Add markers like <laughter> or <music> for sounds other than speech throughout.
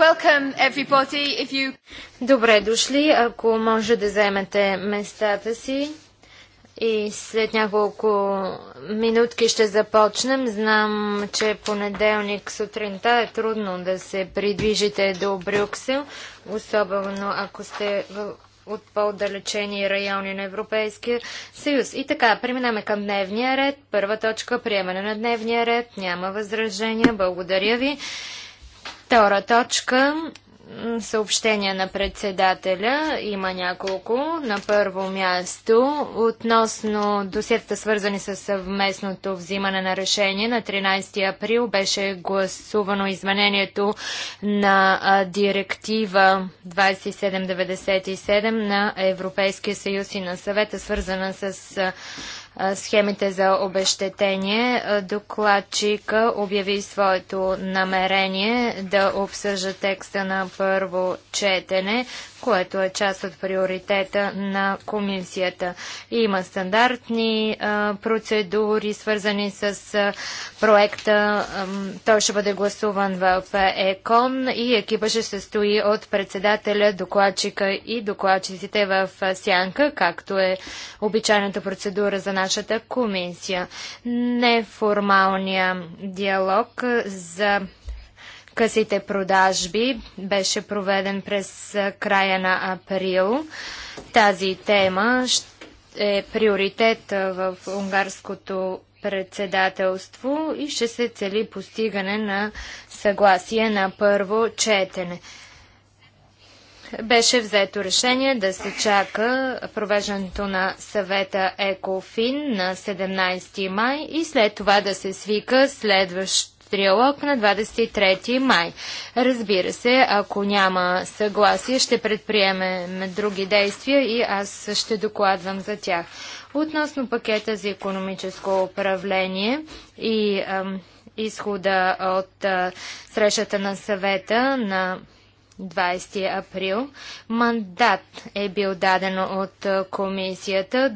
You... Добре дошли, ако може да заемете местата си. И след няколко минутки ще започнем. Знам, че понеделник сутринта е трудно да се придвижите до Брюксел, особено ако сте в от по-отдалечени райони на Европейския съюз. И така, преминаме към дневния ред. Първа точка, приемане на дневния ред. Няма възражения. Благодаря ви. Втора точка съобщения на председателя има няколко. На първо място относно досетата свързани с съвместното взимане на решение на 13 април беше гласувано изменението на директива 2797 на Европейския съюз и на съвета свързана с схемите за обещетение. Докладчика обяви своето намерение да обсъжда текста на първо четене което е част от приоритета на комисията. Има стандартни а, процедури, свързани с а, проекта. А, той ще бъде гласуван в ЕКОН и екипа ще се стои от председателя, докладчика и докладчиците в Сянка, както е обичайната процедура за нашата комисия. Неформалния диалог за късите продажби беше проведен през края на април. Тази тема е приоритет в унгарското председателство и ще се цели постигане на съгласие на първо четене. Беше взето решение да се чака провеждането на съвета ЕКОФИН на 17 май и след това да се свика следващ триалог на 23 май. Разбира се, ако няма съгласие, ще предприемем други действия и аз ще докладвам за тях. Относно пакета за економическо управление и ам, изхода от а, срещата на съвета на 20 април. Мандат е бил даден от комисията.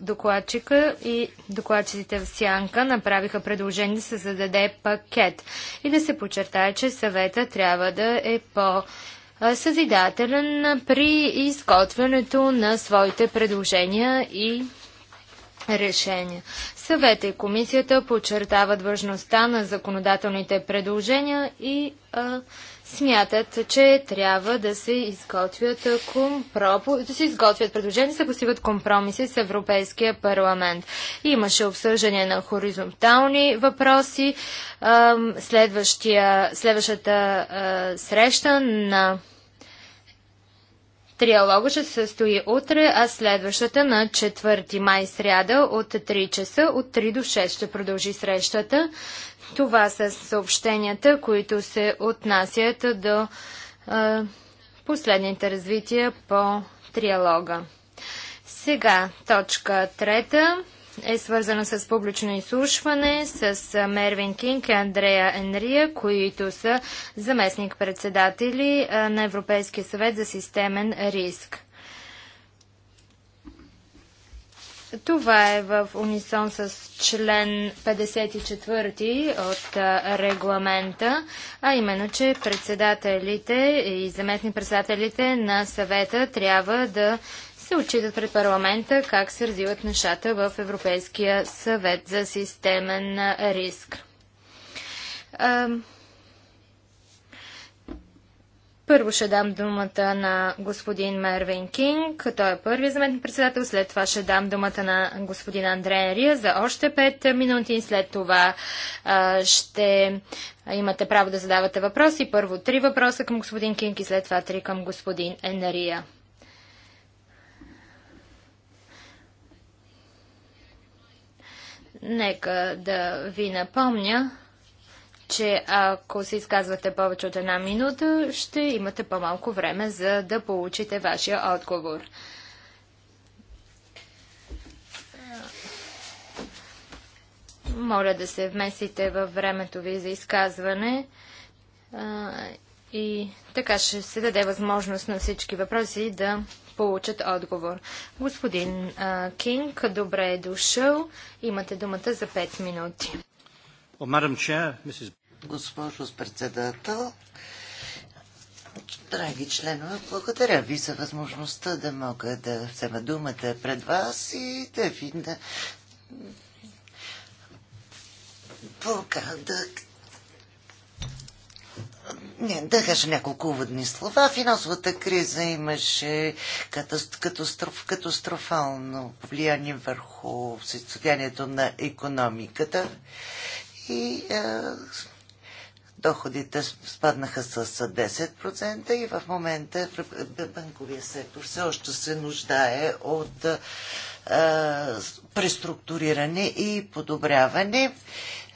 докладчика и докладчиците в Сянка направиха предложение да се зададе пакет и да се подчертае, че съвета трябва да е по- съзидателен при изготвянето на своите предложения и решения. Съвета и комисията подчертават важността на законодателните предложения и а, смятат, че трябва да се изготвят, компропо... да се изготвят предложения, да се постигат компромиси с Европейския парламент. Имаше обсъждане на хоризонтални въпроси. Следващия, следващата среща на Триалога ще се състои утре, а следващата на 4 май сряда от 3 часа от 3 до 6 ще продължи срещата. Това са съобщенията, които се отнасят до последните развития по триалога. Сега точка трета е свързана с публично изслушване с Мервин Кинг и Андрея Енрия, които са заместник-председатели на Европейския съвет за системен риск. Това е в унисон с член 54 от регламента, а именно, че председателите и заметни председателите на съвета трябва да се отчитат пред парламента как се развиват нещата в Европейския съвет за системен риск. Първо ще дам думата на господин Мервин Кинг, той е първият заместник председател, след това ще дам думата на господин Андрея Рия за още 5 минути, след това а, ще имате право да задавате въпроси. Първо три въпроса към господин Кинг и след това три към господин Енария. Нека да ви напомня, че ако се изказвате повече от една минута, ще имате по-малко време, за да получите вашия отговор. Моля да се вместите във времето ви за изказване и така ще се даде възможност на всички въпроси да получат отговор. Господин Кинг, добре е дошъл. Имате думата за 5 минути. Госпожо председател, драги членове, благодаря ви за възможността да мога да взема думата пред вас и да ви да, да не, да кажа няколко уводни слова. Финансовата криза имаше катастроф, катастрофално влияние върху състоянието на економиката и а, е, доходите спаднаха с 10% и в момента банковия сектор все още се нуждае от а, е, преструктуриране и подобряване.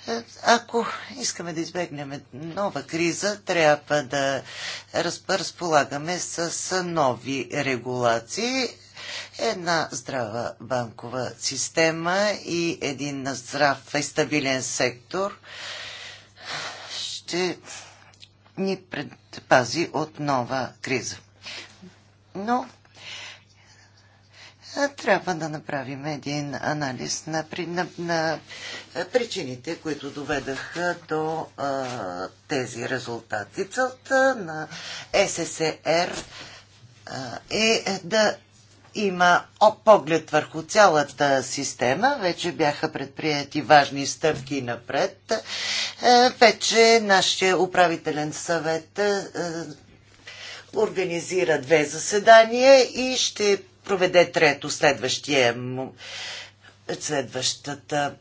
Е, ако искаме да избегнем нова криза, трябва да разполагаме с нови регулации. Една здрава банкова система и един здрав и стабилен сектор ще ни предпази от нова криза. Но трябва да направим един анализ на, на, на причините, които доведаха до а, тези резултати. Целта на СССР а, е да има поглед върху цялата система. Вече бяха предприяти важни стъпки напред. Е, вече нашия управителен съвет е, организира две заседания и ще проведе трето следващия, следващата,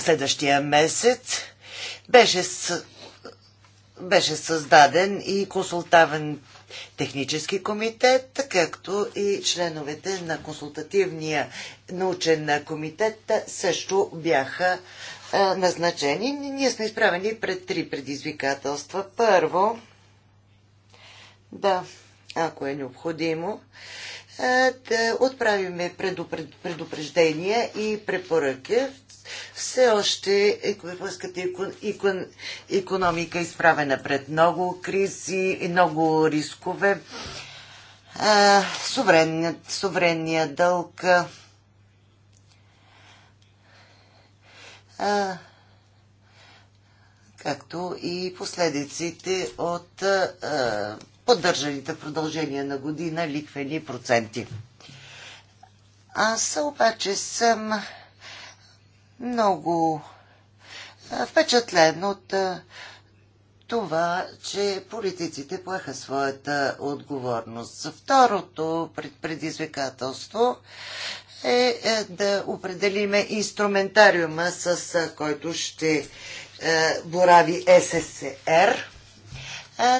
следващия месец. Беше, с, беше създаден и консултавен технически комитет, както и членовете на консултативния научен комитет също бяха а, назначени. Ние сме изправени пред три предизвикателства. Първо, да, ако е необходимо, да отправиме предупреждения и препоръки. Все още европейската екон, економика е изправена пред много кризи и много рискове. Суверенният, дълг. А, както и последиците от а, поддържаните в продължение на година ликвени проценти. Аз обаче съм много впечатлен от това, че политиците поеха своята отговорност. Второто предизвикателство е, е да определиме инструментариума, с който ще борави СССР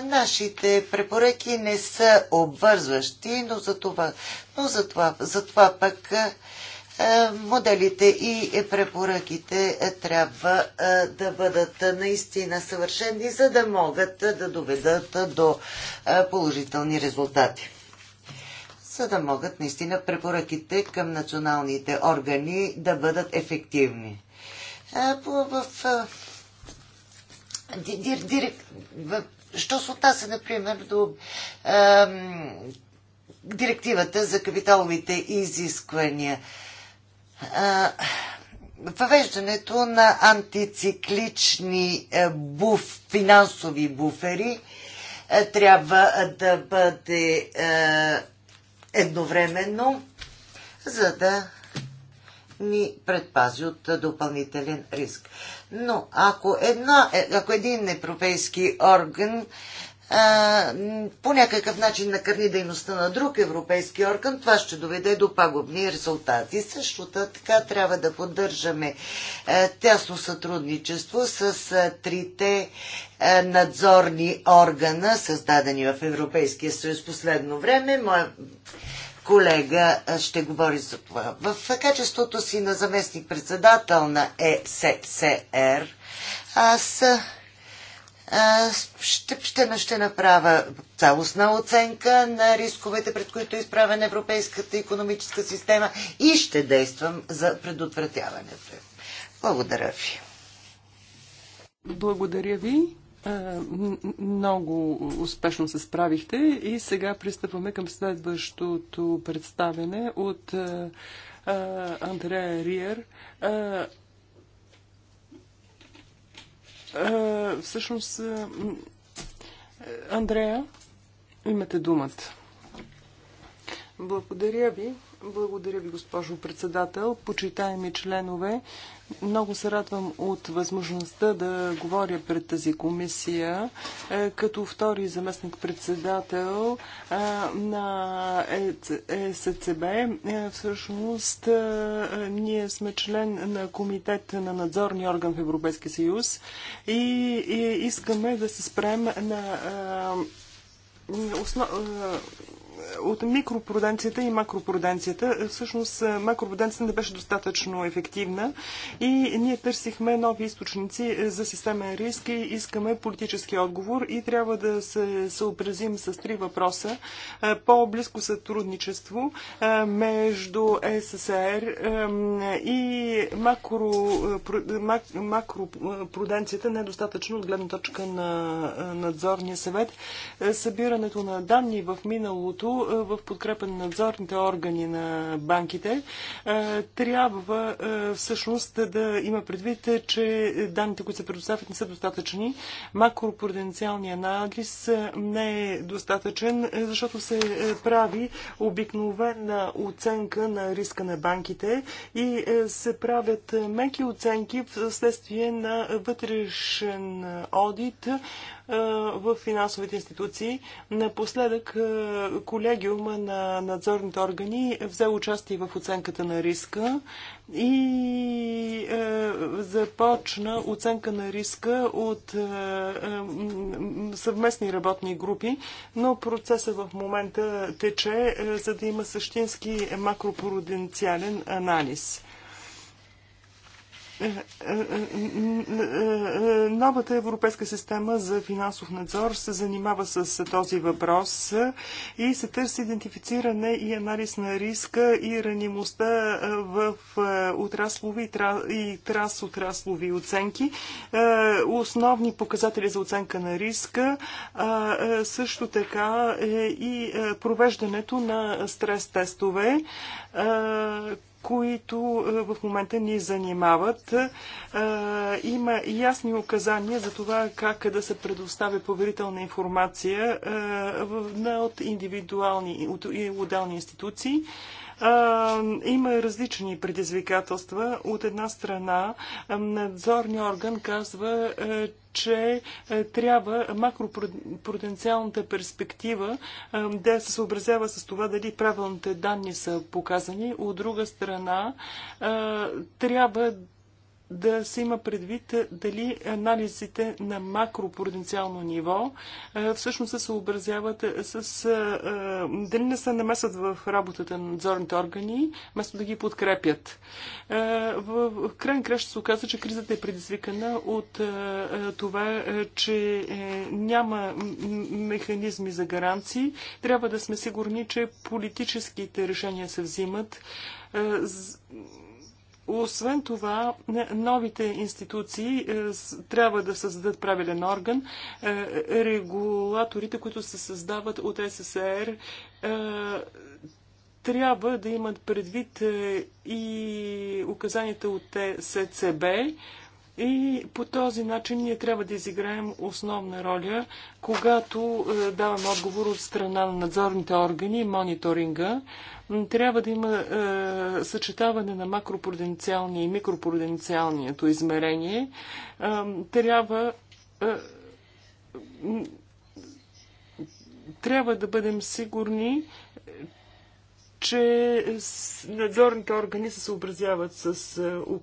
Нашите препоръки не са обвързващи, но за това, но за това, за това пък моделите и препоръките трябва да бъдат наистина съвършени, за да могат да доведат до положителни резултати. За да могат наистина препоръките към националните органи да бъдат ефективни. В, в, в, в Що се отнася, например, до ем, директивата за капиталовите изисквания? А, въвеждането на антициклични е, буф, финансови буфери е, трябва да бъде е, едновременно, за да ни предпази от допълнителен риск. Но ако, една, е, ако един европейски орган по някакъв начин накърни дейността на друг европейски орган, това ще доведе до пагубни резултати. Също така трябва да поддържаме е, тясно сътрудничество с е, трите надзорни органа, създадени в Европейския съюз последно време. Моя колега ще говори за това. В качеството си на заместник-председател на ЕССР, аз ще, ще, ще направя цялостна оценка на рисковете, пред които е изправена европейската економическа система и ще действам за предотвратяването Благодаря ви. Благодаря ви. Е, много успешно се справихте и сега пристъпваме към следващото представене от е, е, Андрея Риер. Всъщност, Андрея, имате думата. Благодаря ви. Благодаря ви, госпожо председател. Почитаеми членове, много се радвам от възможността да говоря пред тази комисия е, като втори заместник-председател е, на ЕСЦБ. Е всъщност, ние сме член на Комитет на надзорния орган в Европейския съюз и искаме да се спрем на основ от микропроденцията и макропроденцията. Всъщност е, макропроденцията не беше достатъчно ефективна и ние търсихме нови източници е, за системен риск и искаме политически отговор и трябва да се съобразим с три въпроса. Е, по-близко сътрудничество между СССР и макропроденцията не е достатъчно от гледна точка на надзорния съвет. Събирането на данни в миналото е, в подкрепа на надзорните органи на банките, е, трябва е, всъщност да има предвид, че данните, които се предоставят, не са достатъчни. Макропруденциалният анализ не е достатъчен, защото се прави обикновена оценка на риска на банките и се правят меки оценки вследствие на вътрешен одит, в финансовите институции. Напоследък колегиума на надзорните органи взе участие в оценката на риска и започна оценка на риска от съвместни работни групи, но процеса в момента тече, за да има същински макропруденциален анализ. Е, е, е, новата европейска система за финансов надзор се занимава с този въпрос и се търси идентифициране и анализ на риска и ранимостта в отраслови и трансотраслови оценки. Основни показатели за оценка на риска също така е и провеждането на стрес-тестове, които е, в момента ни занимават. Е, има ясни указания за това как да се предоставя поверителна информация е, от индивидуални, от отделни институции. А, има различни предизвикателства. От една страна, надзорният орган казва, че трябва макропруденциалната перспектива да се съобразява с това дали правилните данни са показани. От друга страна, трябва да се има предвид дали анализите на макропруденциално ниво всъщност се съобразяват с... дали не се намесват в работата на надзорните органи, вместо да ги подкрепят. В крайна краща се оказа, че кризата е предизвикана от това, че е, няма механизми за гаранции. Трябва да сме сигурни, че политическите решения се взимат освен това, новите институции е, трябва да създадат правилен орган. Е, регулаторите, които се създават от СССР, е, трябва да имат предвид и указанията от СЦБ, и по този начин ние трябва да изиграем основна роля, когато е, даваме отговор от страна на надзорните органи и мониторинга. Трябва да има е, съчетаване на макропруденциалния и микропруденциалното измерение. Е, трябва. Е, трябва да бъдем сигурни, че надзорните органи се съобразяват с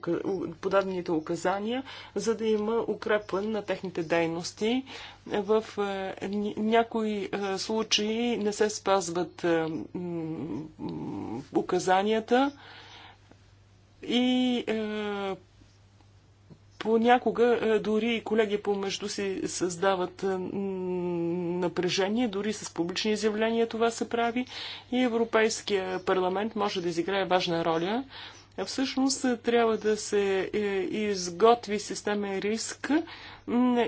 е, подадените указания, за да има укрепване на техните дейности. В е, някои е, случаи не се спазват указанията и Понякога е, дори и колеги помежду си създават е, напрежение, дори с публични изявления това се прави и Европейския парламент може да изиграе важна роля. Всъщност е, трябва да се изготви системен риск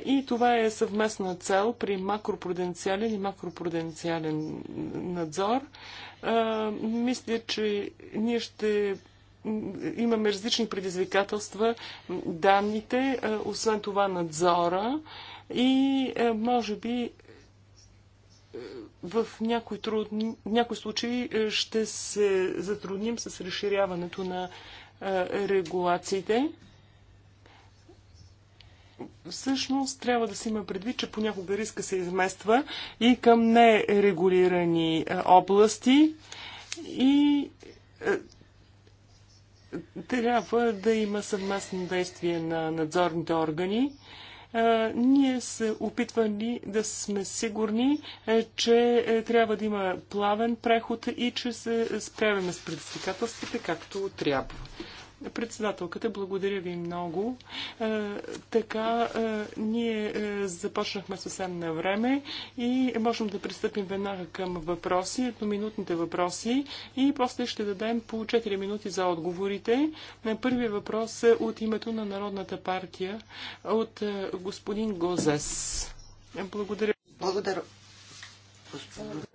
и това е съвместна цел при макропруденциален и макропруденциален надзор. Мисля, че ние ще имаме различни предизвикателства, данните, освен това надзора и може би в някои, труд... някои случаи ще се затрудним с разширяването на регулациите. Всъщност трябва да си има предвид, че понякога риска се измества и към нерегулирани области и трябва да има съвместно действие на надзорните органи. Ние се опитвали да сме сигурни, е, че е, трябва да има плавен преход и че се справяме с предизвикателствата както трябва. Председателката, благодаря ви много. Е, така, е, ние е, започнахме съвсем на време и можем да пристъпим веднага към въпроси, едноминутните въпроси и после ще дадем по 4 минути за отговорите. Първият въпрос е от името на Народната партия от господин Гозес. Благодаря. Благодаря.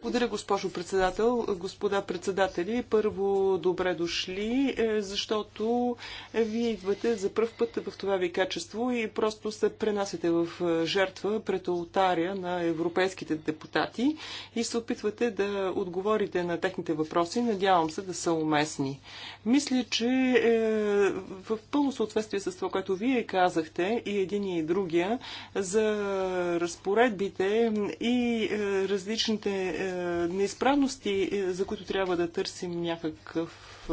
Благодаря, госпожо председател. Господа председатели, първо добре дошли, е, защото вие идвате за първ път в това ви качество и просто се пренасяте в е, жертва пред алтаря на европейските депутати и се опитвате да отговорите на техните въпроси. Надявам се да са уместни. Мисля, че е, в пълно съответствие с това, което вие казахте и един и другия за разпоредбите и различни е, неизправности, е, за които трябва да търсим някакъв е,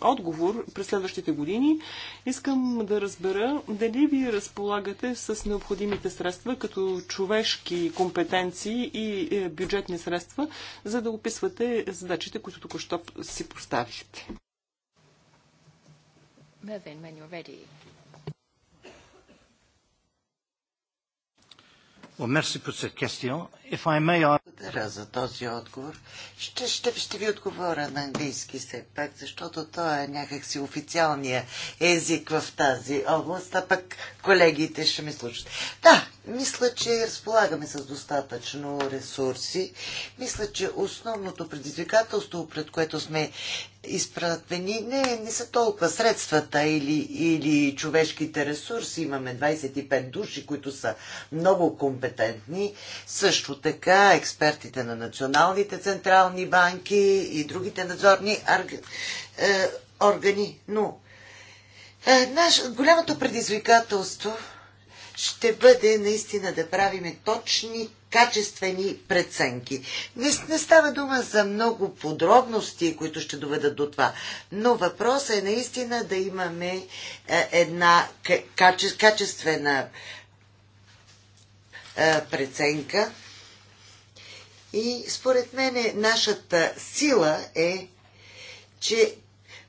отговор през следващите години, искам да разбера дали ви разполагате с необходимите средства, като човешки компетенции и е, бюджетни средства, за да описвате задачите, които току-що си поставихте. Well, merci pour cette question. May... Благодаря за този отговор. Ще, ще, ще ви отговоря на английски все пак, защото той е някакси официалния език в тази област, а пък колегите ще ми слушат. Да, мисля, че разполагаме с достатъчно ресурси. Мисля, че основното предизвикателство, пред което сме изпратени, не, не са толкова средствата или, или човешките ресурси. Имаме 25 души, които са много компетентни. Също също така експертите на националните централни банки и другите надзорни е, органи. Но е, наш, голямото предизвикателство ще бъде наистина да правиме точни, качествени преценки. Не, не става дума за много подробности, които ще доведат до това, но въпросът е наистина да имаме е, една каче, качествена е, преценка и според мен нашата сила е, че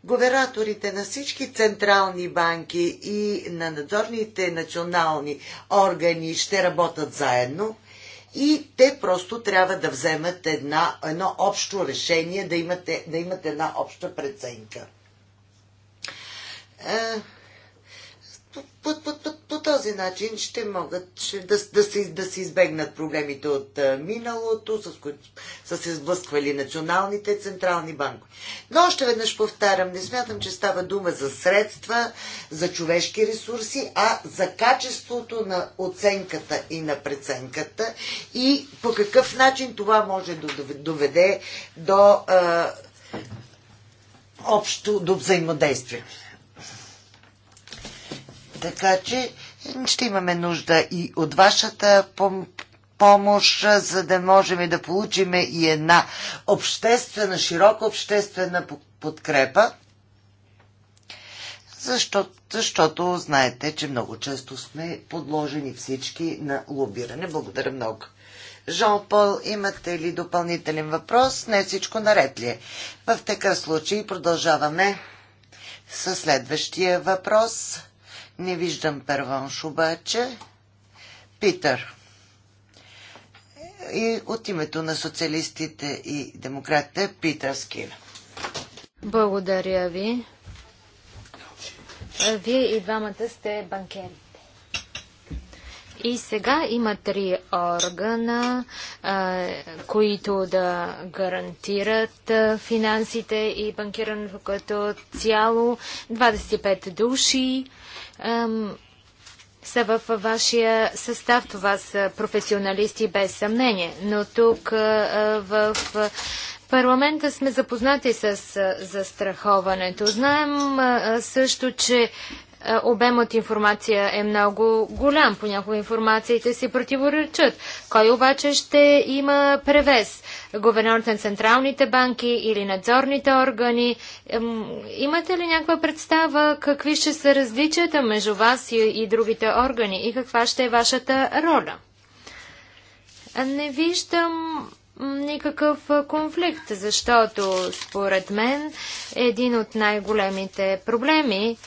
губераторите на всички централни банки и на надзорните национални органи ще работят заедно и те просто трябва да вземат една, едно общо решение, да имат, да имат една обща преценка. Е, по, по, по, по, този начин ще могат ще, да, да, се, да се избегнат проблемите от а, миналото, с които са се сблъсквали националните централни банки. Но още веднъж повтарям, не смятам, че става дума за средства, за човешки ресурси, а за качеството на оценката и на преценката и по какъв начин това може да доведе до а, общо до взаимодействие. Така че ще имаме нужда и от вашата пом помощ, за да можем да получим и една обществена, широка обществена подкрепа. Защо, защото знаете, че много често сме подложени всички на лобиране. Благодаря много. Жан Пол, имате ли допълнителен въпрос? Не всичко наред ли е? В такъв случай продължаваме със следващия въпрос. Не виждам първонш обаче. Питър. И от името на социалистите и демократите Питър Скин. Благодаря ви. Вие и двамата сте банкери. И сега има три органа, които да гарантират финансите и банкирането като цяло. 25 души са в вашия състав. Това са професионалисти без съмнение. Но тук в парламента сме запознати с застраховането. Знаем също, че е, обем от информация е много голям. Понякога информациите си противоречат. Кой обаче ще има превес? Говернорите на централните банки или надзорните органи? Имате ли някаква представа какви ще са различията между вас и, и другите органи и каква ще е вашата роля? Не виждам никакъв конфликт, защото според мен един от най-големите проблеми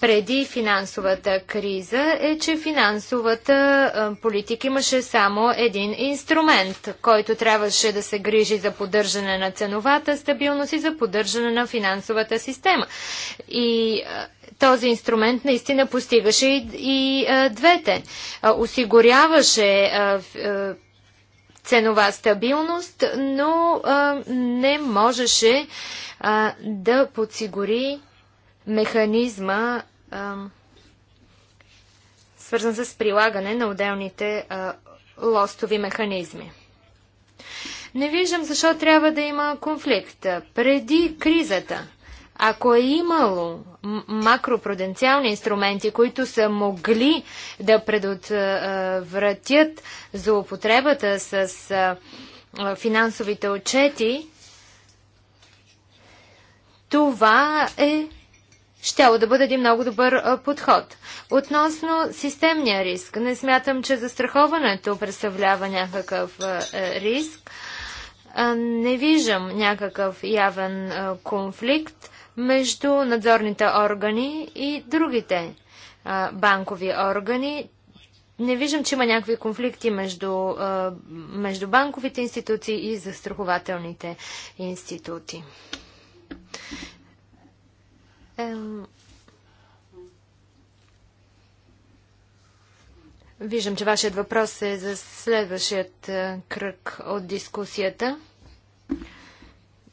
преди финансовата криза е, че финансовата политика имаше само един инструмент, който трябваше да се грижи за поддържане на ценовата стабилност и за поддържане на финансовата система. И този инструмент наистина постигаше и, и двете. осигуряваше ценова стабилност, но не можеше да подсигури механизма, свързан с прилагане на отделните лостови механизми. Не виждам защо трябва да има конфликт. Преди кризата, ако е имало макропруденциални инструменти, които са могли да предотвратят злоупотребата с финансовите отчети, това е щяло да бъде един много добър подход. Относно системния риск, не смятам, че застраховането представлява някакъв е, риск. не виждам някакъв явен конфликт между надзорните органи и другите банкови органи. Не виждам, че има някакви конфликти между, между банковите институции и застрахователните институти. Виждам, че вашият въпрос е за следващият е, кръг от дискусията.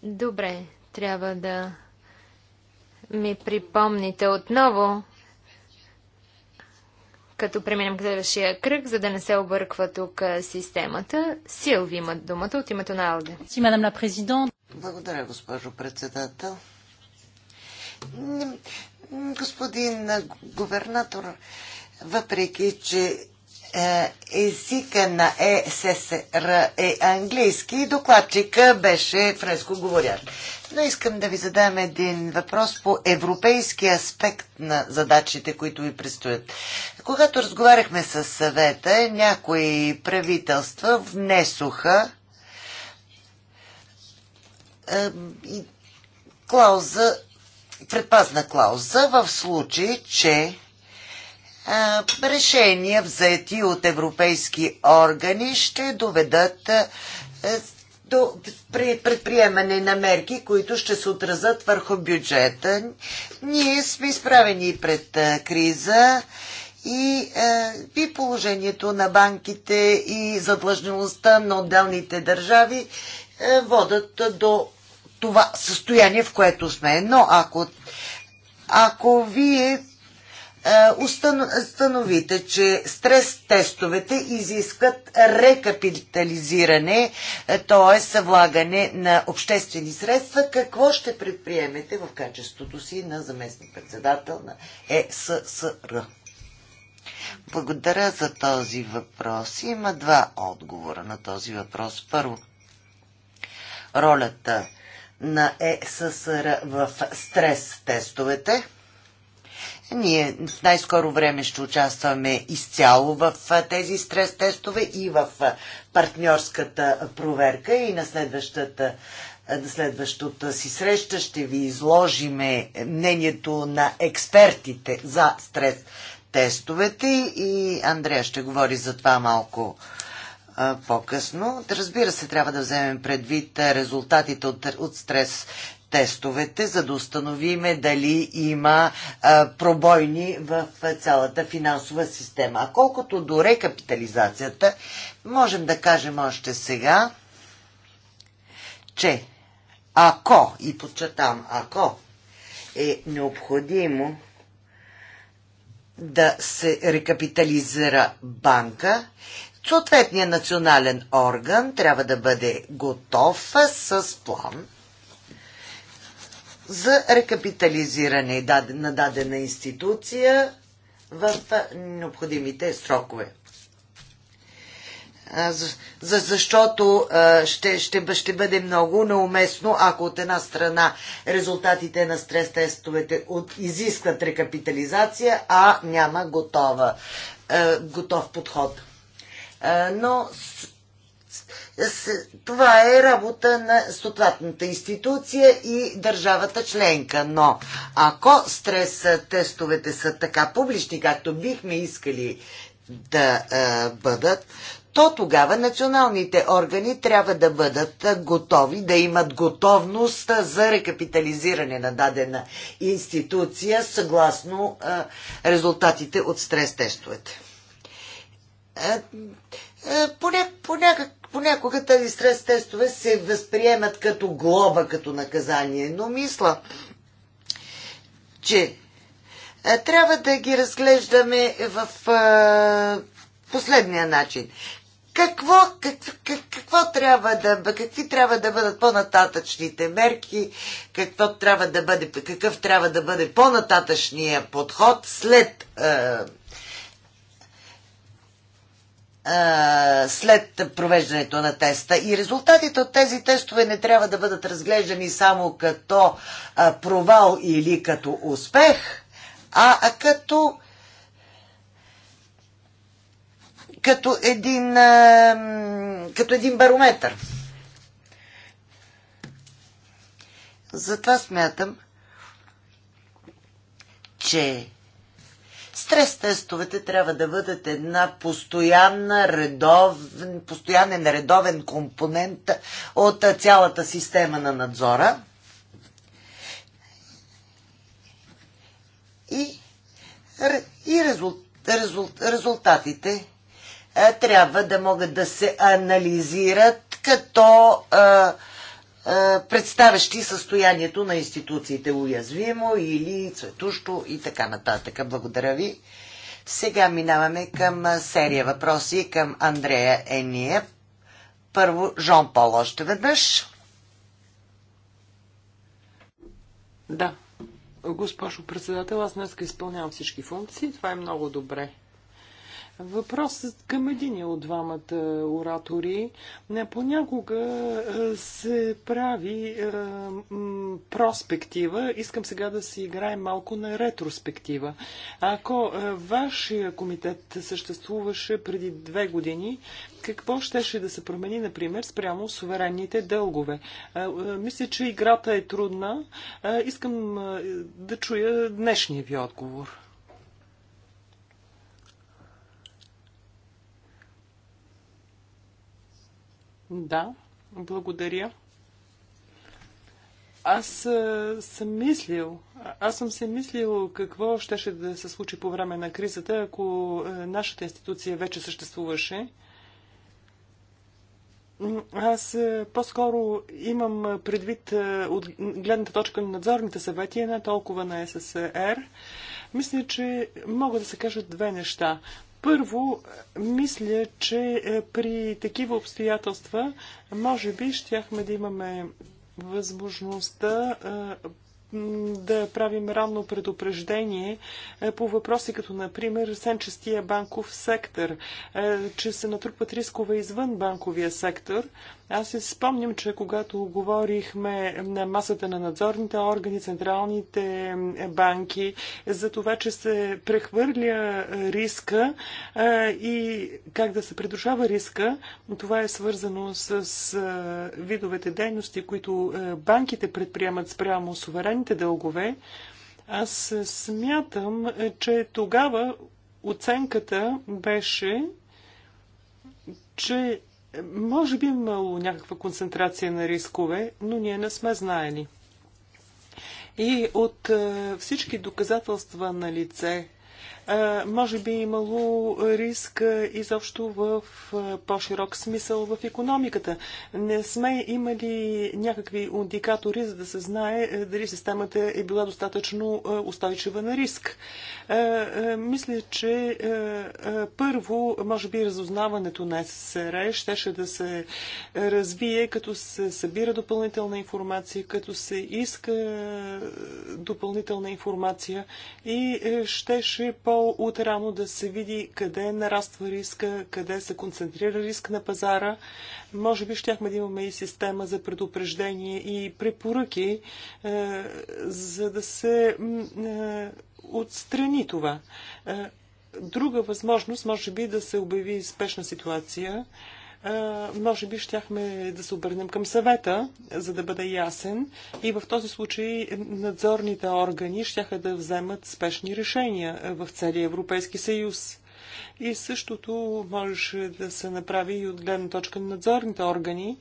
Добре, трябва да ми припомните отново, като преминем към следващия кръг, за да не се обърква тук е, системата. Силви имат думата от името на Алде. Благодаря, госпожо председател. Господин губернатор, въпреки, че е, езика на ЕССР е английски, докладчика беше френско говорящ. Но искам да ви задам един въпрос по европейски аспект на задачите, които ви предстоят. Когато разговаряхме с съвета, някои правителства внесоха е, клауза предпазна клауза в случай, че решения взети от европейски органи ще доведат е, до предприемане на мерки, които ще се отразят върху бюджета. Ние сме изправени пред криза и, и положението на банките и задлъжнилостта на отделните държави е, водат до това състояние, в което сме. Но ако, ако вие е, установите, че стрес тестовете изискват рекапитализиране, т.е. влагане на обществени средства. Какво ще предприемете в качеството си на заместник председател на ЕССР? Благодаря за този въпрос. Има два отговора на този въпрос. Първо, ролята на ЕССР в стрес тестовете. Ние в най-скоро време ще участваме изцяло в тези стрес тестове и в партньорската проверка и на следващата на следващата си среща ще ви изложиме мнението на експертите за стрес тестовете и Андрея ще говори за това малко по-късно. Разбира се, трябва да вземем предвид резултатите от, от стрес тестовете, за да установиме дали има а, пробойни в цялата финансова система. А колкото до рекапитализацията, можем да кажем още сега, че ако, и подчертавам, ако е необходимо да се рекапитализира банка, Съответният национален орган трябва да бъде готов с план за рекапитализиране на дадена институция в необходимите срокове. За, защото ще, ще, ще бъде много неуместно, ако от една страна резултатите на стрес тестовете от, изискват рекапитализация, а няма готова, готов подход но това е работа на съответната институция и държавата членка. Но ако стрес тестовете са така публични, както бихме искали да а, бъдат, то тогава националните органи трябва да бъдат готови, да имат готовност за рекапитализиране на дадена институция съгласно а, резултатите от стрес тестовете. Е, е, поня, поня, понякога тези стрес тестове се възприемат като глоба, като наказание, но мисля, че е, трябва да ги разглеждаме в а, последния начин. Какво, как, как, какво трябва да, какви трябва да бъдат по-нататъчните мерки, какво трябва да бъде, какъв трябва да бъде по-нататъчния подход след а, след провеждането на теста. И резултатите от тези тестове не трябва да бъдат разглеждани само като провал или като успех, а, а като като един, като един барометър. Затова смятам, че Стрес-тестовете трябва да бъдат една постоянна, редовен, постоянен редовен компонент от цялата система на надзора. И, и резулт, резултатите е, трябва да могат да се анализират, като а, е, е, представящи състоянието на институциите уязвимо или цветущо и така нататък. Благодаря ви. Сега минаваме към е, серия въпроси към Андрея Ения. Първо Жон Пол още веднъж. Да. Госпожо председател, аз днес изпълнявам всички функции. Това е много добре Въпросът към един от двамата оратори понякога е, се прави е, проспектива. Искам сега да си играем малко на ретроспектива. Ако е, вашия комитет съществуваше преди две години, какво щеше да се промени, например, спрямо суверенните дългове? Мисля, че играта е трудна. Искам да чуя днешния ви отговор. Да, благодаря. Аз съм мислил, аз съм се мислил какво щеше да се случи по време на кризата, ако нашата институция вече съществуваше. Аз по-скоро имам предвид от гледната точка на надзорните съвети, не толкова на ССР. Мисля, че могат да се кажат две неща. Първо, е, мисля, че е, при такива обстоятелства, може би, щяхме да имаме възможността е, да правим ранно предупреждение по въпроси като, например, сенчестия банков сектор, че се натрупват рискове извън банковия сектор. Аз се спомням, че когато говорихме на масата на надзорните органи, централните е, банки, за това, че се прехвърля риска е, и как да се придушава риска, това е свързано с е, видовете дейности, които банките предприемат спрямо суверенните дългове. Аз смятам, че тогава оценката беше, че може би е имало някаква концентрация на рискове, но ние не сме знаели. И от е, всички доказателства на лице, може би е имало риск изобщо в по-широк смисъл в економиката. Не сме имали някакви индикатори, за да се знае дали системата е била достатъчно устойчива на риск. Мисля, че първо, може би, разузнаването на СССР щеше да се развие, като се събира допълнителна информация, като се иска допълнителна информация и щеше по по утрано да се види къде нараства риска, къде се концентрира риск на пазара. Може би щяхме да имаме и система за предупреждение и препоръки, е, за да се е, отстрани това. Е, друга възможност може би да се обяви спешна ситуация може би щяхме да се обърнем към съвета, за да бъде ясен. И в този случай надзорните органи щяха да вземат спешни решения в целия Европейски съюз. И същото можеше да се направи и от гледна точка на надзорните органи,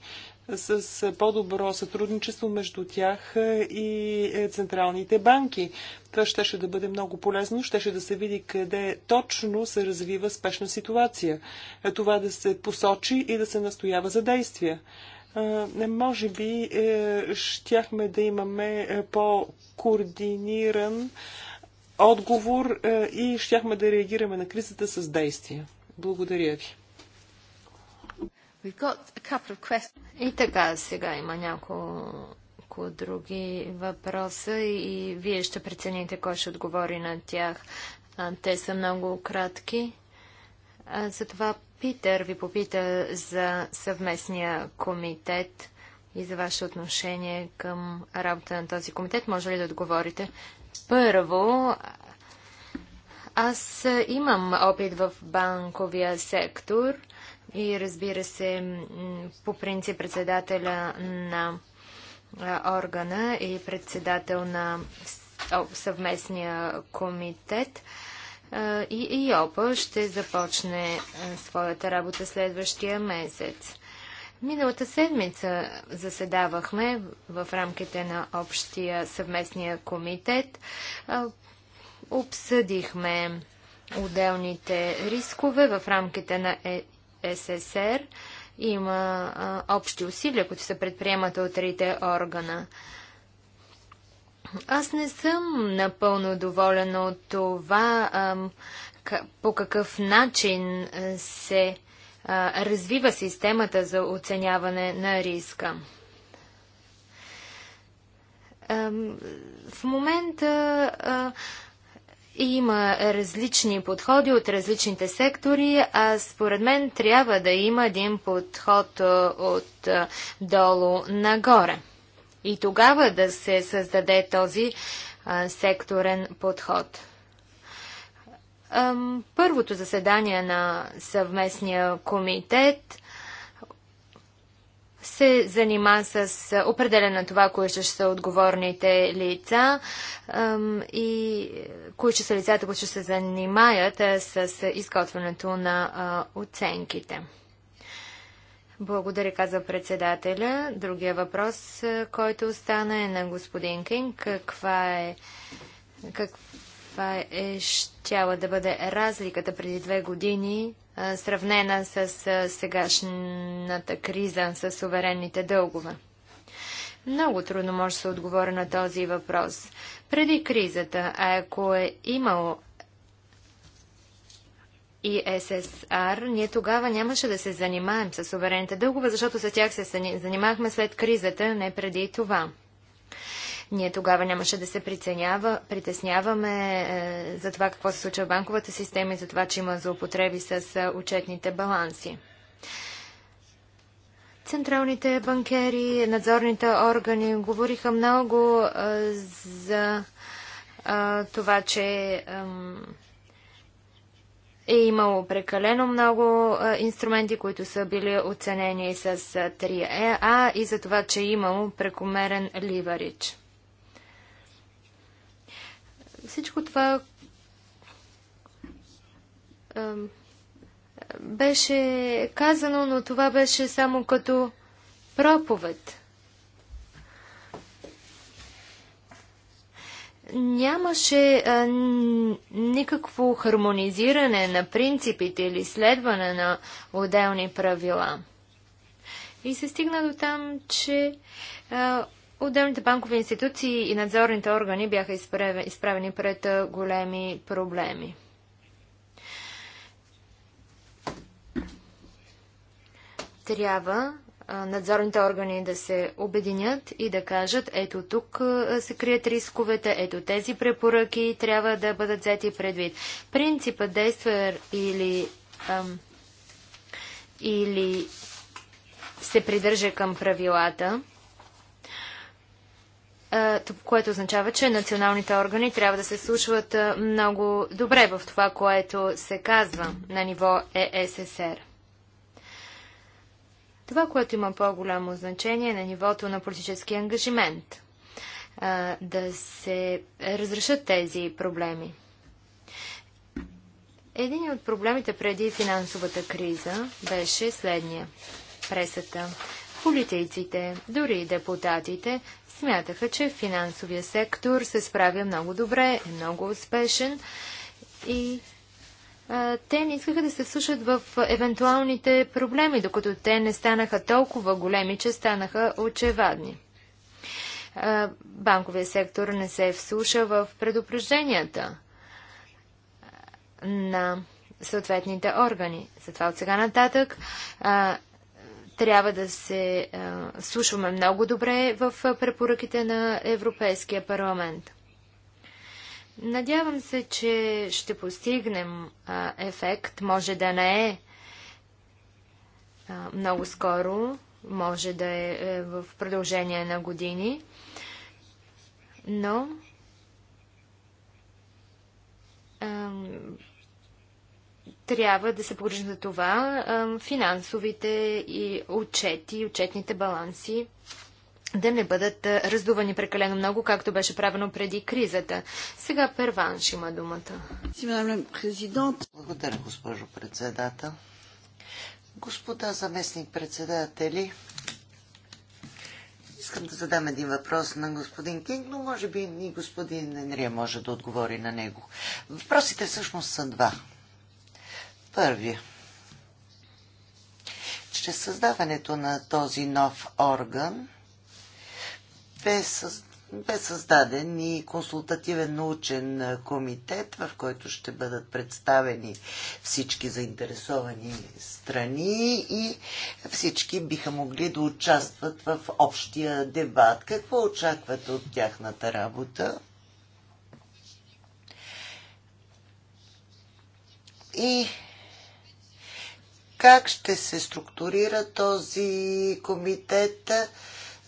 с по-добро сътрудничество между тях и е, централните банки. Това щеше да бъде много полезно, щеше да се види къде точно се развива спешна ситуация. Е, това да се посочи и да се настоява за действия. Не Може би е, щяхме да имаме по-координиран отговор и щяхме да реагираме на кризата с действия. Благодаря ви. И така, сега има няколко други въпроса и вие ще прецените кой ще отговори на тях. Те са много кратки. Затова Питър ви попита за съвместния комитет и за ваше отношение към работа на този комитет. Може ли да отговорите? Първо, аз имам опит в банковия сектор – и разбира се, по принцип председателя на органа и председател на съвместния комитет и ИОПА ще започне своята работа следващия месец. Миналата седмица заседавахме в рамките на общия съвместния комитет. Обсъдихме отделните рискове в рамките на е, СССР. Има а, общи усилия, които се предприемат от трите органа. Аз не съм напълно доволен от това а, по какъв начин се а, развива системата за оценяване на риска. А, в момента има различни подходи от различните сектори, а според мен трябва да има един подход от долу нагоре. И тогава да се създаде този секторен подход. Първото заседание на съвместния комитет се занима с на това, кои ще са отговорните лица и е, кои ще са лицата, които ще се занимаят с изготвянето на оценките. Благодаря, каза председателя. Другия въпрос, който остана е на господин Кинг. Каква е, каква е щяла да бъде разликата преди две години сравнена с сегашната криза с суверенните дългове? Много трудно може да се отговори на този въпрос. Преди кризата, ако е имало и ССР, ние тогава нямаше да се занимаем с суверените дългове, защото с тях се занимахме след кризата, не преди това. Ние тогава нямаше да се приценява, притесняваме е, за това какво се случва в банковата система и за това, че има злоупотреби с учетните е, баланси. Централните банкери, надзорните органи говориха много е, за е, това, че е имало прекалено много е, инструменти, които са били оценени с 3А е, и за това, че е имало прекомерен ливарич. Всичко това беше казано, но това беше само като проповед. Нямаше а, никакво хармонизиране на принципите или следване на отделни правила. И се стигна до там, че а, Отделните банкови институции и надзорните органи бяха изправени пред големи проблеми. Трябва надзорните органи да се обединят и да кажат, ето тук се крият рисковете, ето тези препоръки трябва да бъдат взети предвид. Принципът действа или, ам, или се придържа към правилата – което означава, че националните органи трябва да се слушват много добре в това, което се казва на ниво ЕССР. Това, което има по-голямо значение е на нивото на политически ангажимент. Да се разрешат тези проблеми. Един от проблемите преди финансовата криза беше следния. Пресата, политиците, дори и депутатите Смятаха, че финансовия сектор се справя много добре, е много успешен и а, те не искаха да се слушат в евентуалните проблеми, докато те не станаха толкова големи, че станаха очевадни. банковия сектор не се вслуша в предупрежденията на съответните органи. Затова от сега нататък трябва да се а, слушваме много добре в препоръките на Европейския парламент. Надявам се, че ще постигнем а, ефект. Може да не е а, много скоро, може да е, е в продължение на години, но трябва да се погрижим за това финансовите и отчети, отчетните баланси да не бъдат раздувани прекалено много, както беше правено преди кризата. Сега Перванш има думата. Благодаря, госпожо председател. Господа заместник председатели, искам да задам един въпрос на господин Кинг, но може би и господин Енрия може да отговори на него. Въпросите всъщност са два. Първи, Чрез създаването на този нов орган бе, съз... бе създаден и консултативен научен комитет, в който ще бъдат представени всички заинтересовани страни и всички биха могли да участват в общия дебат. Какво очаквате от тяхната работа? И как ще се структурира този комитет,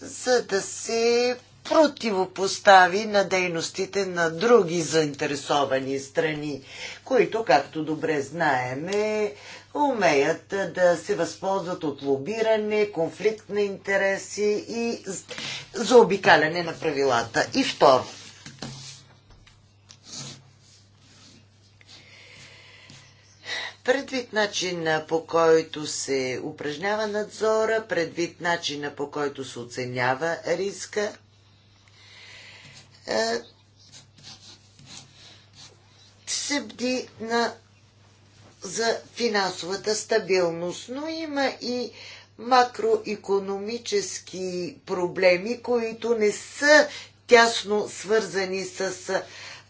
за да се противопостави на дейностите на други заинтересовани страни, които, както добре знаеме, умеят да се възползват от лобиране, конфликт на интереси и заобикаляне на правилата. И второ, Предвид начина по който се упражнява надзора, предвид начина по който се оценява риска, се бди на, за финансовата стабилност, но има и макроекономически проблеми, които не са тясно свързани с е,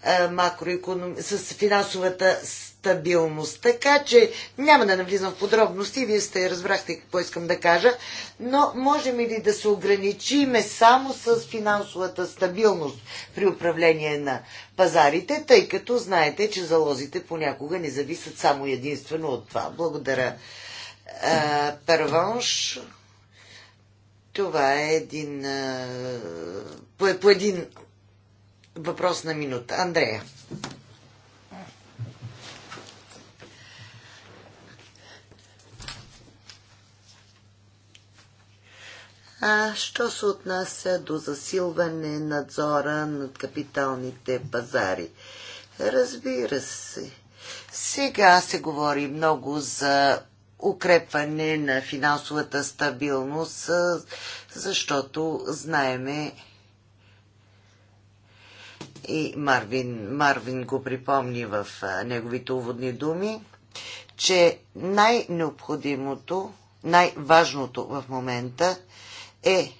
е, макроеконом... с финансовата стабилност. Така че няма да навлизам в подробности, вие сте разбрахте какво искам да кажа, но можем ли да се ограничиме само с финансовата стабилност при управление на пазарите, тъй като знаете, че залозите понякога не зависят само единствено от това. Благодаря. Е, Първонш, това е един, е, по, по един въпрос на минута. Андрея. А, що се отнася до засилване надзора над капиталните пазари? Разбира се. Сега се говори много за укрепване на финансовата стабилност, защото знаеме, и Марвин, Марвин го припомни в неговите уводни думи, че най-необходимото, най-важното в момента е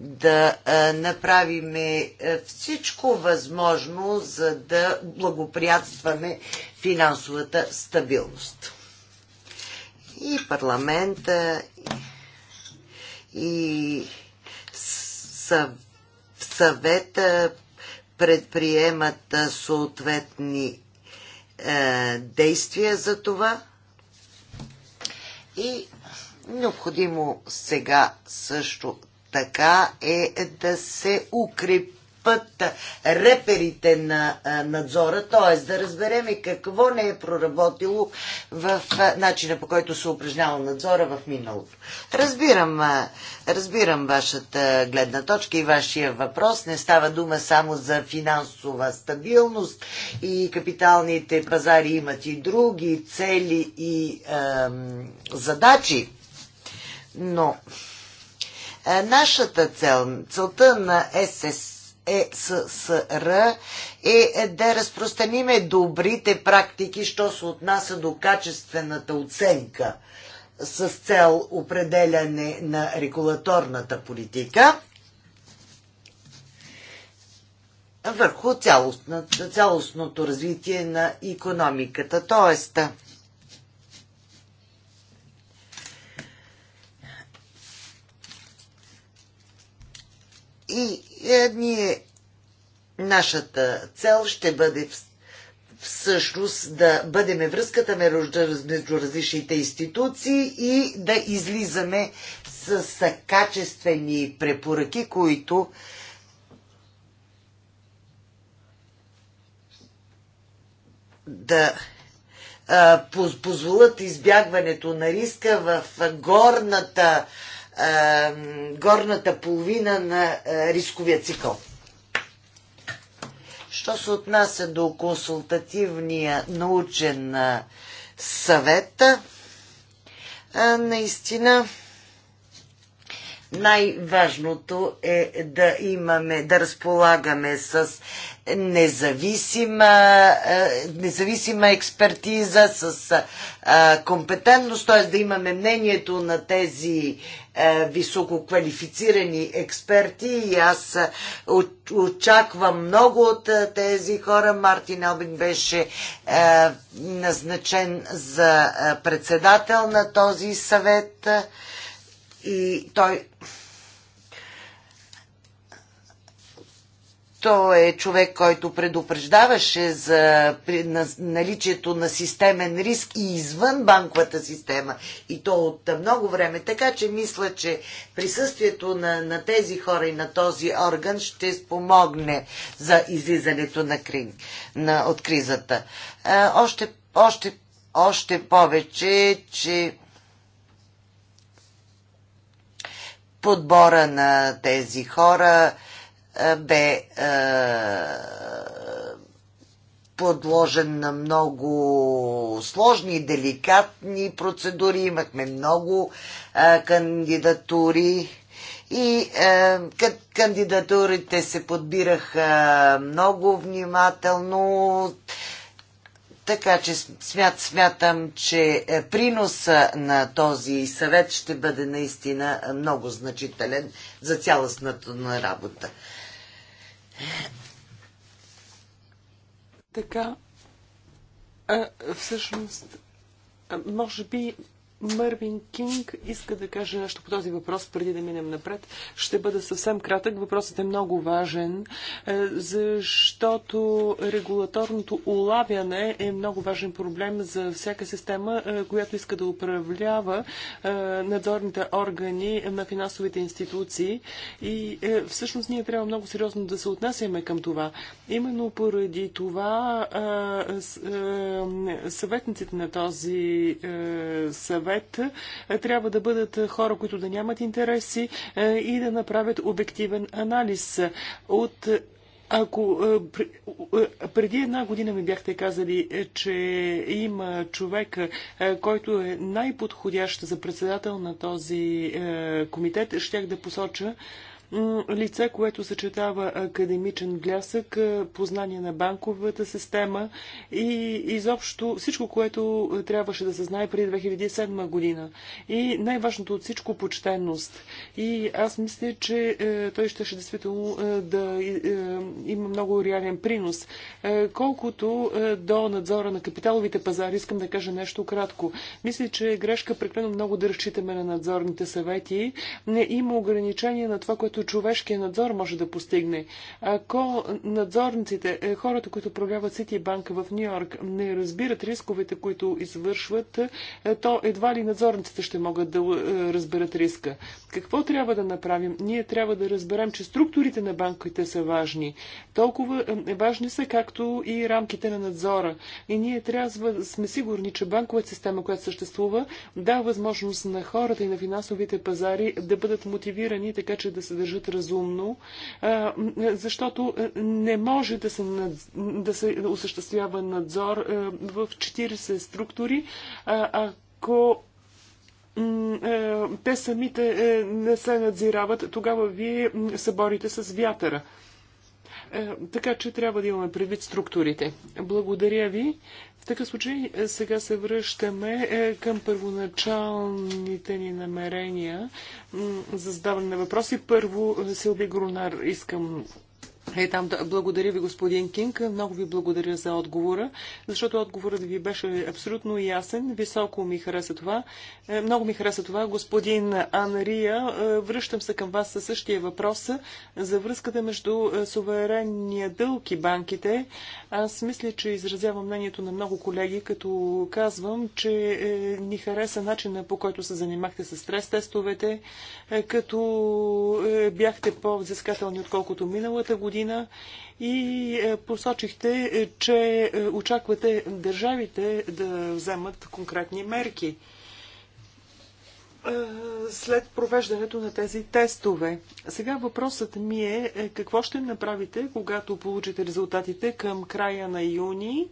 да направим всичко възможно, за да благоприятстваме финансовата стабилност. И парламента, и съвет Съвета предприемат съответни е, действия за това. И необходимо сега също така е да се укрепи отстъпат реперите на надзора, т.е. да разбереме какво не е проработило в начина по който се упражнява надзора в миналото. Разбирам, разбирам вашата гледна точка и вашия въпрос. Не става дума само за финансова стабилност и капиталните пазари имат и други цели и ем, задачи. Но нашата цел, целта на СС, ЕССР е да разпространиме добрите практики, що се отнася до качествената оценка с цел определяне на регулаторната политика върху цялостно, цялостното развитие на економиката. Тоест, и е, ние, нашата цел ще бъде всъщност да бъдеме връзката между различните институции и да излизаме с качествени препоръки, които да позволят избягването на риска в горната горната половина на рисковия цикъл. Що се отнася до консултативния научен съвет, наистина най-важното е да имаме, да разполагаме с независима, е, независима експертиза, с е, компетентност, т.е. да имаме мнението на тези е, висококвалифицирани експерти и аз очаквам много от тези хора. Мартин Елбин беше назначен за председател на този съвет и той той е човек, който предупреждаваше за наличието на системен риск и извън банковата система. И то от много време. Така че мисля, че присъствието на, на тези хора и на този орган ще спомогне за излизането на кри, на, от кризата. А, още, още, още повече, че подбора на тези хора бе подложен на много сложни, деликатни процедури. Имахме много кандидатури и кандидатурите се подбираха много внимателно. Така че смят, смятам, че е, приноса на този съвет ще бъде наистина е, много значителен за цялостната на работа. Така, а, е, всъщност, може би Мървин Кинг иска да каже нещо по този въпрос, преди да минем напред. Ще бъда съвсем кратък. Въпросът е много важен, е, защото регулаторното улавяне е много важен проблем за всяка система, е, която иска да управлява е, надзорните органи на финансовите институции. И всъщност ние трябва много сериозно да се отнасяме към това. Именно поради това съветниците на този съвет съвет трябва да бъдат хора, които да нямат интереси е, и да направят обективен анализ. От ако е, е, преди една година ми бяхте казали, че има човек, който е най-подходящ за председател на този комитет, щях да посоча лице, което съчетава академичен блясък, е, познание на банковата система и изобщо всичко, което трябваше да се знае преди 2007 година. И най-важното от всичко почтенност. И аз мисля, че е, той ще действително е, да има много реален принос. Колкото до надзора на капиталовите пазари, искам да кажа нещо кратко. Мисля, че е грешка преклено много да разчитаме на надзорните съвети. Не има ограничения на това, което който човешкият надзор може да постигне. Ако надзорниците, е, хората, които управляват Банк в Нью Йорк, не разбират рисковете, които извършват, е, то едва ли надзорниците ще могат да е, разберат риска. Какво трябва да направим? Ние трябва да разберем, че структурите на банките са важни. Толкова важни са, както и рамките на надзора. И ние трябва да сме сигурни, че банковата система, която съществува, дава възможност на хората и на финансовите пазари да бъдат мотивирани така, че да се държат разумно, защото не може да се, да се осъществява надзор в 40 структури, ако те самите не се надзирават, тогава вие се борите с вятъра. Така че трябва да имаме предвид структурите. Благодаря ви такъв случай е, сега се връщаме е, към първоначалните ни намерения за задаване на въпроси. Първо, е, Силби Грунар, искам е, там, да, благодаря ви, господин Кинг. Много ви благодаря за отговора, защото отговорът ви беше абсолютно ясен. Високо ми хареса това. Е, много ми хареса това. Господин Анрия, е, връщам се към вас със същия въпрос за връзката между е, суверенния дълг и банките. Аз мисля, че изразявам мнението на много колеги, като казвам, че ни хареса начина по който се занимахте с стрес-тестовете, като бяхте по-взискателни, отколкото миналата година година и е, посочихте, е, че е, очаквате държавите да вземат конкретни мерки след провеждането на тези тестове. Сега въпросът ми е какво ще направите, когато получите резултатите към края на юни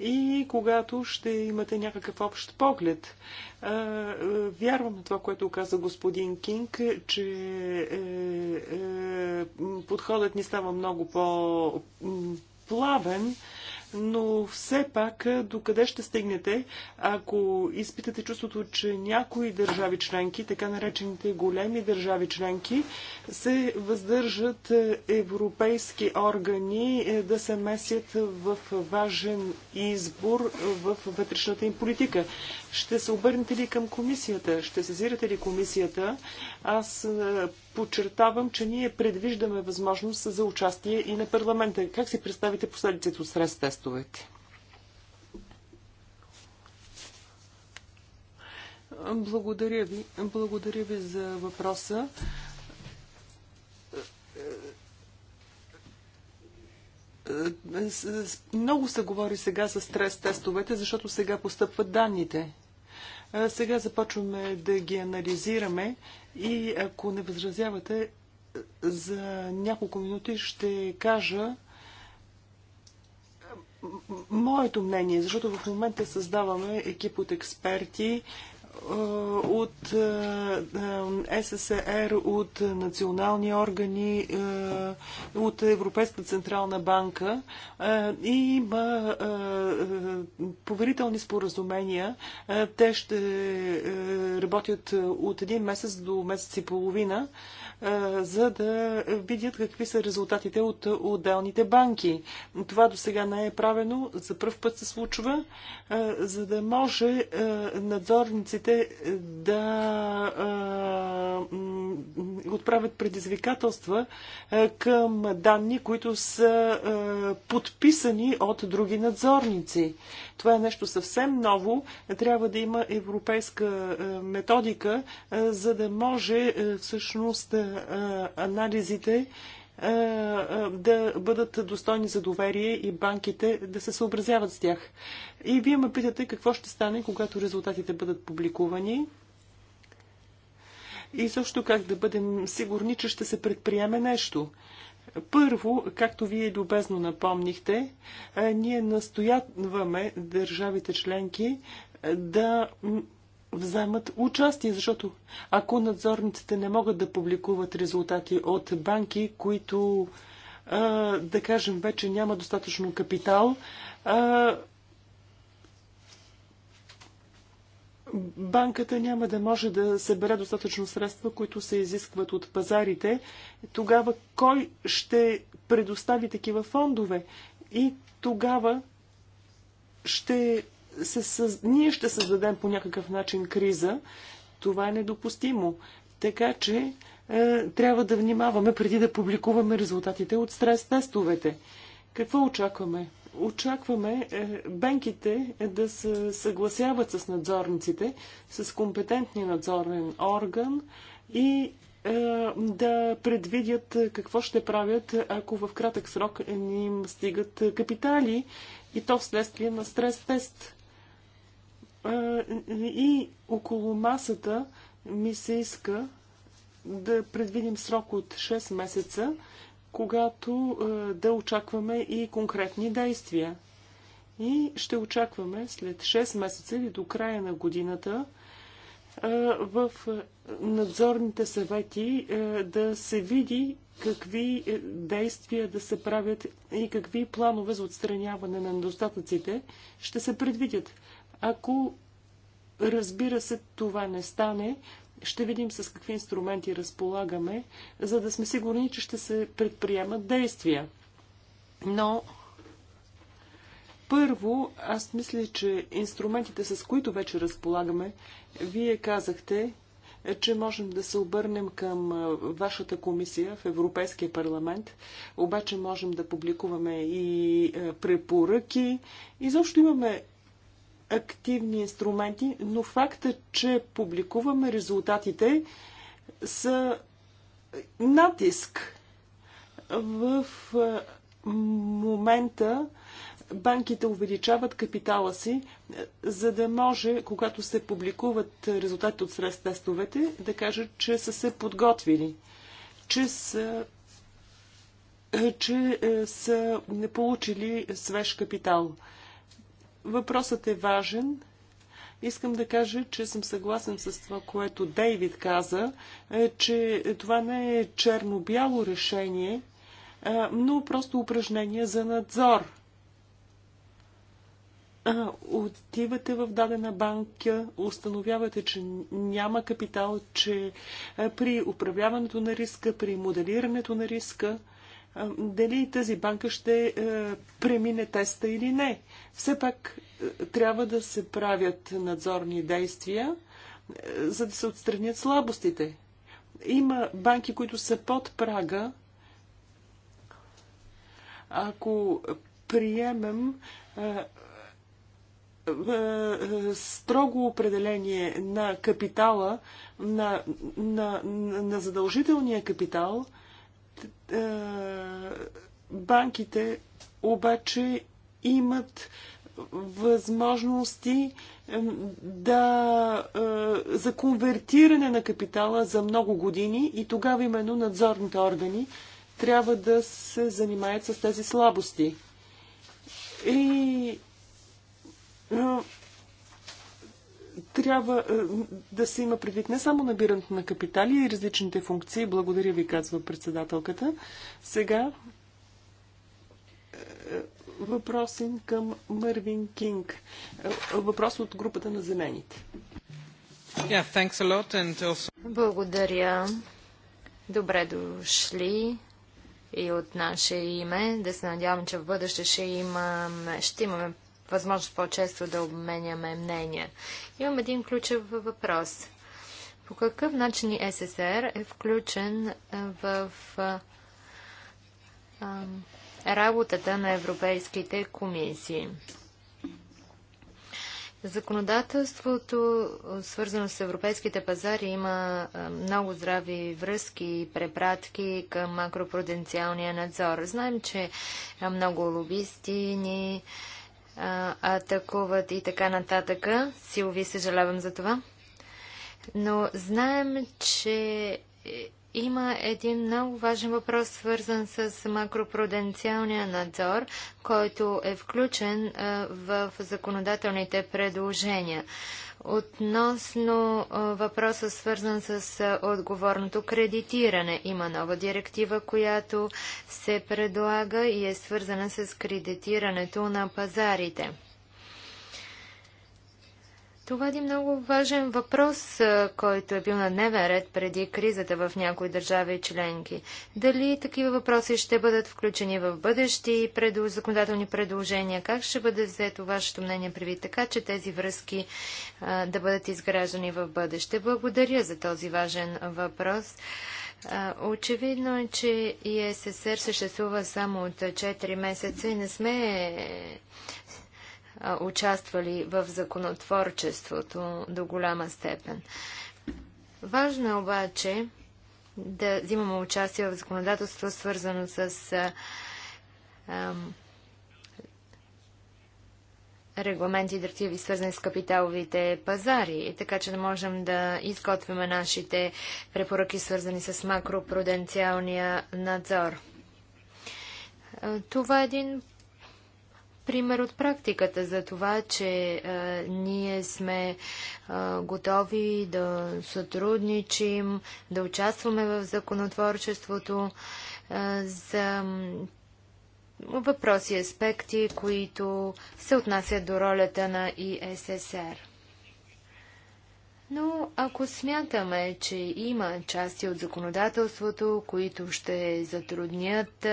и когато ще имате някакъв общ поглед. Вярвам на това, което каза господин Кинг, че е, е, подходът ни става много по-плавен но все пак до къде ще стигнете, ако изпитате чувството, че някои държави членки, така наречените големи държави членки, се въздържат европейски органи да се месят в важен избор в вътрешната им политика. Ще се обърнете ли към комисията? Ще сезирате ли комисията? Аз е, подчертавам, че ние предвиждаме възможност за участие и на парламента. Как си представите последиците от стрес тестовете? Благодаря ви. Благодаря ви за въпроса. Е, е, много се говори сега за стрес тестовете, защото сега постъпват данните. Сега започваме да ги анализираме и ако не възразявате, за няколко минути ще кажа моето мнение, защото в момента създаваме екип от експерти, от СССР, от национални органи, от Европейска централна банка. И има поверителни споразумения. Те ще работят от един месец до месец и половина за да видят какви са резултатите от отделните банки. Това до сега не е правено, за първ път се случва, за да може надзорниците да отправят предизвикателства към данни, които са подписани от други надзорници. Това е нещо съвсем ново. Трябва да има европейска е, методика, е, за да може е, всъщност анализите да бъдат достойни за доверие и банките да се съобразяват с тях. И вие ме питате какво ще стане, когато резултатите бъдат публикувани и също как да бъдем сигурни, че ще се предприеме нещо. Първо, както вие любезно напомнихте, ние настояваме държавите членки да вземат участие, защото ако надзорниците не могат да публикуват резултати от банки, които да кажем вече няма достатъчно капитал, банката няма да може да събере достатъчно средства, които се изискват от пазарите, тогава кой ще предостави такива фондове? И тогава ще се, съз... ние ще създадем по някакъв начин криза. Това е недопустимо. Така че е, трябва да внимаваме преди да публикуваме резултатите от стрес-тестовете. Какво очакваме? Очакваме е, банките да се съгласяват с надзорниците, с компетентния надзорен орган и е, да предвидят е, какво ще правят, ако в кратък срок не им стигат капитали и то вследствие на стрес-тест. И около масата ми се иска да предвидим срок от 6 месеца когато е, да очакваме и конкретни действия. И ще очакваме след 6 месеца или до края на годината е, в надзорните съвети е, да се види какви действия да се правят и какви планове за отстраняване на недостатъците ще се предвидят. Ако, разбира се, това не стане, ще видим с какви инструменти разполагаме, за да сме сигурни, че ще се предприемат действия. Но първо, аз мисля, че инструментите, с които вече разполагаме, вие казахте, че можем да се обърнем към вашата комисия в Европейския парламент, обаче можем да публикуваме и препоръки. Изобщо имаме активни инструменти, но факта, че публикуваме резултатите, са натиск. В момента банките увеличават капитала си, за да може, когато се публикуват резултати от срез тестовете, да кажат, че са се подготвили, че са, че е, са получили свеж капитал. Въпросът е важен. Искам да кажа, че съм съгласен с това, което Дейвид каза, е, че това не е черно-бяло решение, но просто упражнение за надзор. Отивате в дадена банка, установявате, че няма капитал, че при управляването на риска, при моделирането на риска, дали тази банка ще е, премине теста или не. Все пак е, трябва да се правят надзорни действия, е, за да се отстранят слабостите. Има банки, които са под прага. Ако приемем строго определение на капитала, на, на, на задължителния капитал, е, банките обаче имат възможности да, е, за конвертиране на капитала за много години и тогава именно надзорните органи трябва да се занимаят с тези слабости. И е, трябва е, да се има предвид не само набирането на капитали и различните функции. Благодаря ви, казва председателката. Сега е, въпроси към Мървин Кинг. Е, въпрос от групата на зелените. Yeah, also... Благодаря. Добре дошли и от наше име. Да се надявам, че в бъдеще ще, имаме, ще имаме възможност по-често да обменяме мнения. Имам един ключов въпрос. По какъв начин СССР е включен в а, а, работата на европейските комисии? Законодателството, свързано с европейските пазари, има много здрави връзки и препратки към макропруденциалния надзор. Знаем, че много лобисти ни атакуват и така нататък. Силови съжалявам за това. Но знаем, че има един много важен въпрос, свързан с макропруденциалния надзор, който е включен в законодателните предложения. Относно въпроса, свързан с отговорното кредитиране, има нова директива, която се предлага и е свързана с кредитирането на пазарите. Това е много важен въпрос, който е бил на дневен ред преди кризата в някои държави и членки. Дали такива въпроси ще бъдат включени в бъдещи преду... законодателни предложения? Как ще бъде взето вашето мнение преди така, че тези връзки а, да бъдат изграждани в бъдеще? Благодаря за този важен въпрос. очевидно е, че ИССР съществува само от 4 месеца и не сме участвали в законотворчеството до голяма степен. Важно е обаче да взимаме участие в законодателство, свързано с регламенти и директиви, свързани с капиталовите пазари, така че да можем да изготвяме нашите препоръки, свързани с макропруденциалния надзор. Това е един пример от практиката за това, че а, ние сме а, готови да сътрудничим, да участваме в законотворчеството а, за въпроси и аспекти, които се отнасят до ролята на ИССР. Но ако смятаме, че има части от законодателството, които ще затруднят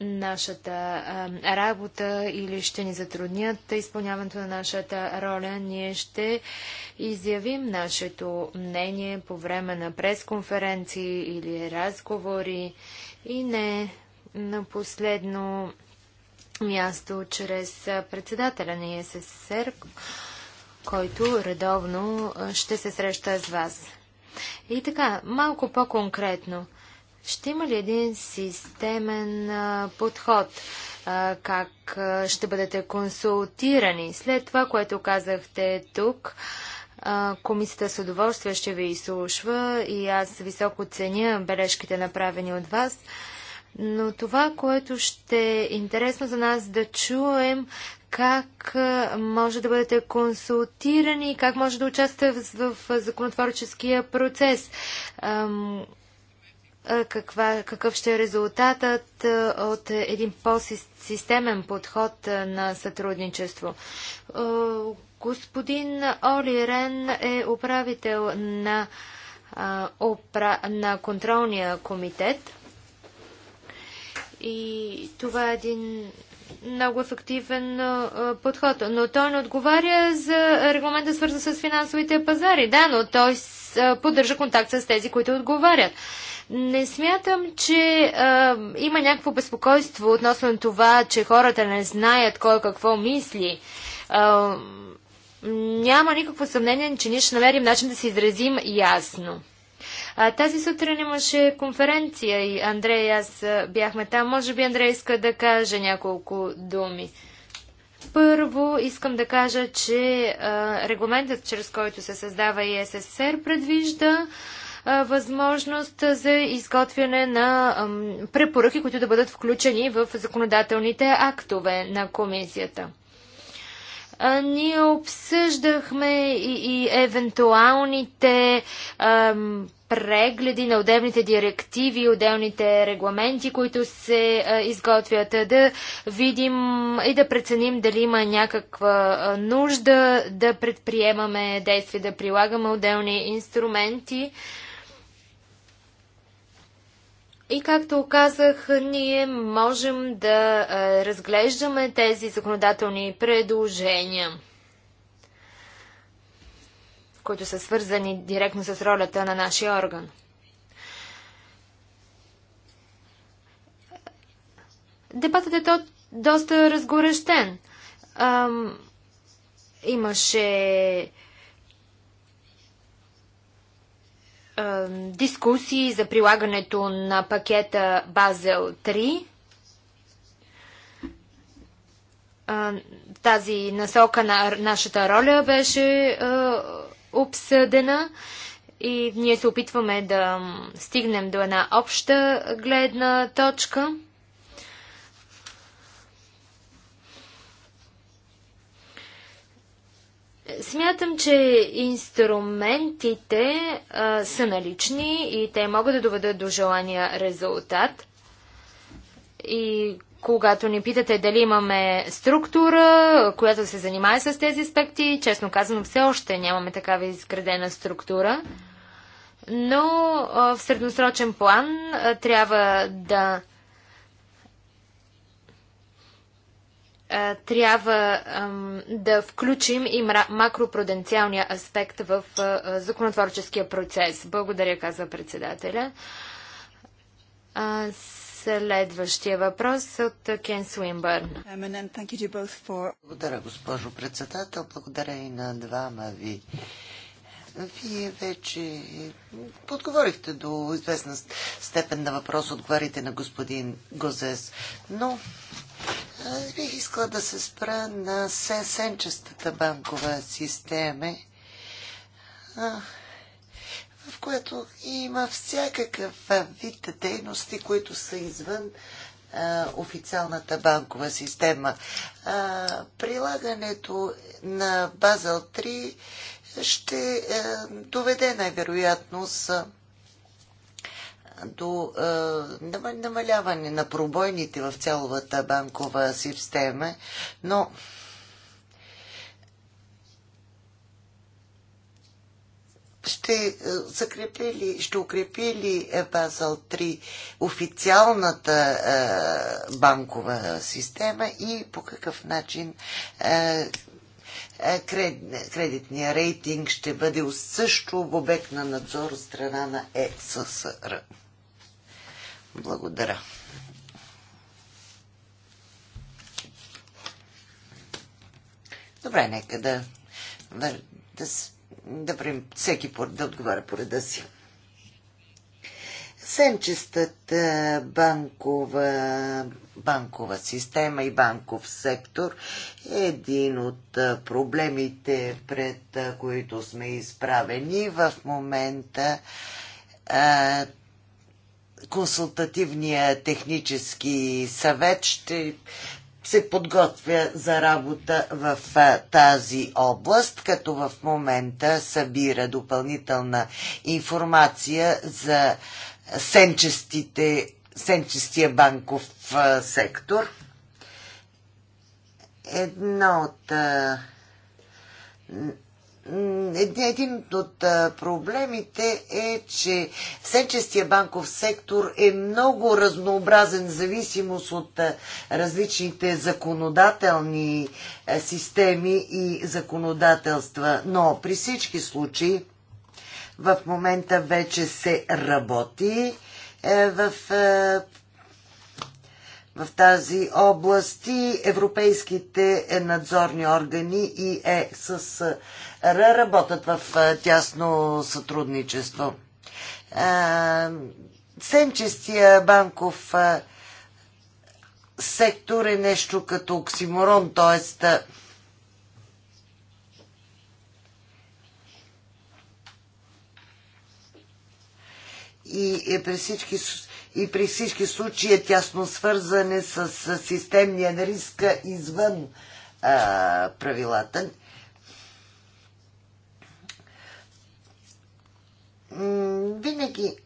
нашата а, работа или ще ни затруднят изпълняването на нашата роля, ние ще изявим нашето мнение по време на пресконференции или разговори и не на последно място чрез председателя на ЕССР, който редовно ще се среща с вас. И така, малко по-конкретно – ще има ли един системен а, подход? А, как а, ще бъдете консултирани? След това, което казахте тук, комисията с удоволствие ще ви изслушва и аз високо ценя бележките направени от вас. Но това, което ще е интересно за нас да чуем, как може да бъдете консултирани, как може да участвате в, в законотворческия процес каква, какъв ще е резултатът от един по-системен подход на сътрудничество. Господин Оли Рен е управител на, на контролния комитет. И това е един много ефективен подход. Но той не отговаря за регламента свързан с финансовите пазари. Да, но той поддържа контакт с тези, които отговарят. Не смятам, че а, има някакво безпокойство относно това, че хората не знаят кой какво мисли. А, няма никакво съмнение, че ние ще намерим начин да се изразим ясно. А, тази сутрин имаше конференция и Андрей и аз бяхме там. Може би Андрей иска да каже няколко думи. Първо искам да кажа, че а, регламентът, чрез който се създава и предвижда а, възможност за изготвяне на а, препоръки, които да бъдат включени в законодателните актове на комисията. А, ние обсъждахме и, и евентуалните ам, прегледи на отделните директиви, отделните регламенти, които се а, изготвят, да видим и да преценим дали има някаква а, нужда да предприемаме действия, да прилагаме отделни инструменти. А, и както казах, ние можем да разглеждаме тези законодателни предложения, които са свързани директно с ролята на нашия орган. Дебатът е то, доста разгорещен. имаше дискусии за прилагането на пакета Базел 3. Тази насока на нашата роля беше обсъдена и ние се опитваме да стигнем до една обща гледна точка. Смятам, че инструментите а, са налични и те могат да доведат до желания резултат. И когато ни питате дали имаме структура, която се занимава с тези аспекти, честно казано, все още нямаме такава изградена структура. Но а, в средносрочен план а, трябва да Е, трябва да включим и макропруденциалния аспект в е, е, законотворческия процес. Благодаря, казва председателя. Следващия въпрос от Кен Суинбърн. Благодаря, госпожо председател. Благодаря и на двама ви вие вече подговорихте до известна степен на въпрос, отговарите на господин Гозес, но аз бих искала да се спра на сенчестата банкова система, в която има всякакъв вид дейности, които са извън официалната банкова система. Прилагането на Базел 3 ще е, доведе най-вероятно с е, до е, намаляване на пробойните в цялата банкова система, но ще е, закрепи ли, ще укрепи ли Базъл 3 официалната е, банкова система и по какъв начин е, е, кредитния рейтинг ще бъде също в обект на надзор от страна на ЕССР. Благодаря. Добре, нека да, да, да, да всеки да отговаря по реда си сенчестата е, банкова, банкова система и банков сектор е един от е, проблемите, пред е, които сме изправени в момента. Консултативния технически съвет ще се подготвя за работа в тази област, като в момента събира допълнителна информация за сенчестите, сенчестия банков а, сектор. Една от а, един от проблемите е, че сенчестия банков сектор е много разнообразен в зависимост от различните законодателни системи и законодателства. Но при всички случаи в момента вече се работи е, в е, в тази област и европейските е, надзорни органи и ЕССР работят в тясно сътрудничество. Сенчестия банков сектор е нещо като оксиморон, т.е. и при всички, и при всички случаи е тясно свързане с, с системния риск извън а, правилата. Винаги,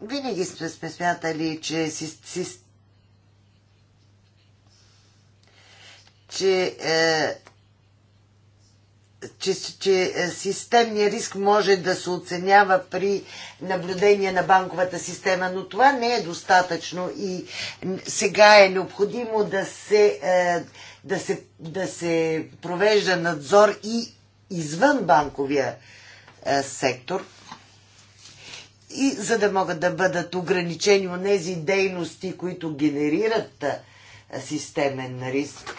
винаги сме, сме смятали, че си, си, че е, че, че е, системният риск може да се оценява при наблюдение на банковата система, но това не е достатъчно и сега е необходимо да се, е, да се, да се провежда надзор и извън банковия е, сектор. И за да могат да бъдат ограничени от тези дейности, които генерират системен риск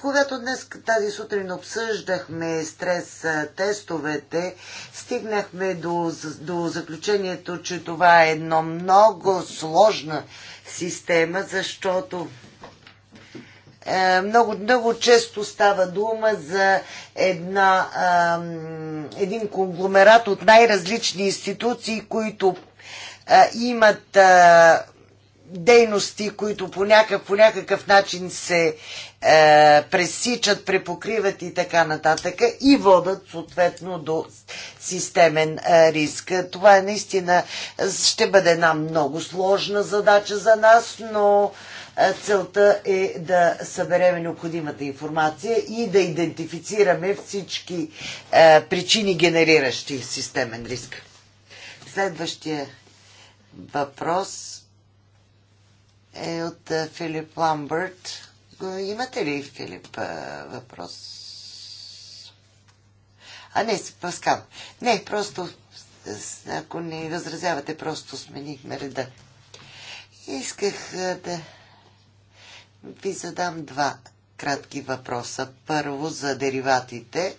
когато днес тази сутрин обсъждахме стрес тестовете, стигнахме до, до заключението, че това е едно много сложна система, защото е, много, много често става дума за една, е, един конгломерат от най-различни институции, които е, имат дейности, които по някакъв, по някакъв начин се е, пресичат, препокриват и така нататък и водат съответно до системен е, риск. Това е наистина, ще бъде една много сложна задача за нас, но е, целта е да съберем необходимата информация и да идентифицираме всички е, причини, генериращи системен риск. Следващия въпрос е от е, Филип Ламбърт. Имате ли, Филип, е, въпрос? А не, Паскал. Не, просто, е, ако не възразявате, просто сменихме реда. Исках да ви задам два кратки въпроса. Първо за дериватите.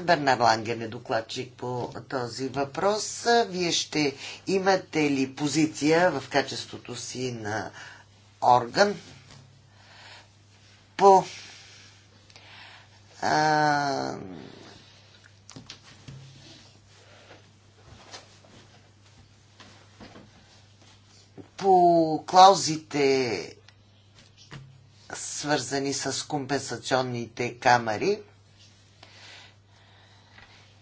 Бернар Ланген е докладчик по този въпрос. Вие ще имате ли позиция в качеството си на орган по а, по клаузите свързани с компенсационните камери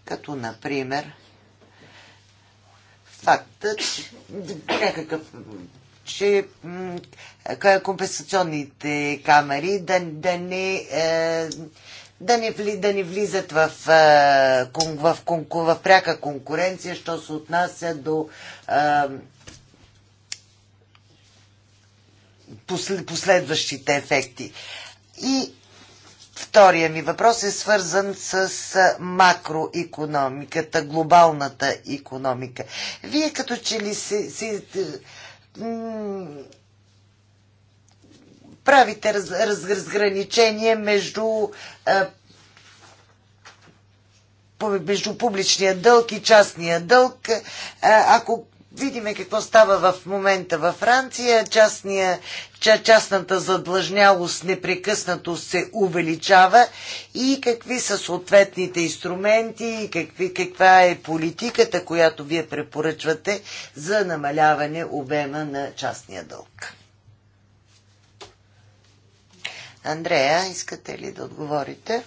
като например факта, че някакъв че е компенсационните камери да, да не е, да не, вли, да не влизат в, е, в, в, в пряка конкуренция, що се отнася до а, последващите ефекти. И Втория ми въпрос е свързан с макроекономиката, глобалната економика. Вие като че ли се си е, правите раз, раз, разграничение между а, между публичния дълг и частния дълг. Ако видиме какво става в момента във Франция. Частния, частната задлъжнялост непрекъснато се увеличава и какви са съответните инструменти, какви, каква е политиката, която вие препоръчвате за намаляване обема на частния дълг. Андрея, искате ли да отговорите?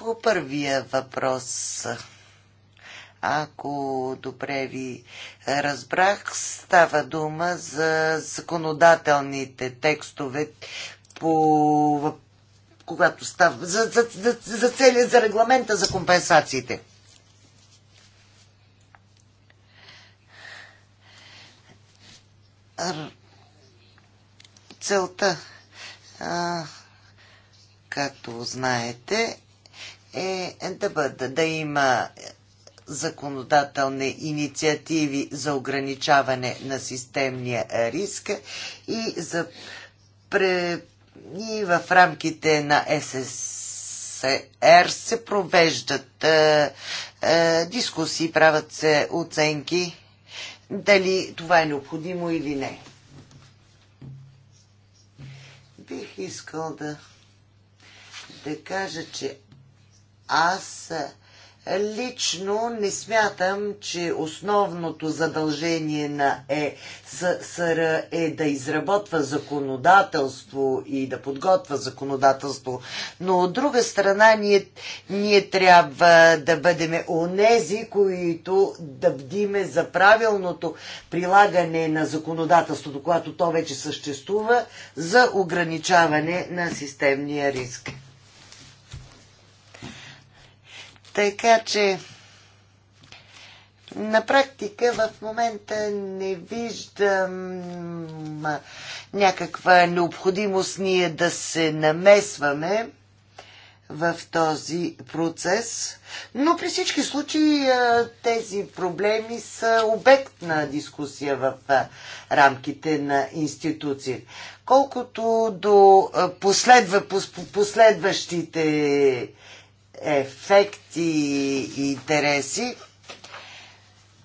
По първия въпрос, ако добре ви разбрах, става дума за законодателните текстове по когато става за, за, за, за целият за регламента за компенсациите. Целта, а, както знаете, е да, бъде, да има законодателни инициативи за ограничаване на системния риск и, за, пре, и в рамките на СССР се провеждат е, е, дискусии, правят се оценки дали това е необходимо или не. Бих искал да, да кажа, че аз е, лично не смятам, че основното задължение на ЕСР е да изработва законодателство и да подготвя законодателство, но от друга страна ние, ние трябва да бъдем онези, които да бдиме за правилното прилагане на законодателството, когато то вече съществува, за ограничаване на системния риск. Така че на практика в момента не виждам някаква необходимост ние да се намесваме в този процес. Но при всички случаи тези проблеми са обект на дискусия в рамките на институции. Колкото до последва, последващите ефекти и интереси,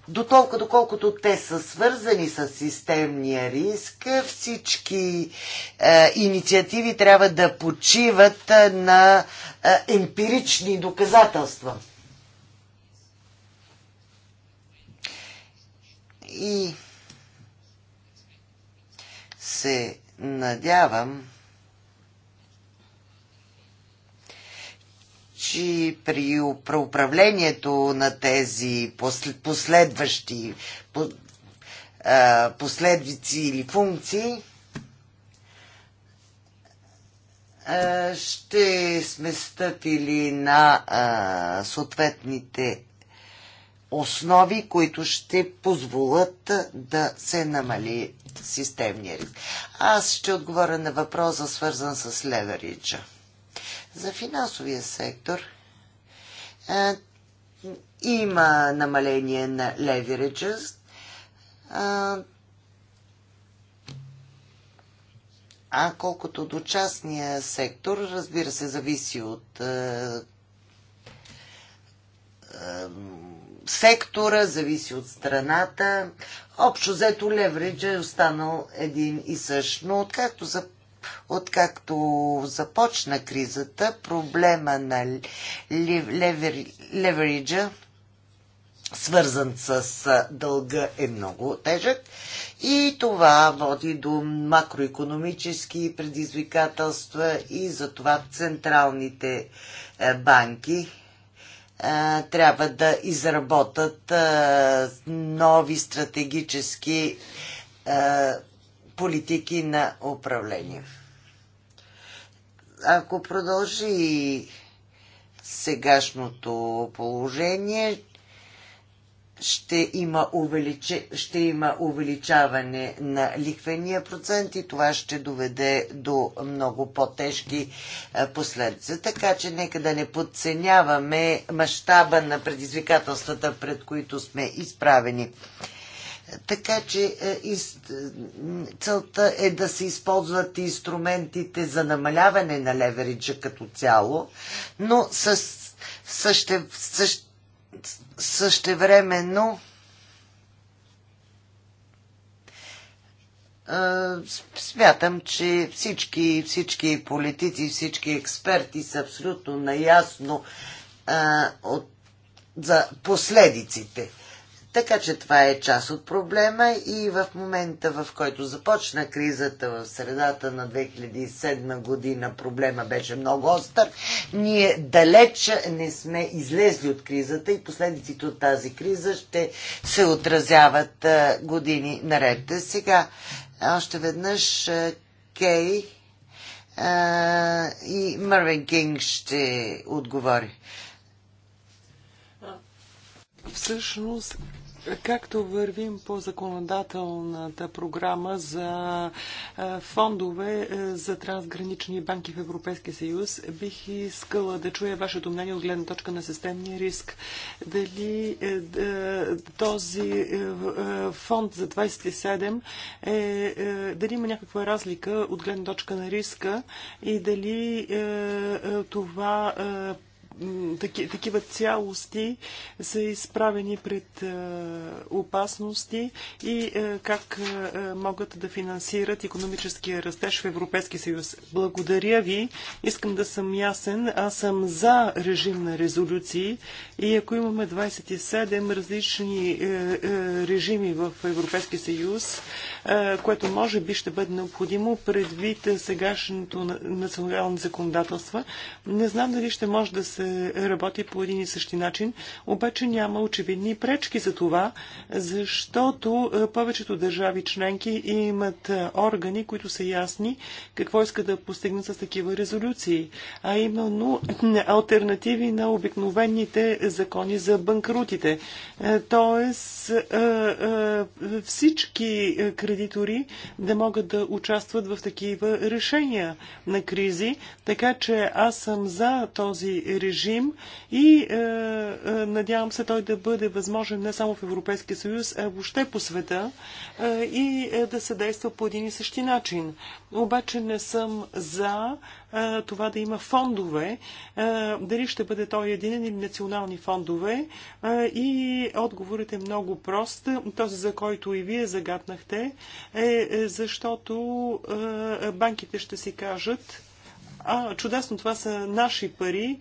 дотолка доколкото те са свързани с системния риск, всички е, инициативи трябва да почиват е, на е, емпирични доказателства. И се надявам, случи при управлението на тези последващи последици или функции, ще сме стъпили на съответните основи, които ще позволят да се намали системния риск. Аз ще отговоря на въпроса, свързан с левериджа. За финансовия сектор е, има намаление на левериджа. А колкото до частния сектор, разбира се, зависи от е, е, сектора, зависи от страната. Общо взето левриджа е останал един и същ. Но откакто за Откакто започна кризата, проблема на левер, левериджа, свързан с дълга, е много тежък и това води до макроекономически предизвикателства и затова централните банки трябва да изработат нови стратегически политики на управление. Ако продължи сегашното положение, ще има, увелича... ще има увеличаване на лихвения процент и това ще доведе до много по-тежки е, последици. Така че нека да не подценяваме мащаба на предизвикателствата, пред които сме изправени. Така че е, целта е да се използват инструментите за намаляване на левериджа като цяло, но също времено. същевременно е, смятам, че всички, всички политици, всички експерти са абсолютно наясно а, е, от, за последиците така че това е част от проблема и в момента, в който започна кризата в средата на 2007 година, проблема беше много остър. Ние далеч не сме излезли от кризата и последиците от тази криза ще се отразяват години наред. Сега, още веднъж, Кей и Мървен Кинг ще отговори. Всъщност Както вървим по законодателната програма за е, фондове е, за трансгранични банки в Европейския съюз, бих искала да чуя вашето мнение от гледна точка на системния риск. Дали е, този фонд за 27 е, дали има някаква разлика от гледна точка на риска и дали това таки, такива цялости са изправени пред е, опасности и е, как е, могат да финансират економическия растеж в Европейски съюз. Благодаря ви. Искам да съм ясен. Аз съм за режим на резолюции и ако имаме 27 различни режими в Европейски съюз, което може би ще бъде необходимо предвид сегашното национално законодателство, не знам дали ще може да се работи по един и същи начин, обаче няма очевидни пречки за това, защото е, повечето държави членки имат е, органи, които са ясни какво иска да постигнат с такива резолюции, а именно е, альтернативи на обикновените закони за банкрутите. Тоест всички кредитори да могат да участват в такива решения на кризи, така че аз съм за този режим режим и е, е, надявам се той да бъде възможен не само в Европейския съюз, а въобще по света е, и е, да се действа по един и същи начин. Обаче не съм за е, това да има фондове, е, дали ще бъде той един или национални фондове е, и отговорът е много прост. Този, за който и вие загаднахте, е, е защото е, банките ще си кажат, а, чудесно, това са наши пари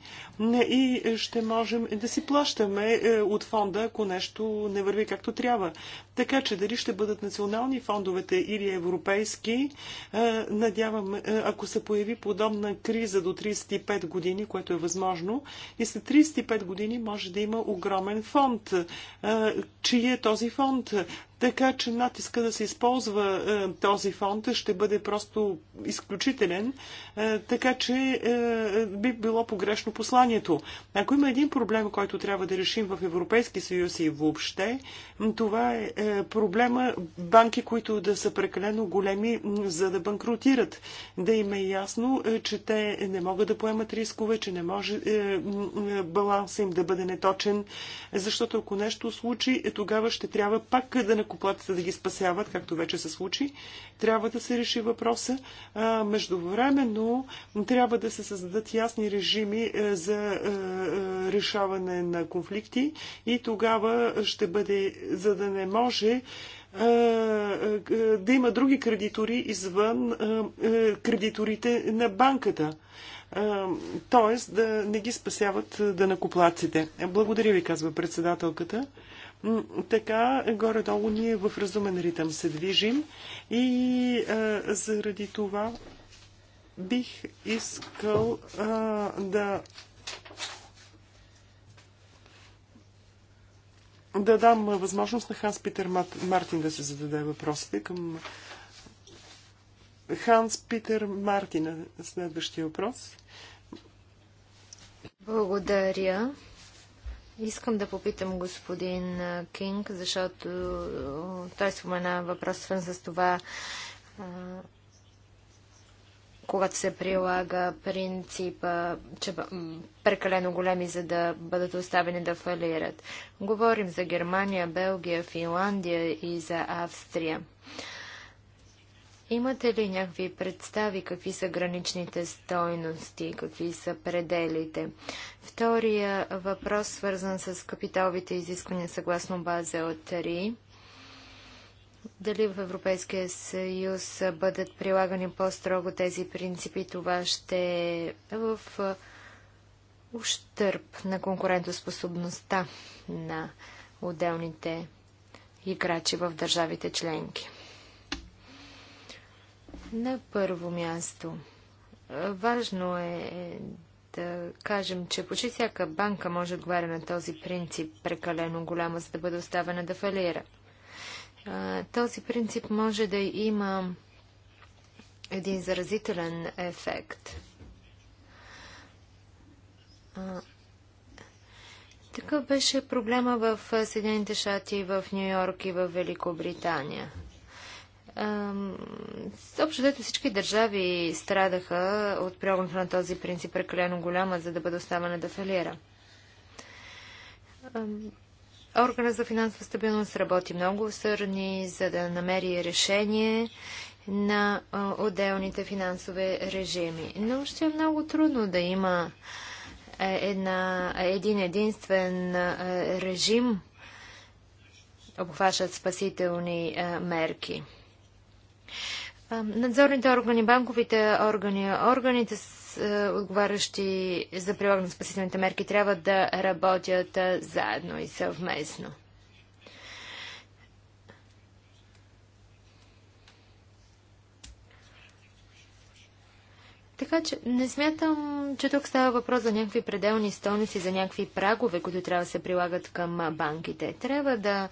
и ще можем да си плащаме е, от фонда, ако нещо не върви както трябва. Така че дали ще бъдат национални фондовете или европейски, е, надявам, е, ако се появи подобна криза до 35 години, което е възможно, и след 35 години може да има огромен фонд. Чие е този фонд? Така че натиска да се използва е, този фонд ще бъде просто изключителен, е, така че е, е, би било погрешно посланието. Ако има един проблем, който трябва да решим в Европейски съюз и въобще, това е, е проблема банки, които да са прекалено големи, за да банкротират. Да им е ясно, е, че те не могат да поемат рискове, че не може е, е, баланса им да бъде неточен, защото ако нещо случи, е, тогава ще трябва пак да данакоплатите да ги спасяват, както вече се случи. Трябва да се реши въпроса. Междувременно трябва да се създадат ясни режими е, за е, е, решаване на конфликти и тогава ще бъде, за да не може да има други кредитори извън кредиторите на банката. Тоест да не ги спасяват да накоплаците. Благодаря ви, казва председателката. Така, горе-долу ние в разумен ритъм се движим и а, заради това бих искал а, да да дам възможност на Ханс Питер Мартин да се зададе въпросите към Ханс Питер Мартин. Следващия въпрос. Благодаря. Искам да попитам господин Кинг, защото той спомена въпрос свън с това, когато се прилага принципа, че прекалено големи, за да бъдат оставени да фалират. Говорим за Германия, Белгия, Финландия и за Австрия. Имате ли някакви представи какви са граничните стойности, какви са пределите? Втория въпрос, свързан с капиталовите изисквания съгласно база от РИ. Дали в Европейския съюз бъдат прилагани по-строго тези принципи, това ще е в ущърп на конкурентоспособността на отделните играчи в държавите членки. На първо място, е, важно е, е да кажем, че почти всяка банка може да отговаря на този принцип прекалено голяма, за да бъде оставена да фалира. Този принцип може да има един заразителен ефект. Такъв беше проблема в е, Съединените щати, в Нью Йорк и в Великобритания – Общо всички държави страдаха от прилагането на този принцип прекалено голяма, за да бъде оставена да фалира. Органа за финансова стабилност работи много усърдни, за да намери решение на отделните финансови режими. Но ще е много трудно да има една, един единствен режим, обхващат спасителни мерки. Надзорните органи, банковите органи, органите с, отговарящи за прилагане на спасителните мерки трябва да работят заедно и съвместно. Така че не смятам, че тук става въпрос за някакви пределни стойности, за някакви прагове, които трябва да се прилагат към банките. Трябва да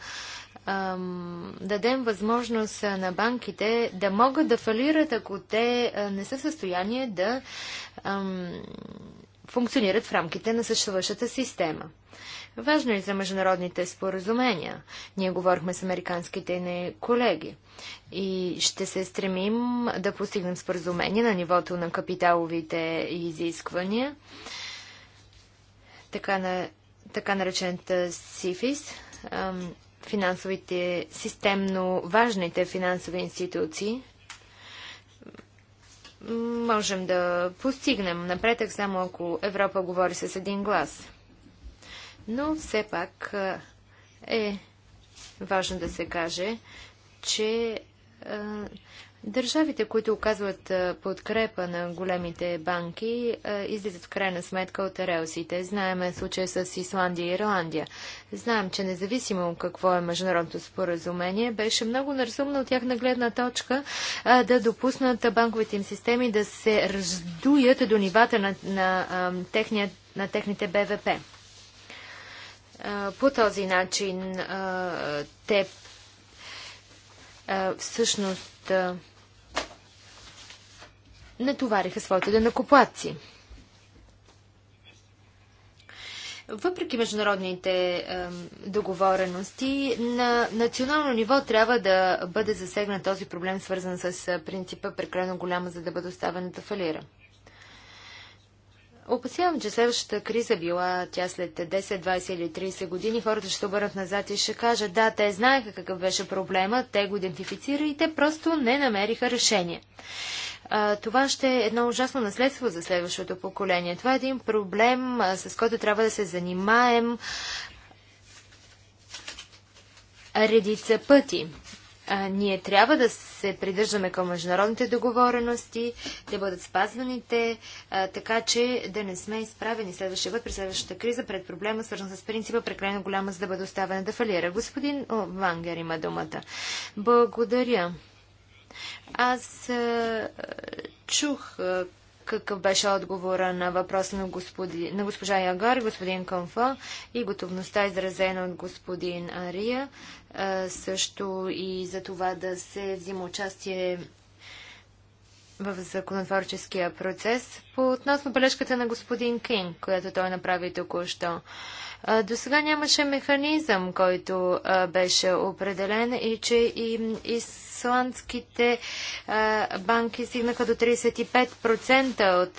дадем възможност на банките да могат да фалират, ако те не са в състояние да функционират в рамките на съществуващата система. Важно е за международните споразумения. Ние говорихме с американските ни колеги и ще се стремим да постигнем споразумение на нивото на капиталовите изисквания, така, на, така наречената СИФИС финансовите, системно важните финансови институции, можем да постигнем напредък само ако Европа говори с един глас. Но все пак е важно да се каже, че Държавите, които оказват подкрепа на големите банки, излизат в крайна сметка от релсите. Знаеме случая с Исландия и Ирландия. Знаем, че независимо какво е международното споразумение, беше много неразумно от тях на гледна точка да допуснат банковите им системи да се раздуят до нивата на, на, на, на техните БВП. по този начин те всъщност натовариха своите денакоплатци. Въпреки международните е, договорености, на национално ниво трябва да бъде засегнат този проблем, свързан с е, принципа прекалено голяма, за да бъде оставена да фалира. Опасявам, че следващата криза била тя след 10, 20 или 30 години. Хората ще обърнат назад и ще кажат, да, те знаеха какъв беше проблема, те го идентифицира и те просто не намериха решение това ще е едно ужасно наследство за следващото поколение. Това е един проблем, с който трябва да се занимаем редица пъти. ние трябва да се придържаме към международните договорености, да бъдат спазваните, така че да не сме изправени следващия път при следващата криза пред проблема, свързан с принципа прекалено голяма, за да бъде оставена да фалира. Господин Вангер има думата. Благодаря. Аз а, чух а, какъв беше отговора на въпроса на, господи, на госпожа Ягар, господин Кънфа и готовността изразена от господин Ария, а, също и за това да се взима участие в законотворческия процес по относно бележката на господин Кинг, която той направи току-що. До сега нямаше механизъм, който беше определен и че и исландските банки стигнаха до 35% от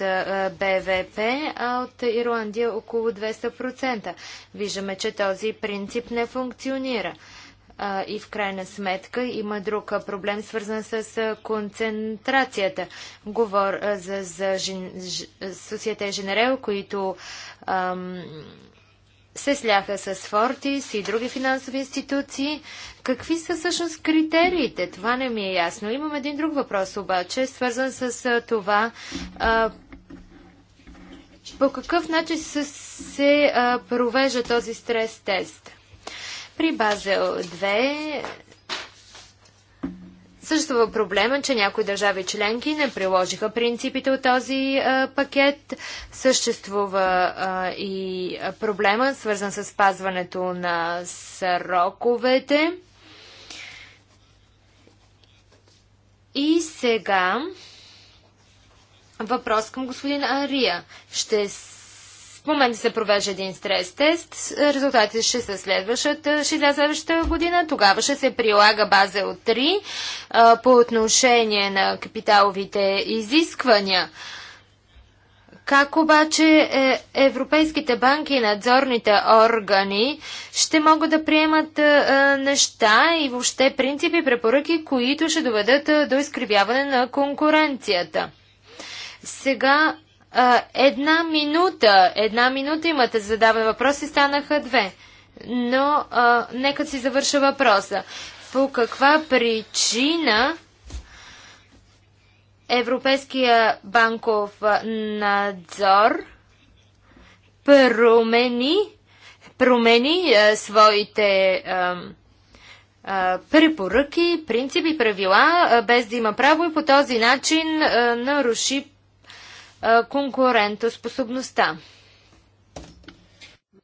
БВП, а от Ирландия около 200%. Виждаме, че този принцип не функционира и в крайна сметка има друг проблем, свързан с концентрацията. Говор за, за жен, ж, Женерел, които ам, се сляха с Фортис и други финансови институции. Какви са всъщност критериите? Това не ми е ясно. Имам един друг въпрос обаче, свързан с това а, по какъв начин се, се а, провежда този стрес-тест? При Базел 2 съществува проблема, че някои държави членки не приложиха принципите от този а, пакет. Съществува а, и проблема, свързан с спазването на сроковете. И сега въпрос към господин Ария. Ще в момента се провежда един стрес тест. Резултатите ще се следващата, ще за следващата година. Тогава ще се прилага база от 3 по отношение на капиталовите изисквания. Как обаче е, европейските банки и надзорните органи ще могат да приемат неща и въобще принципи препоръки, които ще доведат до изкривяване на конкуренцията? Сега Една минута, една минута имате за задаване въпроси, станаха две. Но а, нека си завърша въпроса. По каква причина Европейския банков надзор промени, промени а, своите а, а, препоръки, принципи, правила, а, без да има право и по този начин а, наруши конкурентоспособността.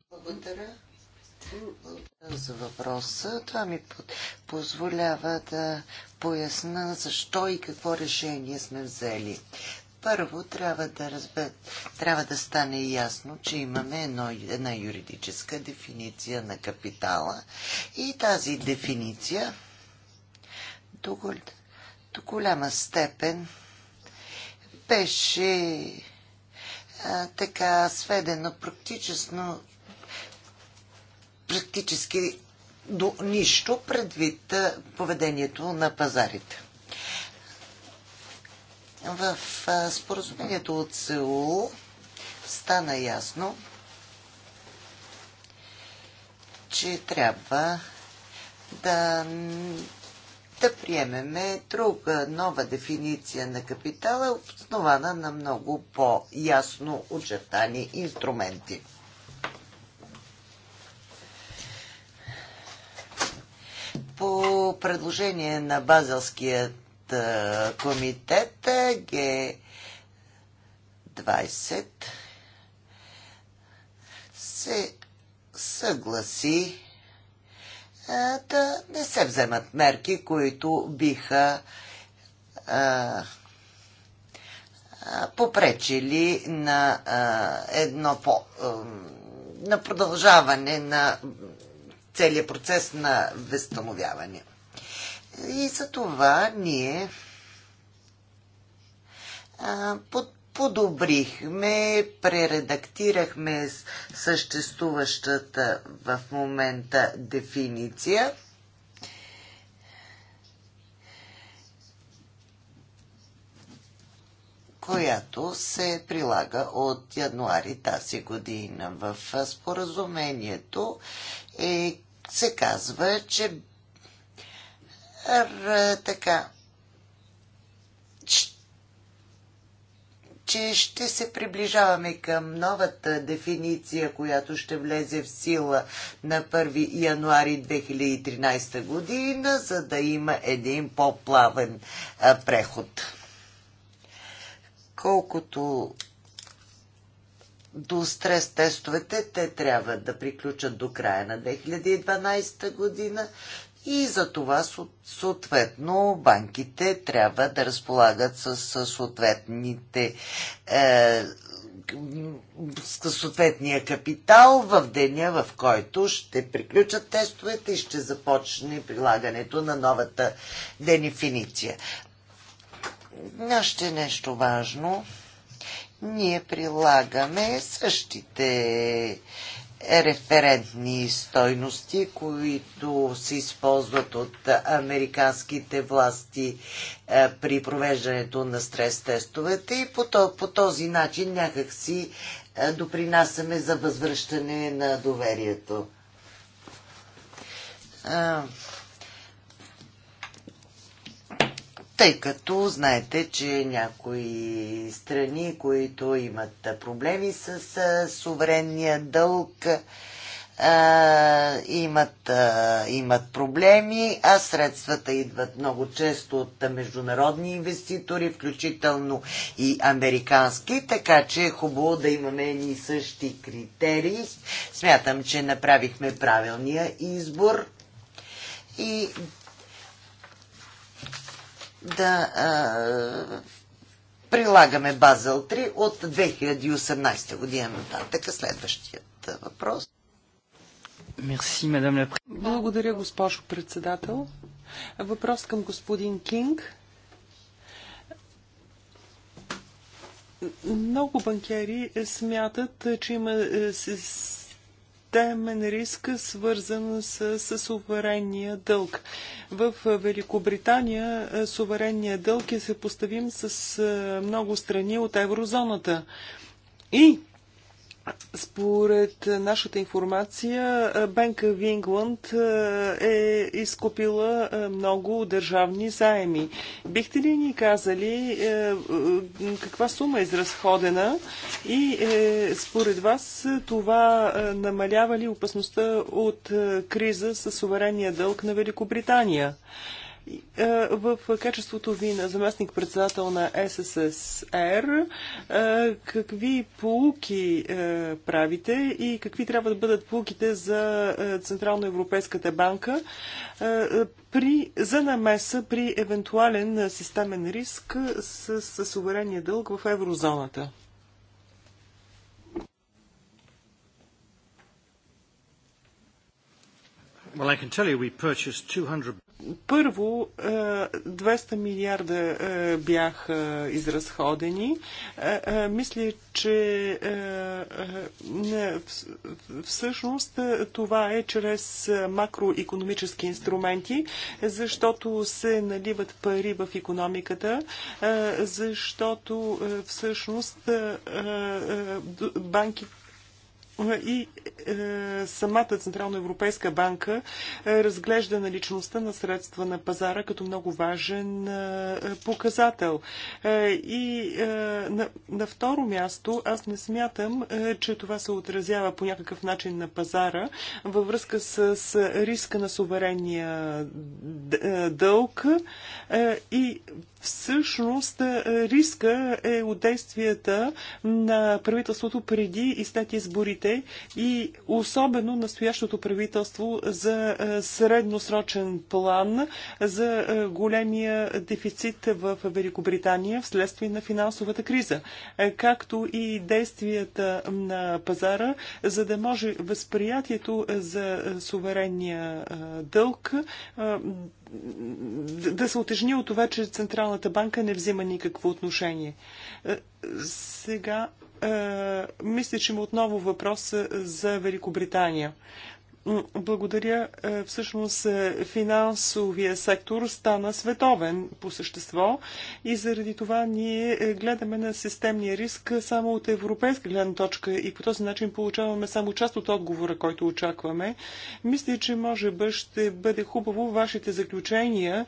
Благодаря за въпроса. Това ми позволява да поясна защо и какво решение сме взели. Първо трябва да, разбе, трябва да стане ясно, че имаме едно, една юридическа дефиниция на капитала и тази дефиниция до, до голяма степен беше а, така сведено практично практически до нищо предвид поведението на пазарите. В споразумението от СЕУ стана ясно, че трябва да да приемеме друга нова дефиниция на капитала, основана на много по-ясно очертани инструменти. По предложение на Базелският комитет Г20 се съгласи да не се вземат мерки, които биха попречили на едно по, на продължаване на целият процес на възстановяване. И за това ние под, подобрихме, прередактирахме съществуващата в момента дефиниция. която се прилага от януари тази година. В споразумението е, се казва, че р, така че ще се приближаваме към новата дефиниция, която ще влезе в сила на 1 януари 2013 година, за да има един по-плавен преход. Колкото до стрес тестовете, те трябва да приключат до края на 2012 година, и за това съответно банките трябва да разполагат с съответните е, съответния капитал в деня, в който ще приключат тестовете и ще започне прилагането на новата денефиниция. Още нещо важно. Ние прилагаме същите референтни стойности, които се използват от американските власти е, при провеждането на стрес-тестовете и по този начин някак си е, допринасяме за възвръщане на доверието. Е, тъй като знаете, че някои страни, които имат проблеми с суверенния дълг, имат, имат проблеми, а средствата идват много често от международни инвеститори, включително и американски, така че е хубаво да имаме едни същи критерии. Смятам, че направихме правилния избор и да а, прилагаме Базел 3 от 2018 година нататък. Следващият въпрос. Мерси, мадам Благодаря, госпожо председател. Въпрос към господин Кинг. Много банкери смятат, че има е, системен риск, свързан с, с суверенния дълг. В Великобритания е, суверенния дълг е съпоставим с е, много страни от еврозоната. И според нашата информация, Банка в Ингланд е изкупила е, много държавни заеми. Бихте ли ни казали е, е, каква сума е изразходена и според вас това намалява ли опасността от криза с суверения дълг на Великобритания? Е, в качеството ви на заместник-председател на СССР, е, какви полуки е, правите и какви трябва да бъдат полуките за Централноевропейската банка при, за намеса при евентуален системен риск с, с суверения дълг в еврозоната? Well, I can tell you we purchased 200 първо, 200 е, милиарда е, бяха изразходени. Е, мисля, че всъщност това е чрез макроекономически инструменти, защото се наливат пари в економиката, защото всъщност банките и е, самата Централна Европейска банка е, разглежда наличността на средства на пазара като много важен е, показател. Е, и е, на, на второ място аз не смятам, е, че това се отразява по някакъв начин на пазара във връзка с, с риска на суверения е, дълг е, и Всъщност е, риска е от действията на правителството преди и след изборите и особено настоящото правителство за е, средносрочен план за е, големия дефицит в Великобритания вследствие на финансовата криза, както и действията на пазара, за да може възприятието за суверенния дълг да се отежни от това, че Централната банка не взима никакво отношение. Е, сега е, мисля, че има отново въпрос е, за Великобритания. Благодаря. Е, всъщност е, финансовия сектор стана световен по същество и заради това ние е, гледаме на системния риск само от европейска гледна точка и по този начин получаваме само част от отговора, който очакваме. Мисля, че може би ще бъде хубаво вашите заключения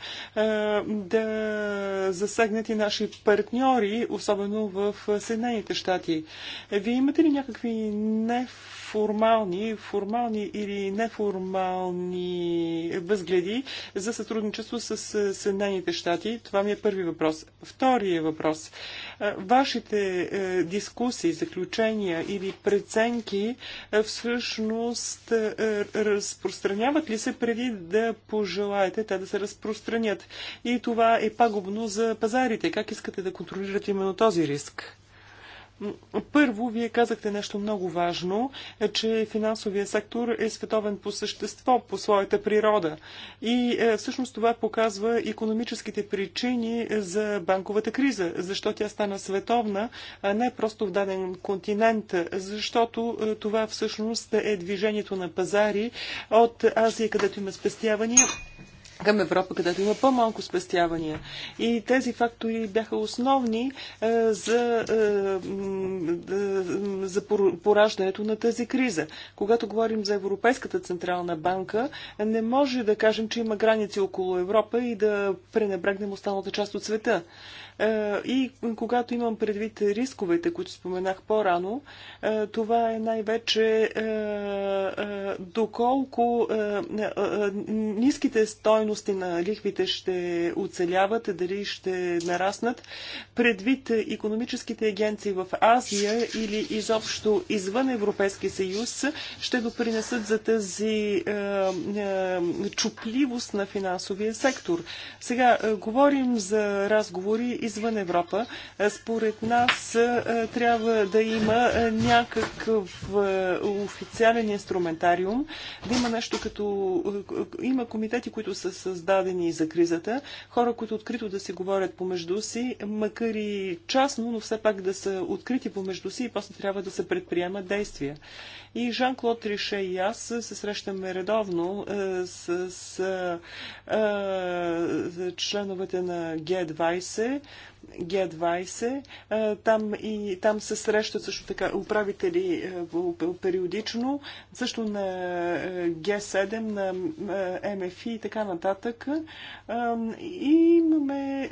да засегнат и наши партньори, особено в Съединените щати. Вие имате ли някакви неф формални, формални или неформални възгледи за сътрудничество с Съединените щати? Това ми е първи въпрос. Втория въпрос. Вашите е, дискусии, заключения или преценки е, всъщност е, разпространяват ли се преди да пожелаете те да се разпространят? И това е пагубно за пазарите. Как искате да контролирате именно този риск? Първо, вие казахте нещо много важно, е, че финансовия сектор е световен по същество, по своята природа. И е, всъщност това показва економическите причини за банковата криза, защо тя стана световна, а не просто в даден континент, защото е, това всъщност е движението на пазари от Азия, където има спестявания към Европа, където има по-малко спестявания. И тези фактори бяха основни е, за, е, е за пораждането на тази криза. Когато говорим за Европейската централна банка, не може да кажем, че има граници около Европа и да пренебрегнем останалата част от света. Е, и когато имам предвид рисковете, които споменах по-рано, е, това е най-вече е, доколко ниските стойности на лихвите ще оцеляват, дали ще нараснат, предвид економическите агенции в Азия или изобщо извън Европейския съюз, ще допринесат за тази чупливост на финансовия сектор. Сега говорим за разговори извън Европа. Е, според нас е, трябва да има е, някакъв официален инструментариум, да има нещо като... Има комитети, които са създадени за кризата, хора, които открито да си говорят помежду си, макар и частно, но все пак да са открити помежду си и после трябва да се предприемат действия. И Жан-Клод Трише и аз се срещаме редовно с, с, с с членовете на Г-20 г20. Там, и, там се срещат също така управители е, периодично, също на е, Г7, на е, МФИ и така нататък. И имаме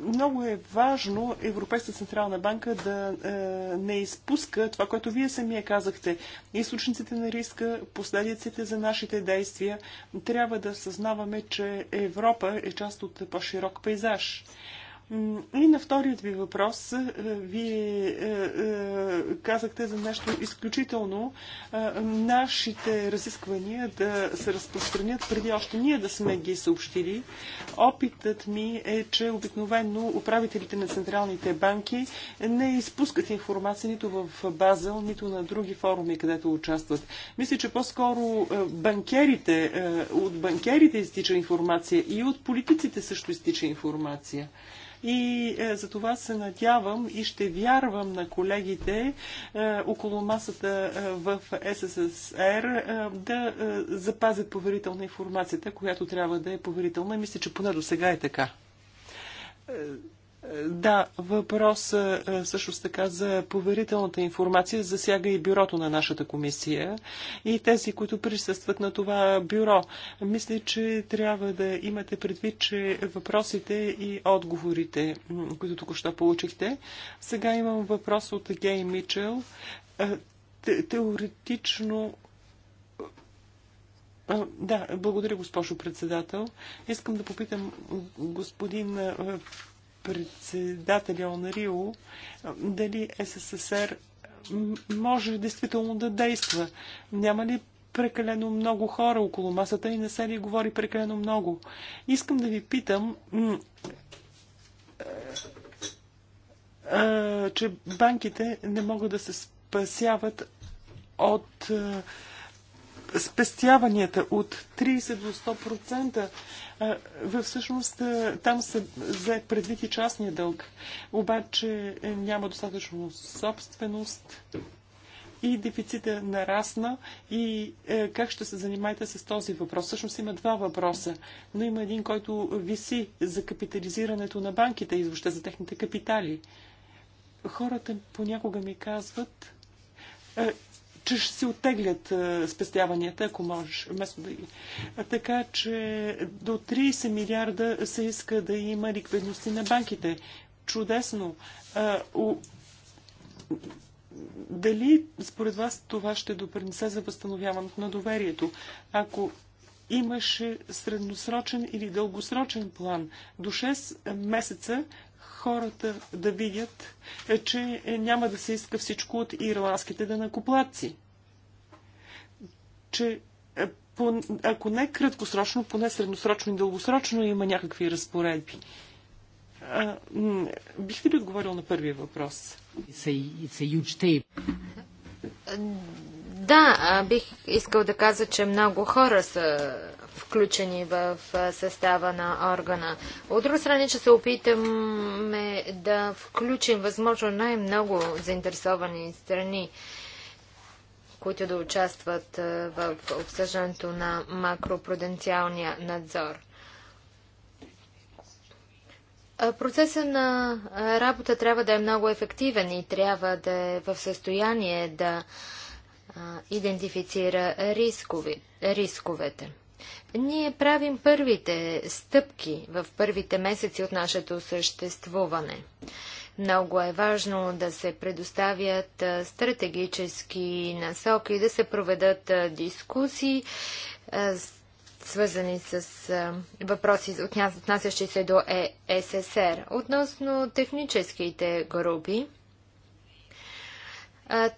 много е важно Европейска централна банка да е, не изпуска това, което вие самия казахте. Източниците на риска, последиците за нашите действия. Трябва да съзнаваме, че Европа е част от по-широк пейзаж. И на вторият ви въпрос, е, вие е, е, казахте за нещо изключително нашите разисквания да се разпространят преди още ние да сме ги съобщили. Опитът ми е, че обикновено управителите на централните банки не изпускат информация нито в Базел, нито на други форуми, където участват. Мисля, че по-скоро банкерите, от банкерите изтича информация и от политиците също изтича информация и е, за това се надявам и ще вярвам на колегите е, около масата е, в СССР да запазят поверителна информацията, която трябва да е поверителна. Мисля, че поне до сега е така. Да, въпрос е, също така за поверителната информация засяга и бюрото на нашата комисия и тези, които присъстват на това бюро. Мисля, че трябва да имате предвид, че въпросите и отговорите, които току-що получихте. Сега имам въпрос от Гей Мичел. Е, те, теоретично е, да, благодаря, госпожо председател. Искам да попитам господин председателя Онарио, дали СССР може действително да действа. Няма ли прекалено много хора около масата и не се ли говори прекалено много? Искам да ви питам, че банките не могат да се спасяват от спестяванията от 30 до 100%, всъщност там се взе предвид и частния дълг. Обаче е, няма достатъчно собственост и дефицита нарасна и е, как ще се занимаете с този въпрос? Всъщност има два въпроса, но има един, който виси за капитализирането на банките и въобще за техните капитали. Хората понякога ми казват, е, че ще си оттеглят е, спестяванията, ако можеш, вместо да ги. Така че до 30 милиарда се иска да има ликвидности на банките. Чудесно. Дали според вас това ще допринесе за възстановяването на доверието? Ако имаше средносрочен или дългосрочен план до 6 месеца хората да видят, е, че няма да се иска всичко от ирландските денакоплаци. Че е, ако не краткосрочно, поне средносрочно и дългосрочно има някакви разпоредби. А, бихте ли отговорил на първия въпрос? Да, бих искал да кажа, че много хора са включени в състава на органа. От друга страна, че се опитаме да включим възможно най-много заинтересовани страни, които да участват в обсъждането на макропруденциалния надзор. Процесът на работа трябва да е много ефективен и трябва да е в състояние да идентифицира рискови, рисковете. Ние правим първите стъпки в първите месеци от нашето съществуване. Много е важно да се предоставят стратегически насоки, да се проведат дискусии, свързани с въпроси, отнасящи се до ЕССР. Относно техническите групи,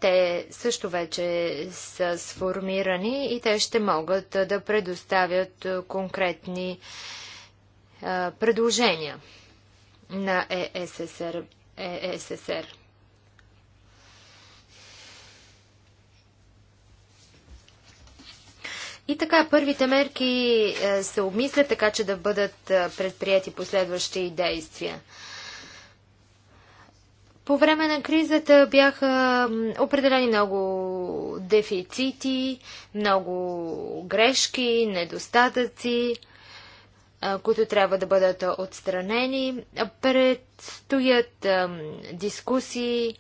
те също вече са сформирани и те ще могат да предоставят конкретни предложения на ЕССР. ЕССР. И така, първите мерки се обмислят така, че да бъдат предприяти последващи действия. По време на кризата бяха определени много дефицити, много грешки, недостатъци, които трябва да бъдат отстранени. Предстоят дискусии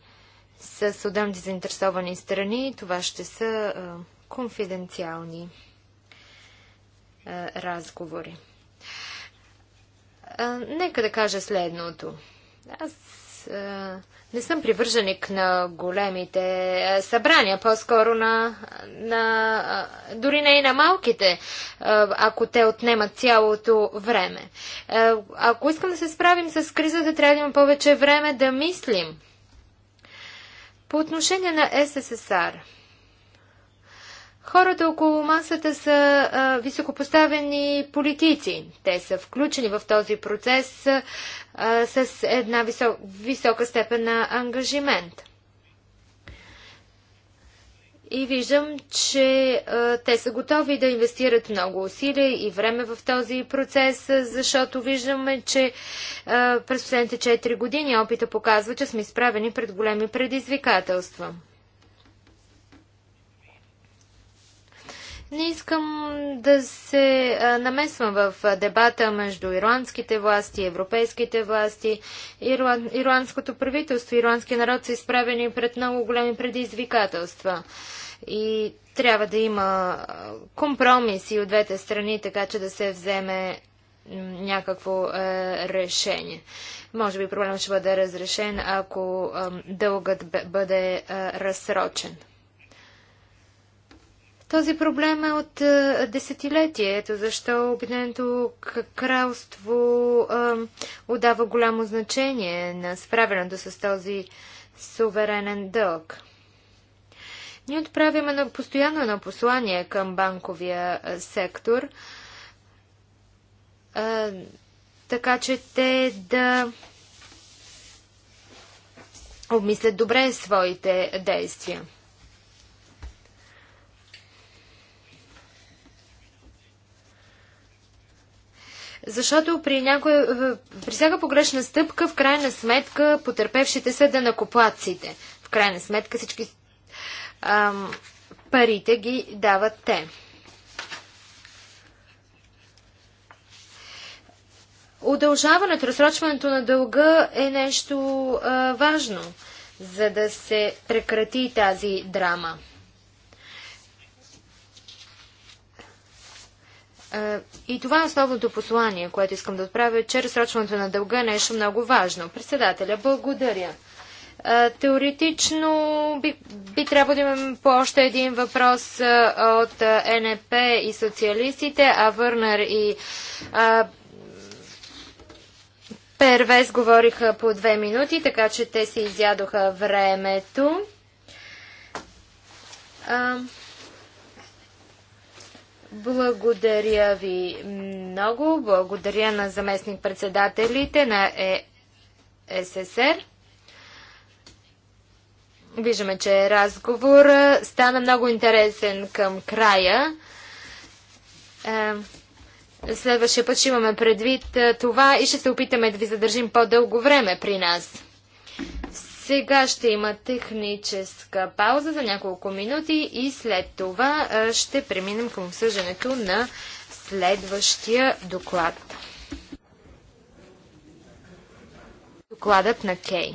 с отделни заинтересовани страни. Това ще са конфиденциални разговори. Нека да кажа следното. Аз е, не съм привърженик на големите е, събрания, по-скоро на, на е, дори не и на малките, ако те отнемат цялото време. Ако искам да се справим с кризата, трябва да има повече време да мислим. По отношение на СССР – Хората около масата са а, високопоставени политици. Те са включени в този процес а, с една висок, висока степен на ангажимент. И виждам, че а, те са готови да инвестират много усилия и време в този процес, защото виждаме, че а, през последните 4 години опита показва, че сме изправени пред големи предизвикателства. Не искам да се намесвам в дебата между ирландските власти и европейските власти. Ирланд, ирландското правителство Ирландски ирландския народ са изправени пред много големи предизвикателства. И трябва да има компромиси от двете страни, така че да се вземе някакво е, решение. Може би проблемът ще бъде разрешен, ако е, дългът бъде е, разсрочен. Този проблем е от а, е, десетилетие. Ето защо Обединеното кралство а, е, отдава голямо значение на справянето с този суверенен дълг. Ние отправяме на постоянно едно послание към банковия е, сектор, а, така че те да обмислят добре своите действия. Защото при, някоя, е, при всяка погрешна стъпка, в крайна сметка, потерпевшите са данакоплаците. В крайна сметка всички ам, парите ги дават те. Удължаването, разсрочването на дълга е нещо а, важно, за да се прекрати тази драма. Е, и това е основното послание, което искам да отправя, че разсрочването на дълга е нещо много важно. Председателя, благодаря. Е, теоретично би, би трябвало да имаме по още един въпрос е, от НП и социалистите, а Върнер и а, Первес говориха по две минути, така че те си изядоха времето. А, благодаря ви много. Благодаря на заместник-председателите на е- СССР. Виждаме, че разговор стана много интересен към края. Следващия път ще имаме предвид това и ще се опитаме да ви задържим по-дълго време при нас. Сега ще има техническа пауза за няколко минути и след това ще преминем към обсъждането на следващия доклад. Докладът на Кей.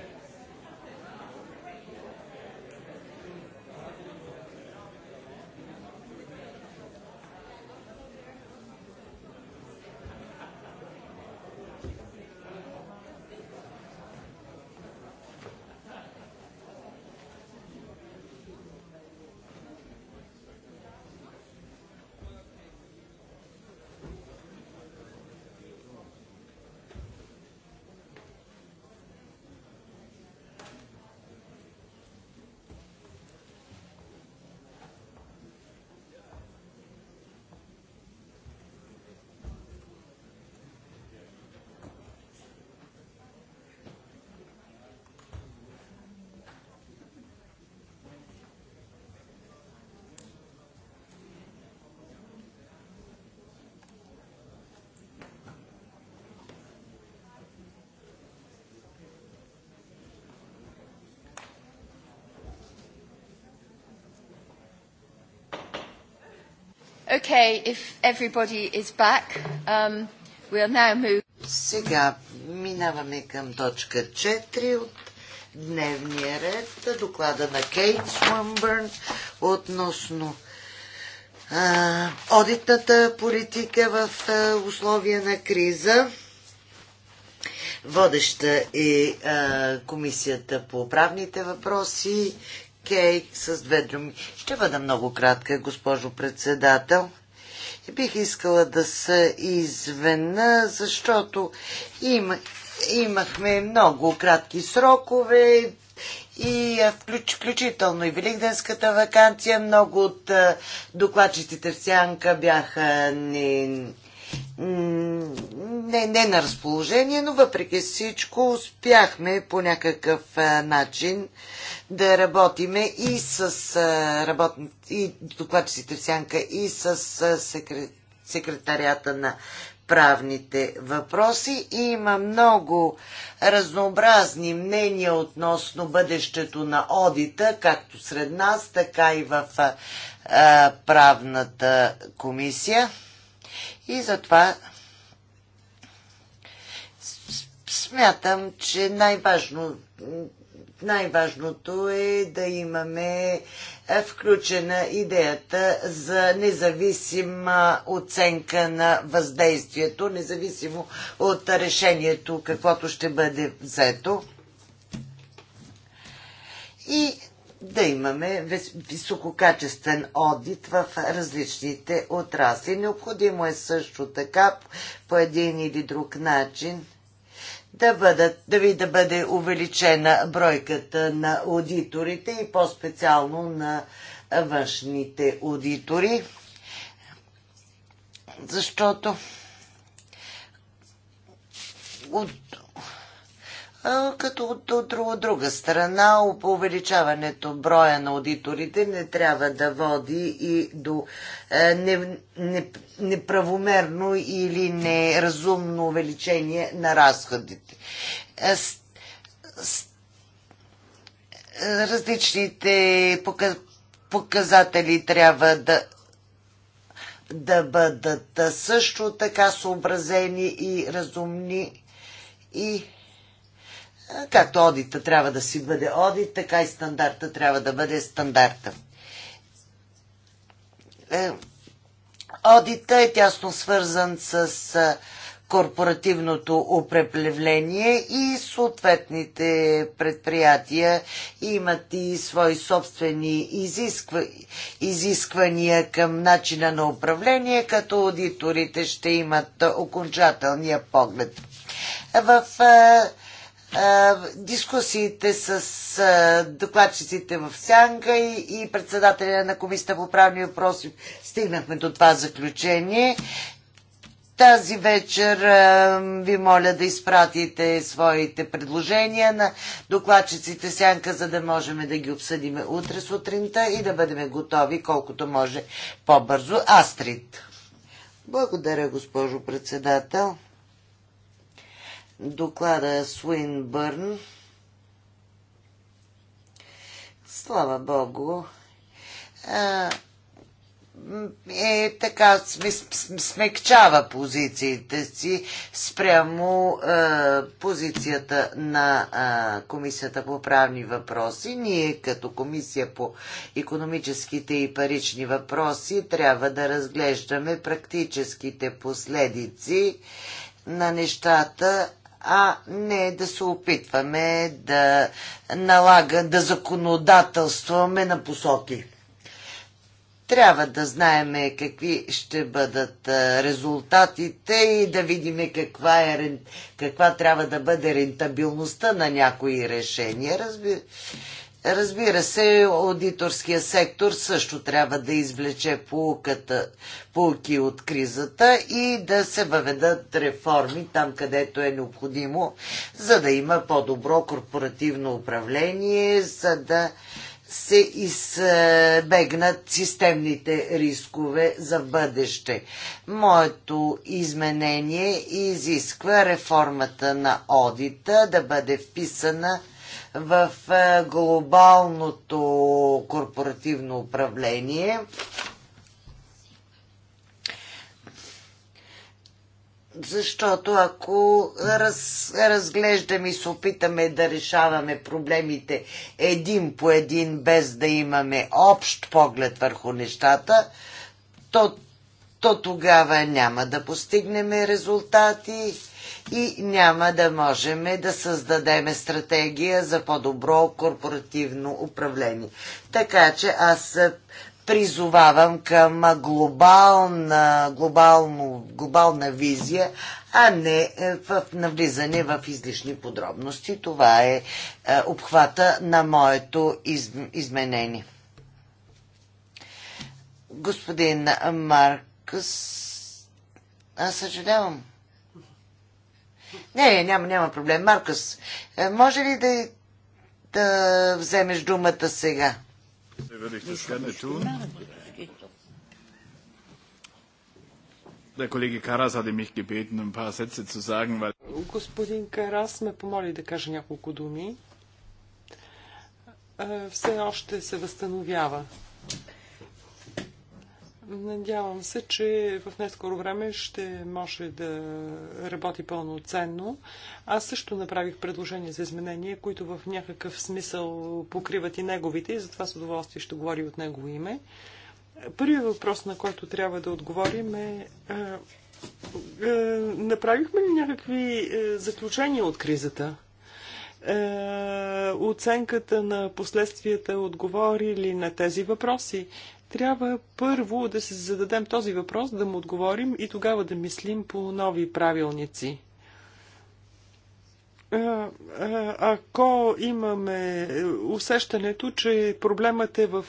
Okay, if everybody is back, um, we'll now move. Сега минаваме към точка 4 от дневния ред, доклада на Кейт Сумбърн относно одитната политика в а, условия на криза. Водеща е а, комисията по правните въпроси okay, с две думи. Ще бъда много кратка, госпожо председател. И бих искала да се извена, защото има, имахме много кратки срокове и включ, включително и Великденската вакансия. Много от докладчиците в Сянка бяха не, не, не на разположение, но въпреки всичко успяхме по някакъв а, начин да работиме и с а, работни, и докладчиците в сянка, и с а, секретарията на правните въпроси. И има много разнообразни мнения относно бъдещето на одита, както сред нас, така и в а, правната комисия. И затова Смятам, че най-важно най-важното е да имаме е, включена идеята за независима оценка на въздействието, независимо от решението, каквото ще бъде взето. И да имаме висококачествен одит в различните отрасли. Необходимо е също така по един или друг начин да, бъдат, да ви да бъде увеличена бройката на аудиторите и по-специално на външните аудитори, защото от, като от друга страна увеличаването броя на аудиторите не трябва да води и до е, неправомерно или неразумно увеличение на разходите. Е, е, различните показатели трябва да да бъдат също така съобразени и разумни и както одита трябва да си бъде одит, така и стандарта трябва да бъде стандарта. Е, одита е тясно свързан с корпоративното управление и съответните предприятия имат и свои собствени изисква, изисквания към начина на управление, като аудиторите ще имат окончателния поглед. В дискусиите с докладчиците в Сянка и, председателя на Комисията по правни въпроси стигнахме до това заключение. Тази вечер ви моля да изпратите своите предложения на докладчиците Сянка, за да можем да ги обсъдим утре сутринта и да бъдем готови колкото може по-бързо. Астрид. Благодаря, госпожо председател доклада Суин Бърн, Слава Богу, е така смекчава позициите си спрямо е, позицията на е, Комисията по правни въпроси. Ние като Комисия по економическите и парични въпроси трябва да разглеждаме практическите последици на нещата а не да се опитваме да налага, да законодателстваме на посоки. Трябва да знаеме какви ще бъдат резултатите и да видим каква, е, каква трябва да бъде рентабилността на някои решения. Разбира? Разбира се, аудиторския сектор също трябва да извлече полуката, полки от кризата и да се въведат реформи там, където е необходимо, за да има по-добро корпоративно управление, за да се избегнат системните рискове за бъдеще. Моето изменение изисква реформата на одита да бъде вписана в е, глобалното корпоративно управление. Защото ако раз, разглеждаме и се опитаме да решаваме проблемите един по един, без да имаме общ поглед върху нещата, то, то тогава няма да постигнем резултати и няма да можем да създадем стратегия за по-добро корпоративно управление. Така че аз призовавам към глобална, глобално, глобална визия, а не е, в навлизане в излишни подробности. Това е, е обхвата на моето изменение. Господин Маркс, аз съжалявам. Не, няма, няма проблем. Маркус, е, може ли да, да вземеш думата сега? Господин Карас ме помоли да кажа няколко думи. Е, все още се възстановява. Надявам се, че в най-скоро време ще може да работи пълноценно. Аз също направих предложения за изменения, които в някакъв смисъл покриват и неговите и затова с удоволствие ще говори от негово име. Първият въпрос, на който трябва да отговорим е, е, е направихме ли някакви е, заключения от кризата? оценката на последствията отговори ли на тези въпроси? Трябва първо да се зададем този въпрос, да му отговорим и тогава да мислим по нови правилници. Ако имаме усещането, че проблемът е в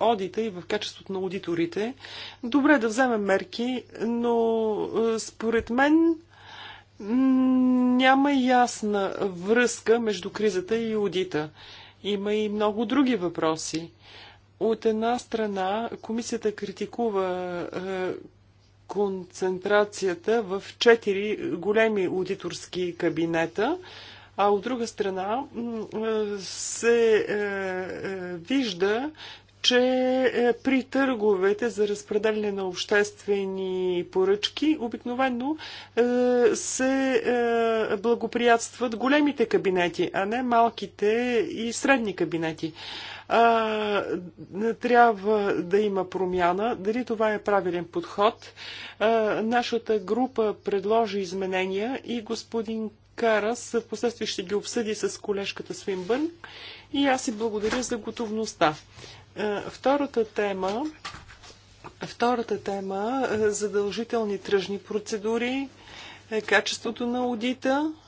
одита и в качеството на аудиторите, добре да вземем мерки, но според мен няма ясна връзка между кризата и аудита. Има и много други въпроси. От една страна, комисията критикува е, концентрацията в четири големи аудиторски кабинета, а от друга страна е, се е, вижда, че при търговете за разпределение на обществени поръчки обикновено се благоприятстват големите кабинети, а не малките и средни кабинети а, трябва да има промяна. Дали това е правилен подход? А, нашата група предложи изменения и господин Карас в последствие ще ги обсъди с колежката Свинбърн и аз си благодаря за готовността. А, втората тема Втората тема – задължителни тръжни процедури, е качеството на аудита –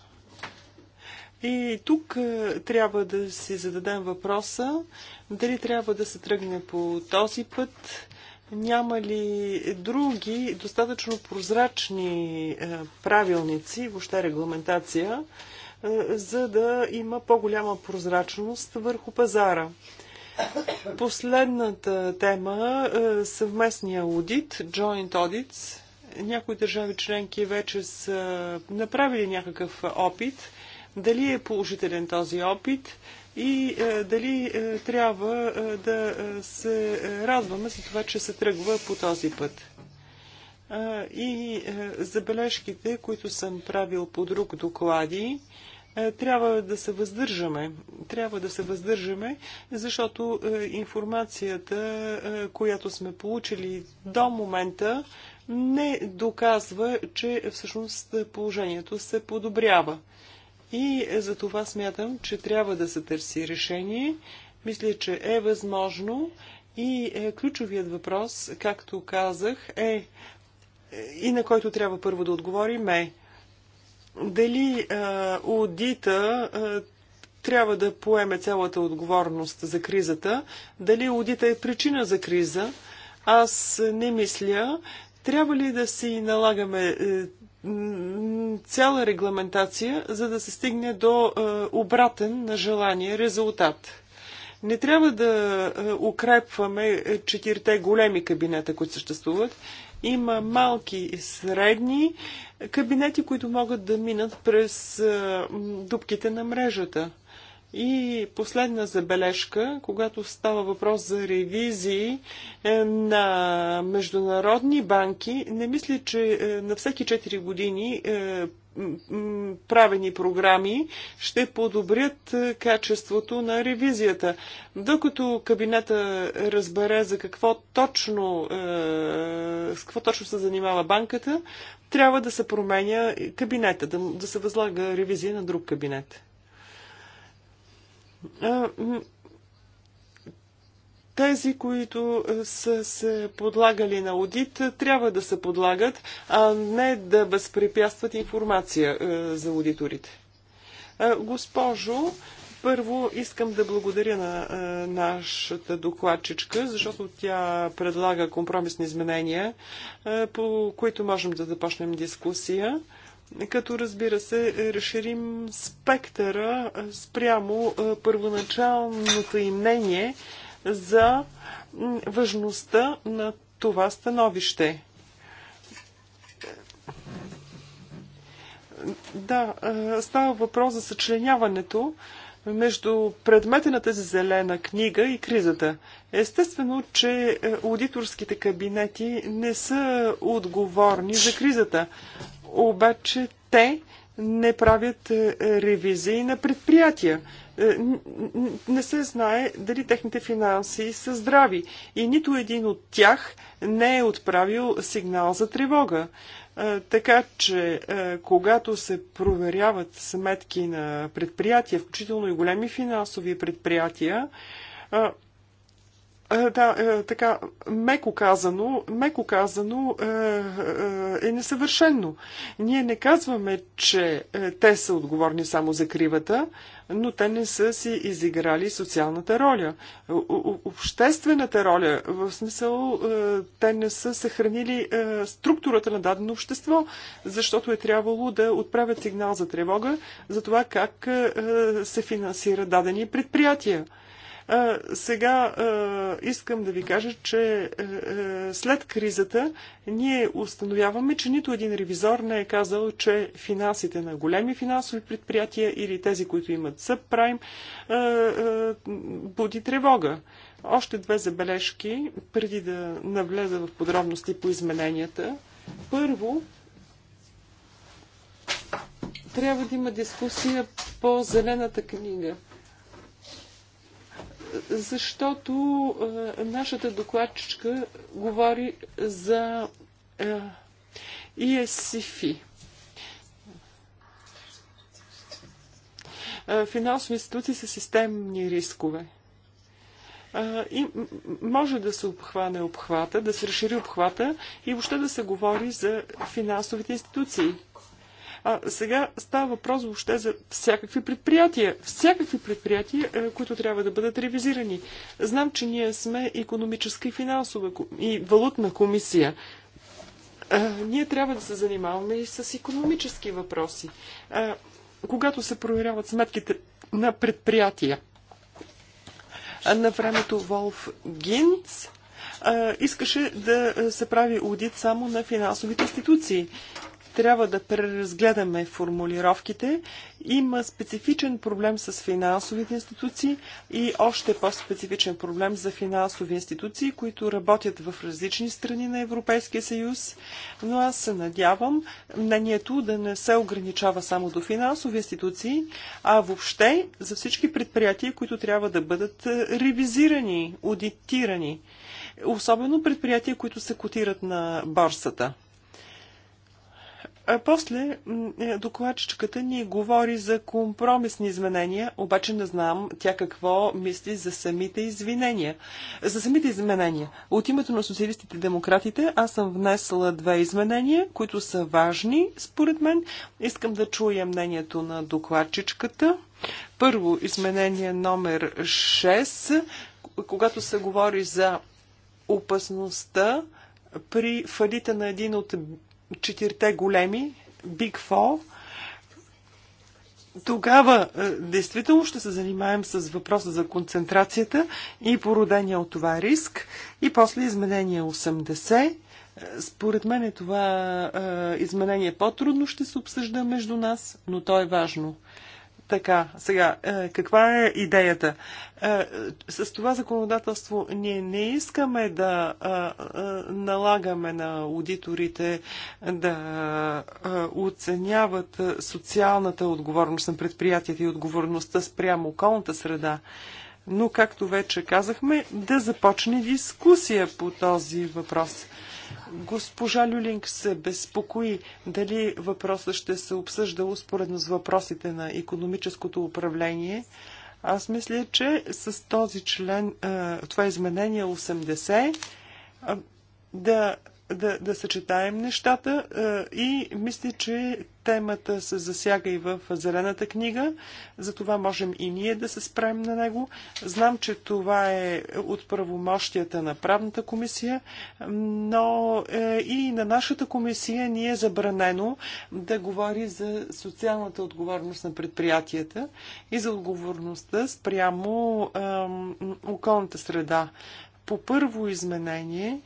и тук е, трябва да си зададем въпроса дали трябва да се тръгне по този път. Няма ли други достатъчно прозрачни е, правилници, въобще регламентация, е, за да има по-голяма прозрачност върху пазара? Последната тема съвместния аудит, joint audits. Някои държави членки вече са направили някакъв опит – дали е положителен този опит и е, дали е, трябва е, да се радваме за това, че се тръгва по този път. И забележките, които съм правил по друг доклади, трябва да се въздържаме. Трябва да се въздържаме, защото информацията, която сме получили до момента, не доказва, че всъщност положението се подобрява. И е, за това смятам, че трябва да се търси решение. Мисля, че е възможно. И е, ключовият въпрос, както казах, е, е и на който трябва първо да отговорим е дали аудита трябва да поеме цялата отговорност за кризата, дали аудита е причина за криза. Аз не мисля, трябва ли да си налагаме цяла регламентация, за да се стигне до е, обратен на желание резултат. Не трябва да е, укрепваме четирите големи кабинета, които съществуват. Има малки и средни кабинети, които могат да минат през е, дубките на мрежата. И последна забележка, когато става въпрос за ревизии е, на международни банки, не мисля, че е, на всеки 4 години е, правени програми ще подобрят качеството на ревизията. Докато кабинета разбере за какво точно, с какво точно се занимава банката, трябва да се променя кабинета, да, да се възлага ревизия на друг кабинет тези, които е, са се подлагали на аудит, е, трябва да се подлагат, а не да безпрепятстват информация е, за аудиторите. Госпожо, първо искам да благодаря на нашата докладчичка, защото тя предлага компромисни изменения, по които можем да започнем дискусия като разбира се разширим спектъра спрямо първоначалното и мнение за важността на това становище. Да, става въпрос за съчленяването между предмета на тази зелена книга и кризата. Естествено, че е, аудиторските кабинети не са отговорни за кризата, обаче те не правят е, ревизии на предприятия. Е, не се знае дали техните финанси са здрави и нито един от тях не е отправил сигнал за тревога. Е, така че, когато се проверяват сметки на предприятия, включително и големи финансови предприятия, е, да, е, така, меко казано, меко казано е, е, е несъвършено. Ние не казваме, че те са отговорни само за кривата, но те не са си изиграли социалната роля, обществената роля, в смисъл те не са съхранили структурата на дадено общество, защото е трябвало да отправят сигнал за тревога за това как се финансира дадени предприятия. Сега искам да ви кажа, че е, е, след кризата ние установяваме, че нито един ревизор не е казал, че финансите на големи финансови предприятия или тези, които имат събпрайм, е, буди тревога. Още две забележки, преди да навлеза в подробности по измененията. Първо, трябва да има дискусия по зелената книга защото е, нашата докладчичка говори за А, е, е, финансови институции са системни рискове. И може да се обхване обхвата, да се разшири обхвата и въобще да се говори за финансовите институции. А сега става въпрос въобще за всякакви предприятия. Всякакви предприятия, е, които трябва да бъдат ревизирани. Знам, че ние сме економическа и финансова и валутна комисия ние трябва да се занимаваме и с економически въпроси. когато се проверяват сметките на предприятия, на времето Волф Гинц искаше да се прави аудит само на финансовите институции. Трябва да преразгледаме формулировките. Има специфичен проблем с финансовите институции и още по-специфичен проблем за финансови институции, които работят в различни страни на Европейския съюз. Но аз се надявам мнението да не се ограничава само до финансови институции, а въобще за всички предприятия, които трябва да бъдат е, ревизирани, аудитирани особено предприятия, които се котират на борсата. А после е, докладчичката ни говори за компромисни изменения, обаче не знам тя какво мисли за самите извинения. За самите изменения. От името на социалистите и демократите аз съм внесла две изменения, които са важни според мен. Искам да чуя мнението на докладчичката. Първо, изменение номер 6, когато се говори за опасността при фалита на един от четирите големи, Big Four, тогава е, действително ще се занимаем с въпроса за концентрацията и породения от това риск и после изменение 80. Е, според мен е това е, изменение по-трудно ще се обсъжда между нас, но то е важно. Така, сега, е, каква е идеята? Е, с това законодателство ние не искаме да е, налагаме на аудиторите да оценяват социалната отговорност на предприятията и отговорността спрямо околната среда. Но, както вече казахме, да започне дискусия по този въпрос. Госпожа Люлинг се безпокои дали въпросът ще се обсъжда успоредно с въпросите на економическото управление. Аз мисля, че с този член, това изменение 80, да да, да съчетаем нещата и мисля, че темата се засяга и в Зелената книга, затова можем и ние да се спрем на него. Знам, че това е от правомощията на правната комисия, но е, и на нашата комисия ни е забранено да говори за социалната отговорност на предприятията и за отговорността спрямо околната среда. По първо изменение,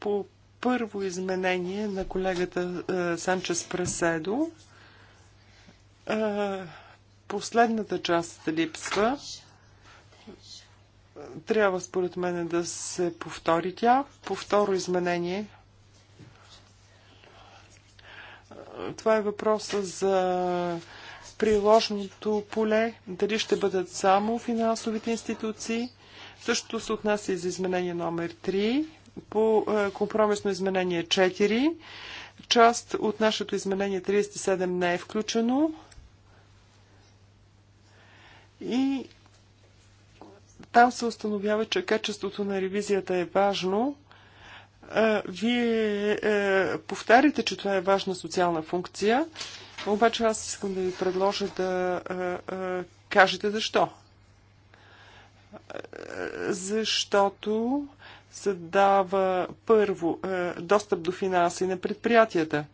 по първо изменение на колегата е, Санчес Преседо. Е, последната част липсва. Трябва според мен да се повтори тя. Повторо изменение това е въпроса за приложното поле, дали ще бъдат само финансовите институции. Същото се отнася и за изменение номер 3 по е, компромисно изменение 4. Част от нашето изменение 37 не е включено. И там се установява, че качеството на ревизията е важно. Е, вие е, повтарите, че това е важна социална функция, обаче аз искам да ви предложа да кажете защо. Защото се дава първо е, достъп до финанси на предприятията.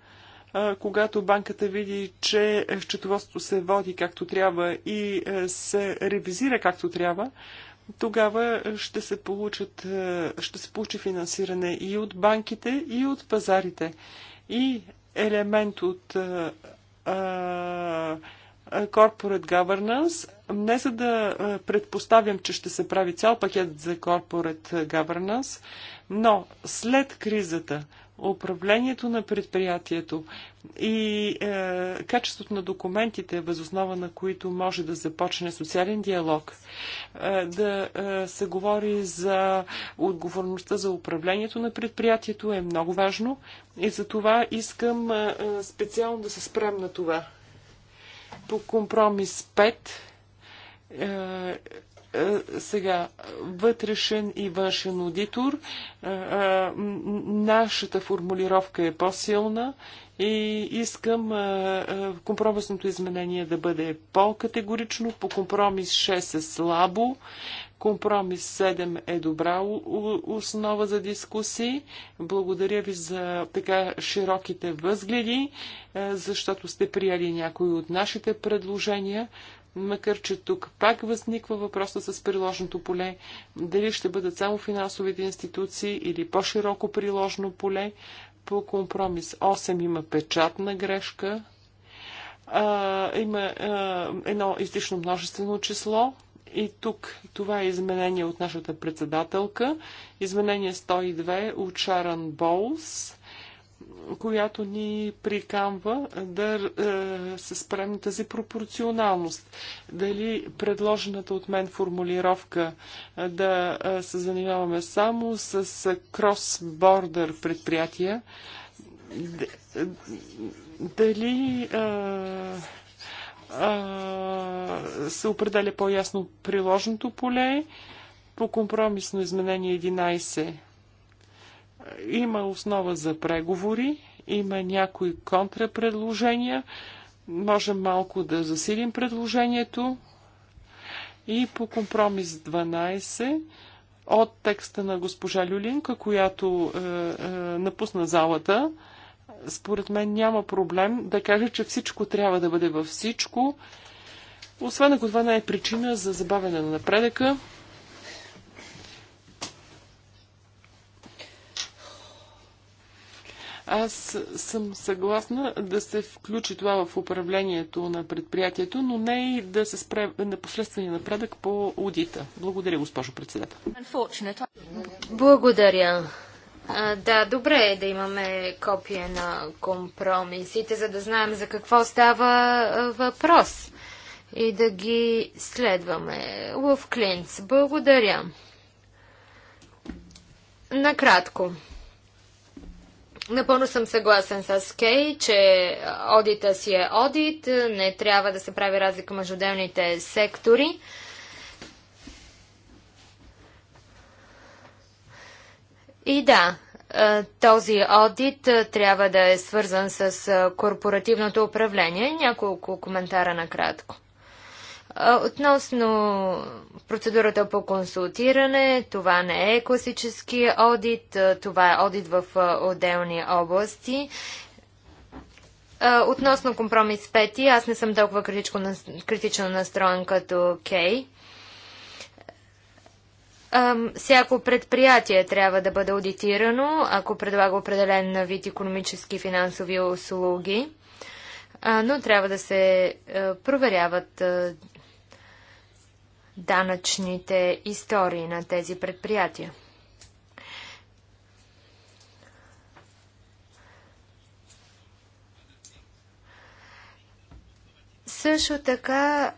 Е, когато банката види, че счетоводството се води както трябва и е, се ревизира както трябва, тогава ще се, получат, ще се получи финансиране и от банките, и от пазарите. И елемент от а, е, corporate Governance, не за да е, предпоставям, че ще се прави цял пакет за Corporate е, Governance, но след кризата, управлението на предприятието и е, качеството на документите, възоснова на които може да започне социален диалог, е, да е, се говори за отговорността за управлението на предприятието е много важно и за това искам е, специално да се спрем на това по компромис 5 е, е, сега вътрешен и външен аудитор. Е, нашата формулировка е по-силна и искам компромисното изменение да бъде по-категорично. По компромис 6 е слабо. Компромис 7 е добра основа за дискусии. Благодаря ви за така широките възгледи, е, защото сте приели някои от нашите предложения. Макар, че тук пак възниква въпроса с приложното поле, дали ще бъдат само финансовите институции или по-широко приложно поле. По компромис 8 има печатна грешка, а, има а, едно излишно множествено число, и тук това е изменение от нашата председателка. Изменение 102 от Шаран Боулс, която ни прикамва да е, се спрем на тази пропорционалност. Дали предложената от мен формулировка е, да е, се занимаваме само с е, кросбордър предприятия, е, дали е, се определя по-ясно приложното поле. По компромисно изменение 11 има основа за преговори, има някои контрапредложения, можем малко да засилим предложението и по компромис 12 от текста на госпожа Люлинка, която е, е, напусна залата, според мен няма проблем да кажа, че всичко трябва да бъде във всичко, освен ако това не е причина за забавяне на напредъка. Аз съм съгласна да се включи това в управлението на предприятието, но не и да се спре на последствения напредък по аудита. Благодаря, госпожо председател. Благодаря да, добре е да имаме копия на компромисите, за да знаем за какво става въпрос и да ги следваме. Лъв Клинц, благодаря. Накратко. Напълно съм съгласен с Кей, че одита си е одит, не трябва да се прави разлика между отделните сектори. И да, този одит трябва да е свързан с корпоративното управление. Няколко коментара накратко. Относно процедурата по консултиране, това не е класически одит, това е одит в отделни области. Относно компромис 5, аз не съм толкова критично, критично настроен като Кей. Okay. Всяко предприятие трябва да бъде аудитирано, ако предлага определен вид економически и финансови услуги, но трябва да се проверяват данъчните истории на тези предприятия. Също така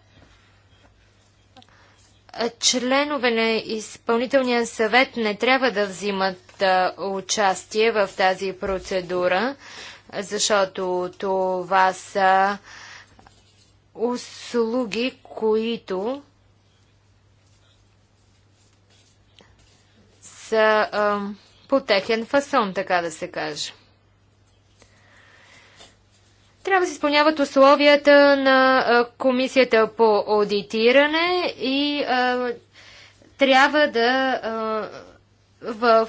членове на изпълнителния съвет не трябва да взимат участие в тази процедура, защото това са услуги, които са по техен фасон, така да се каже. Трябва да се изпълняват условията на комисията по аудитиране и а, трябва да а, в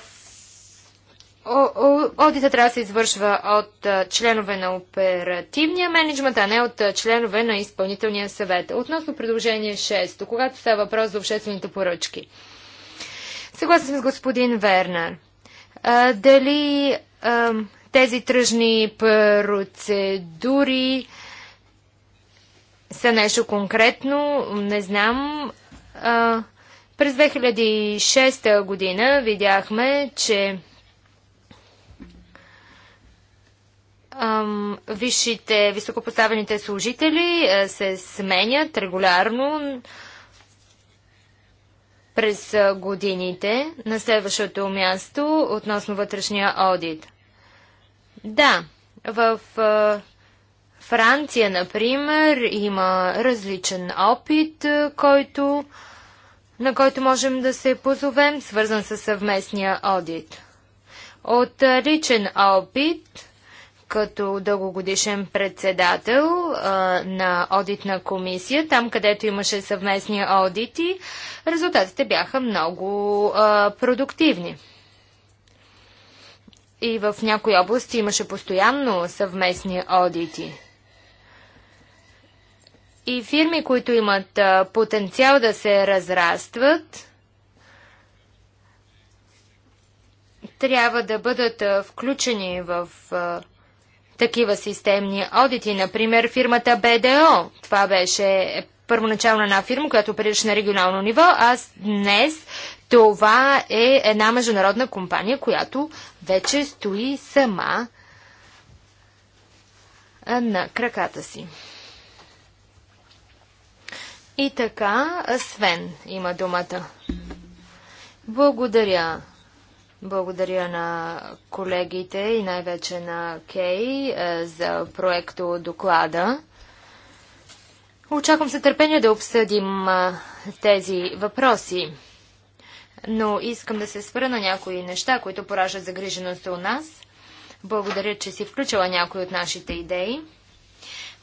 Одита трябва да се извършва от членове на оперативния менеджмент, а не от членове на изпълнителния съвет. Относно предложение 6, когато става въпрос за обществените поръчки. Съгласен с господин Вернер. А, дали тези тръжни процедури са нещо конкретно, не знам. А, през 2006 година видяхме, че висшите, високопоставените служители се сменят регулярно през годините. На следващото място относно вътрешния одит. Да, в Франция, например, има различен опит, който, на който можем да се позовем, свързан с съвместния одит. От личен опит, като дългогодишен председател а, на одитна комисия, там където имаше съвместни одити, резултатите бяха много а, продуктивни и в някои области имаше постоянно съвместни одити. И фирми, които имат потенциал да се разрастват, трябва да бъдат включени в такива системни одити. Например, фирмата БДО. Това беше първоначално една фирма, която прилича на регионално ниво, а днес това е една международна компания, която вече стои сама на краката си. И така, Свен има думата. Благодаря. Благодаря на колегите и най-вече на Кей за проекто доклада. Очаквам се търпение да обсъдим тези въпроси но искам да се спра на някои неща, които поражат загриженост у нас. Благодаря, че си включила някои от нашите идеи.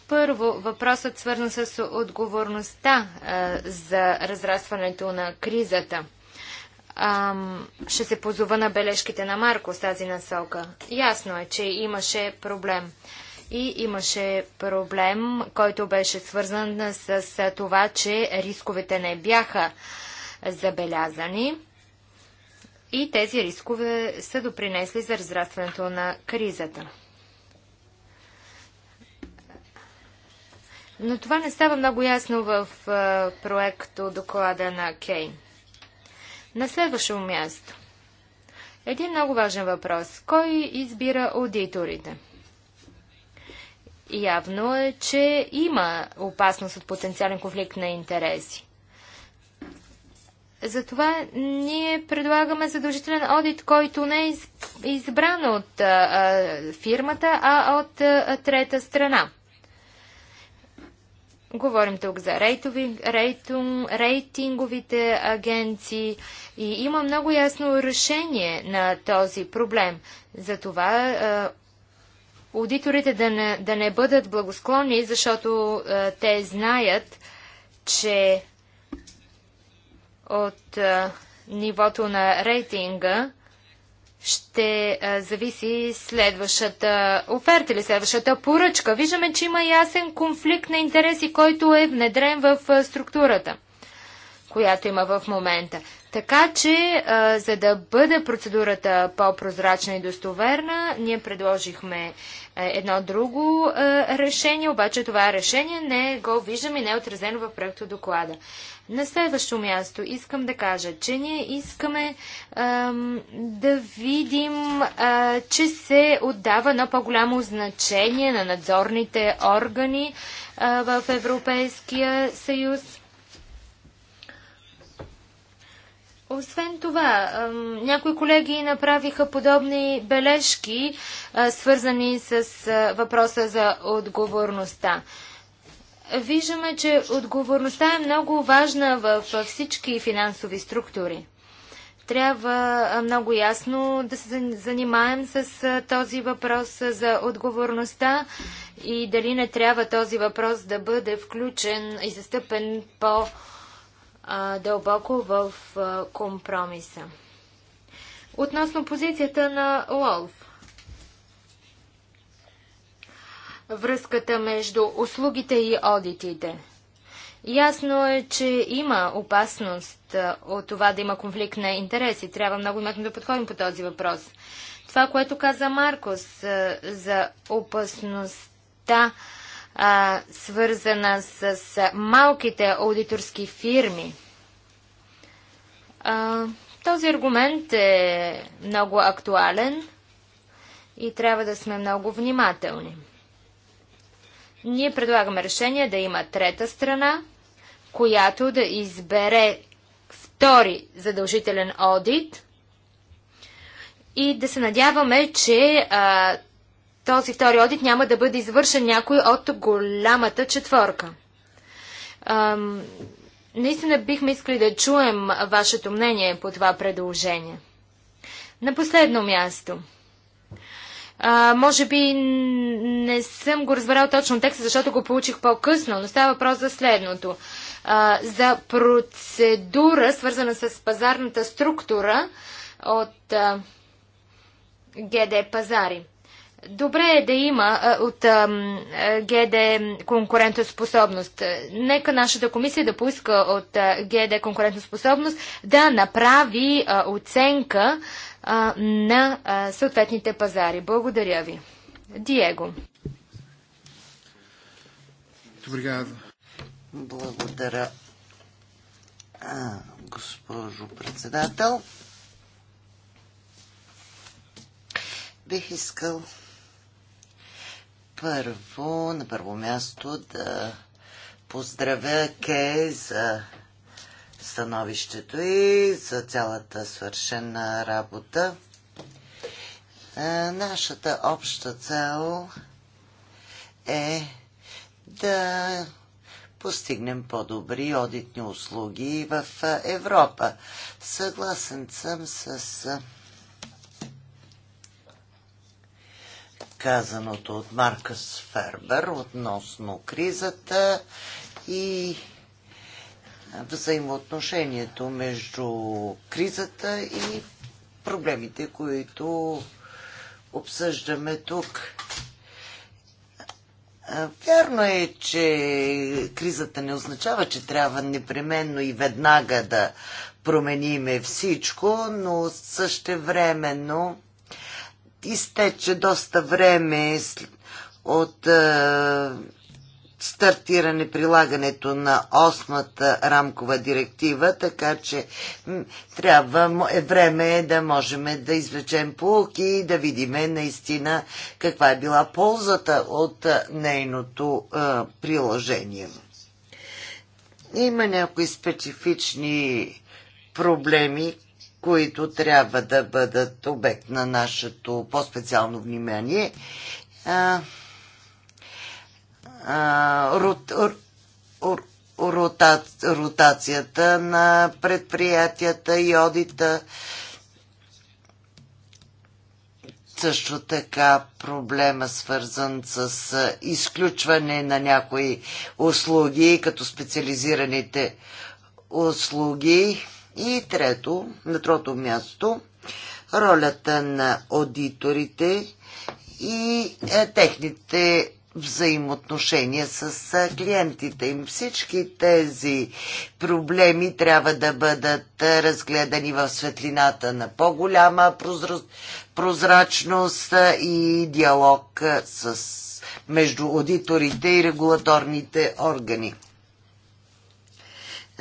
Първо, въпросът свързан с отговорността а, за разрастването на кризата. А, ще се позова на бележките на Марко с тази насока. Ясно е, че имаше проблем. И имаше проблем, който беше свързан с това, че рисковете не бяха забелязани. И тези рискове са допринесли за разрастването на кризата. Но това не става много ясно в проекто доклада на Кейн. На следващо място. Един много важен въпрос. Кой избира аудиторите? Явно е, че има опасност от потенциален конфликт на интереси. Затова ние предлагаме задължителен одит, който не е избран от а, фирмата, а от а, трета страна. Говорим тук за рейтови, рейтинг, рейтинговите агенции и има много ясно решение на този проблем. Затова аудиторите да не, да не бъдат благосклонни, защото а, те знаят, че от нивото на рейтинга ще зависи следващата оферта или следващата поръчка. Виждаме, че има ясен конфликт на интереси, който е внедрен в структурата, която има в момента. Така че, за да бъде процедурата по-прозрачна и достоверна, ние предложихме е, едно друго е, решение, обаче това решение не го виждам и не е отразено в проекто доклада. На следващо място искам да кажа, че ние искаме ам, да видим, а, че се отдава на по-голямо значение на надзорните органи а, в Европейския съюз Освен това, някои колеги направиха подобни бележки, свързани с въпроса за отговорността. Виждаме, че отговорността е много важна в всички финансови структури. Трябва много ясно да се занимаем с този въпрос за отговорността и дали не трябва този въпрос да бъде включен и застъпен по-добре а, дълбоко в а, компромиса. Относно позицията на Лолф. Връзката между услугите и одитите. Ясно е, че има опасност от това да има конфликт на интереси. Трябва много внимателно да подходим по този въпрос. Това, което каза Маркос за опасността а, свързана с, с малките аудиторски фирми. А, този аргумент е много актуален и трябва да сме много внимателни. Ние предлагаме решение да има трета страна, която да избере втори задължителен одит и да се надяваме, че а, този втори одит няма да бъде извършен някой от голямата четворка. Ам, наистина бихме искали да чуем вашето мнение по това предложение. На последно място. А, може би не съм го разбрал точно текста, защото го получих по-късно, но става въпрос за следното. А, за процедура, свързана с пазарната структура от а, ГД Пазари. Добре е да има от ГД конкурентоспособност. Нека нашата комисия да поиска от ГД конкурентоспособност да направи оценка на съответните пазари. Благодаря ви. Диего. Благодаря, госпожо председател. Бих искал първо, на първо място да поздравя Кей за становището и за цялата свършена работа. Е, нашата обща цел е да постигнем по-добри одитни услуги в Европа. Съгласен съм с казаното от Маркъс Фербер относно кризата и взаимоотношението между кризата и проблемите, които обсъждаме тук. Вярно е, че кризата не означава, че трябва непременно и веднага да промениме всичко, но времено изтече доста време от е, стартиране прилагането на осмата рамкова директива, така че трябва е време да можем да извлечем полки и да видим наистина каква е била ползата от е, нейното е, приложение. Има някои специфични проблеми, които трябва да бъдат обект на нашето по-специално внимание. ротацията на предприятията и одита. Също така проблема свързан с изключване на някои услуги, като специализираните услуги и трето, на трето място, ролята на аудиторите и е, техните взаимоотношения с е, клиентите им. Всички тези проблеми трябва да бъдат е, разгледани в светлината на по-голяма прозрачност и диалог с, между аудиторите и регулаторните органи.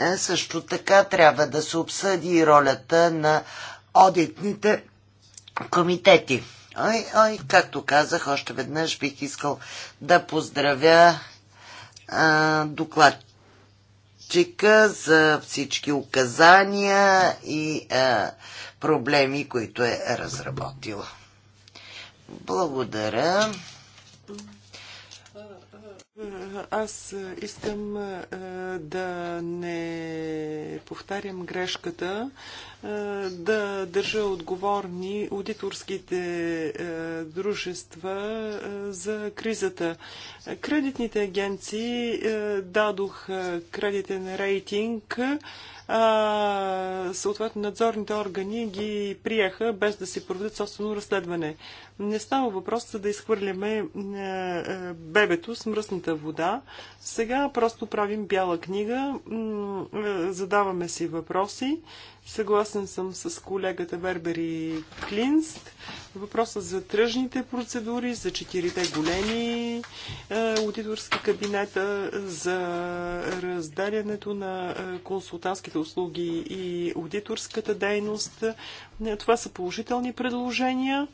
Е, също така трябва да се обсъди и ролята на одитните комитети. Ой, ой, както казах, още веднъж бих искал да поздравя а, докладчика за всички указания и а, проблеми, които е разработила. Благодаря. Аз е, искам е, да не повтарям грешката, е, да държа отговорни аудиторските дружества за кризата. Кредитните агенции дадох кредитен рейтинг, а съответно надзорните органи ги приеха без да си проведат собствено разследване. Не става въпрос да изхвърляме е, е, бебето с мръсната вода. Сега просто правим бяла книга, е, задаваме си въпроси. Съгласен съм с колегата Вербери Клинст. Въпросът за тръжните процедури, за четирите големи аудиторски кабинета, за разделянето на консултантските услуги и аудиторската дейност. Това са положителни предложения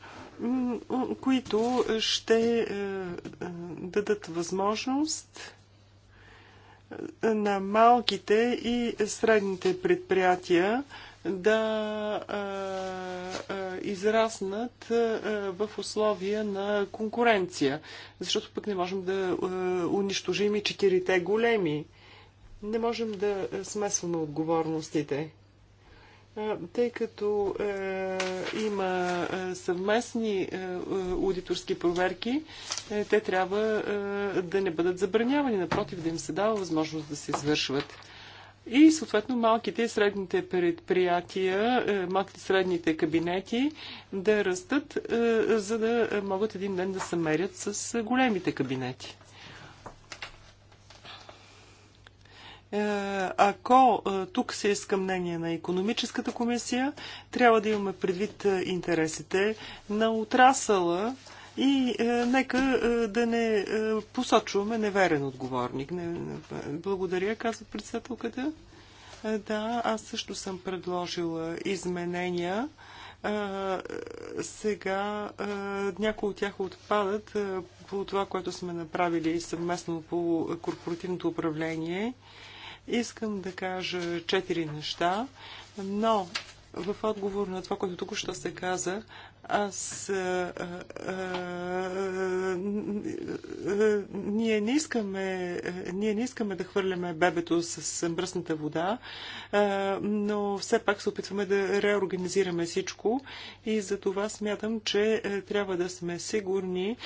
които ще е, е, дадат възможност е, на малките и средните предприятия да израснат в условия на конкуренция. Защото пък не можем да унищожим и четирите големи. Не можем да смесваме отговорностите тъй като е, има е, съвместни е, е, аудиторски проверки, е, те трябва е, да не бъдат забранявани, напротив да им се дава възможност да се извършват. И съответно малките и средните предприятия, е, малките и средните кабинети да растат, е, за да могат един ден да се мерят с е, големите кабинети. Е, ако е, тук се иска мнение на економическата комисия, трябва да имаме предвид е, интересите на отрасъла и е, нека е, да не е, посочваме неверен отговорник. Не, не, благодаря, казва председателката. Е, да, аз също съм предложила изменения. Е, сега е, някои от тях отпадат е, по това, което сме направили съвместно по корпоративното управление. Искам да кажа четири неща, но в отговор на това, което тук що се каза, аз а, а, а, ние, не искаме, ние не искаме да хвърляме бебето с мръсната вода, а, но все пак се опитваме да реорганизираме всичко и за това смятам, че трябва да сме сигурни,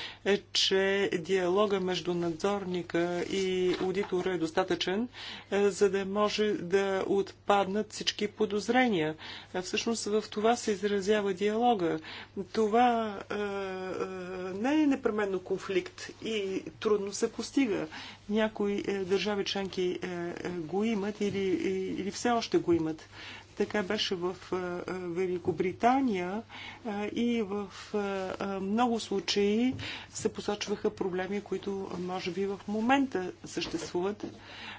че диалога между надзорника и аудитора е достатъчен, за да може да отпаднат всички подозрения. Всъщност в това се изразява диалога. Това не е непременно конфликт и трудно се постига. Някои е, държави членки е, е, го имат или, или все още го имат. Така беше в Великобритания и в много случаи се посочваха проблеми, които може би в момента съществуват,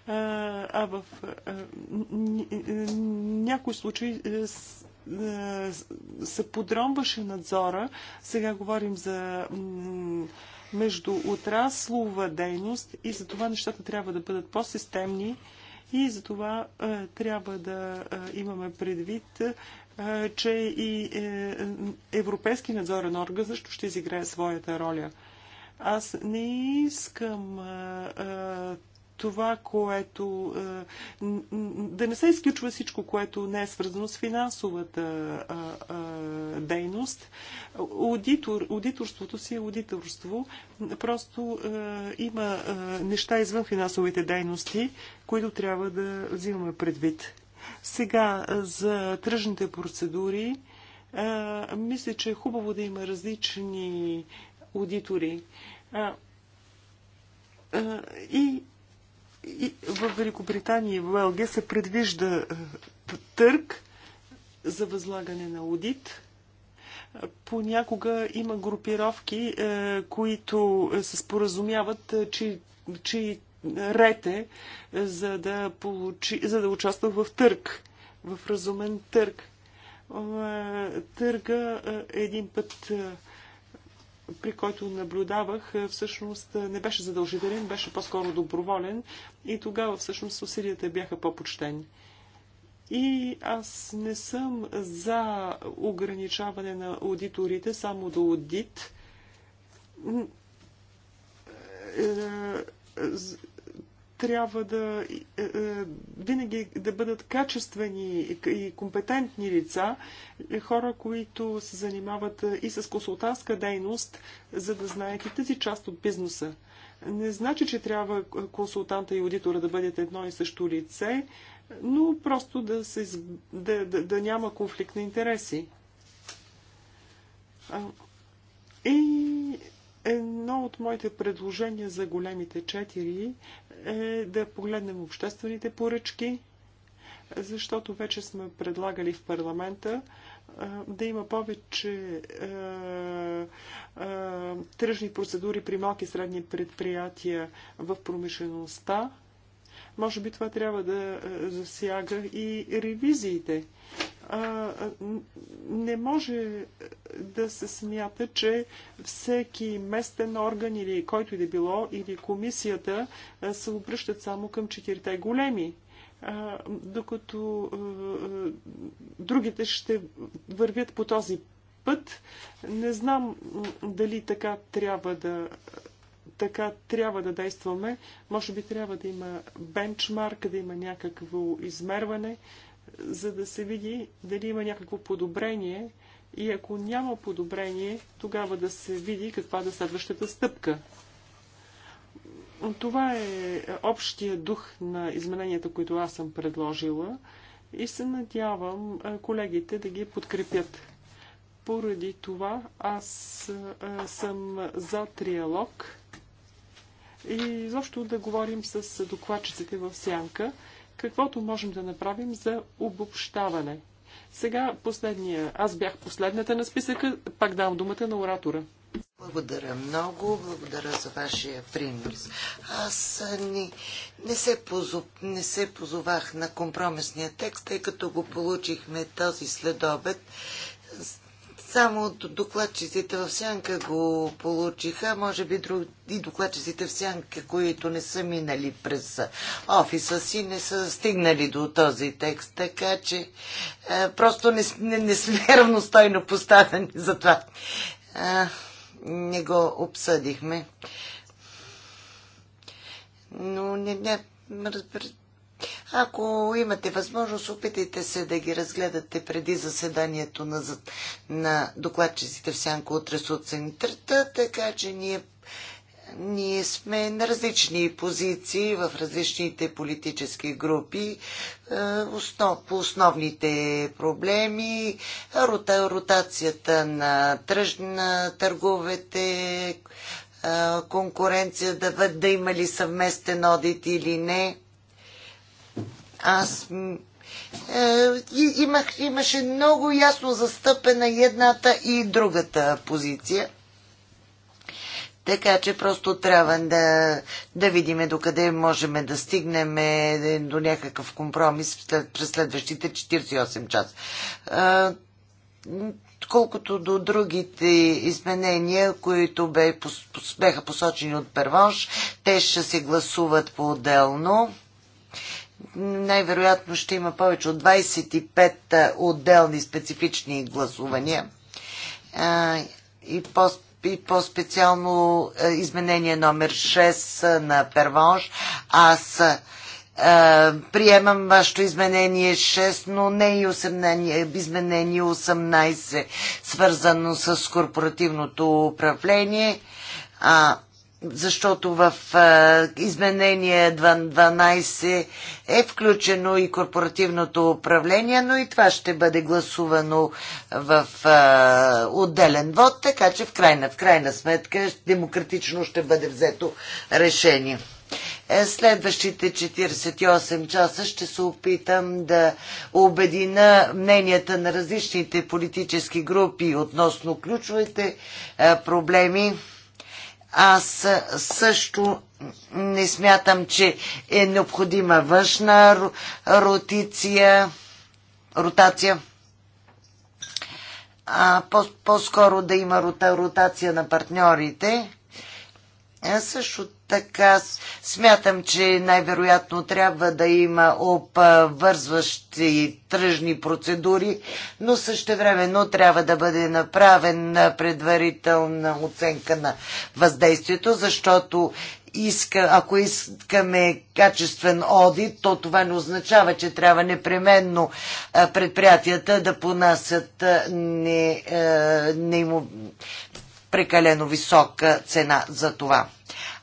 а в някои случаи се подромваше надзора. Сега говорим за междуотраслова дейност и за това нещата трябва да бъдат по-системни и за това е, трябва да е, имаме предвид, е, че и Европейски надзорен орган също ще изиграе своята роля. Аз не искам това, което... Е, да не се изключва всичко, което не е свързано с финансовата дейност. Аудитор, аудиторството си е аудиторство. Просто е, има е, неща извън финансовите дейности, които трябва да взимаме предвид. Сега за тръжните процедури. Мисля, че е хубаво да има различни аудитори. И в Великобритания и в ЛГ се предвижда е, търг за възлагане на аудит. Понякога има групировки, е, които е, се споразумяват, че, че рете, за да, получи, за да участва в търг, в разумен търг. Търга един път при който наблюдавах, е, всъщност е, не беше задължителен, беше по-скоро доброволен и тогава всъщност усилията бяха по-почтени. И аз не съм за ограничаване на аудиторите само до аудит е, трябва да е, е, винаги да бъдат качествени и компетентни лица, е, хора, които се занимават и с консултантска дейност, за да знаят и тази част от бизнеса. Не значи, че трябва консултанта и аудитора да бъдат едно и също лице, но просто да, се, да, да, да няма конфликт на интереси. И Едно от моите предложения за големите четири е да погледнем обществените поръчки, защото вече сме предлагали в парламента е, да има повече е, е, тръжни процедури при малки и средни предприятия в промишлеността може би това трябва да е, засяга и ревизиите. Не може е, да се смята, че всеки местен орган или който и да било, или комисията е, се обръщат само към четирите големи докато другите ще вървят по този път. Не знам дали така трябва да така трябва да действаме. Може би трябва да има бенчмарк, да има някакво измерване, за да се види дали има някакво подобрение и ако няма подобрение, тогава да се види каква да е следващата стъпка. Това е общия дух на измененията, които аз съм предложила и се надявам колегите да ги подкрепят. Поради това аз съм за триалог и изобщо да говорим с докладчиците в сянка, каквото можем да направим за обобщаване. Сега последния. Аз бях последната на списъка. Пак дам думата на оратора. Благодаря много, благодаря за вашия принос. Аз не, не, се позов, не се позовах на компромисния текст, тъй като го получихме този следобед. Само докладчиците в сянка го получиха, може би друг, и докладчиците в сянка, които не са минали през офиса си, не са стигнали до този текст, така че е, просто не, не, не сме <laughs> равностойно поставени за това. Е, не го обсъдихме. Но не, не, разбира, ако имате възможност, опитайте се да ги разгледате преди заседанието на, на докладчиците в Сянко утре сутринта, така че ние, ние сме на различни позиции в различните политически групи е, основ, по основните проблеми, рота, ротацията на, тръж, на търговете, е, конкуренция да, да има ли съвместен одит или не аз е, имах, имаше много ясно застъпена едната и другата позиция. Така че просто трябва да, да видим докъде можем да стигнем е, до някакъв компромис през следващите 48 часа. Колкото до другите изменения, които бе, беха посочени от Первонш, те ще се гласуват по-отделно най-вероятно ще има повече от 25 отделни специфични гласувания и по и по-специално изменение номер 6 на Первонш. Аз приемам вашето изменение 6, но не и 18, изменение 18, свързано с корпоративното управление. А, защото в изменение 12 е включено и корпоративното управление, но и това ще бъде гласувано в отделен вод, така че в крайна, в крайна сметка демократично ще бъде взето решение. Е, следващите 48 часа ще се опитам да обедина мненията на различните политически групи относно ключовите е, проблеми аз също не смятам, че е необходима външна ротиция, ротация. А по-скоро по да има рота, ротация на партньорите също така смятам, че най-вероятно трябва да има обвързващи тръжни процедури, но същевременно трябва да бъде направен предварителна оценка на въздействието, защото иска, ако искаме качествен одит, то това не означава, че трябва непременно предприятията да понасят не, не, прекалено висока цена за това.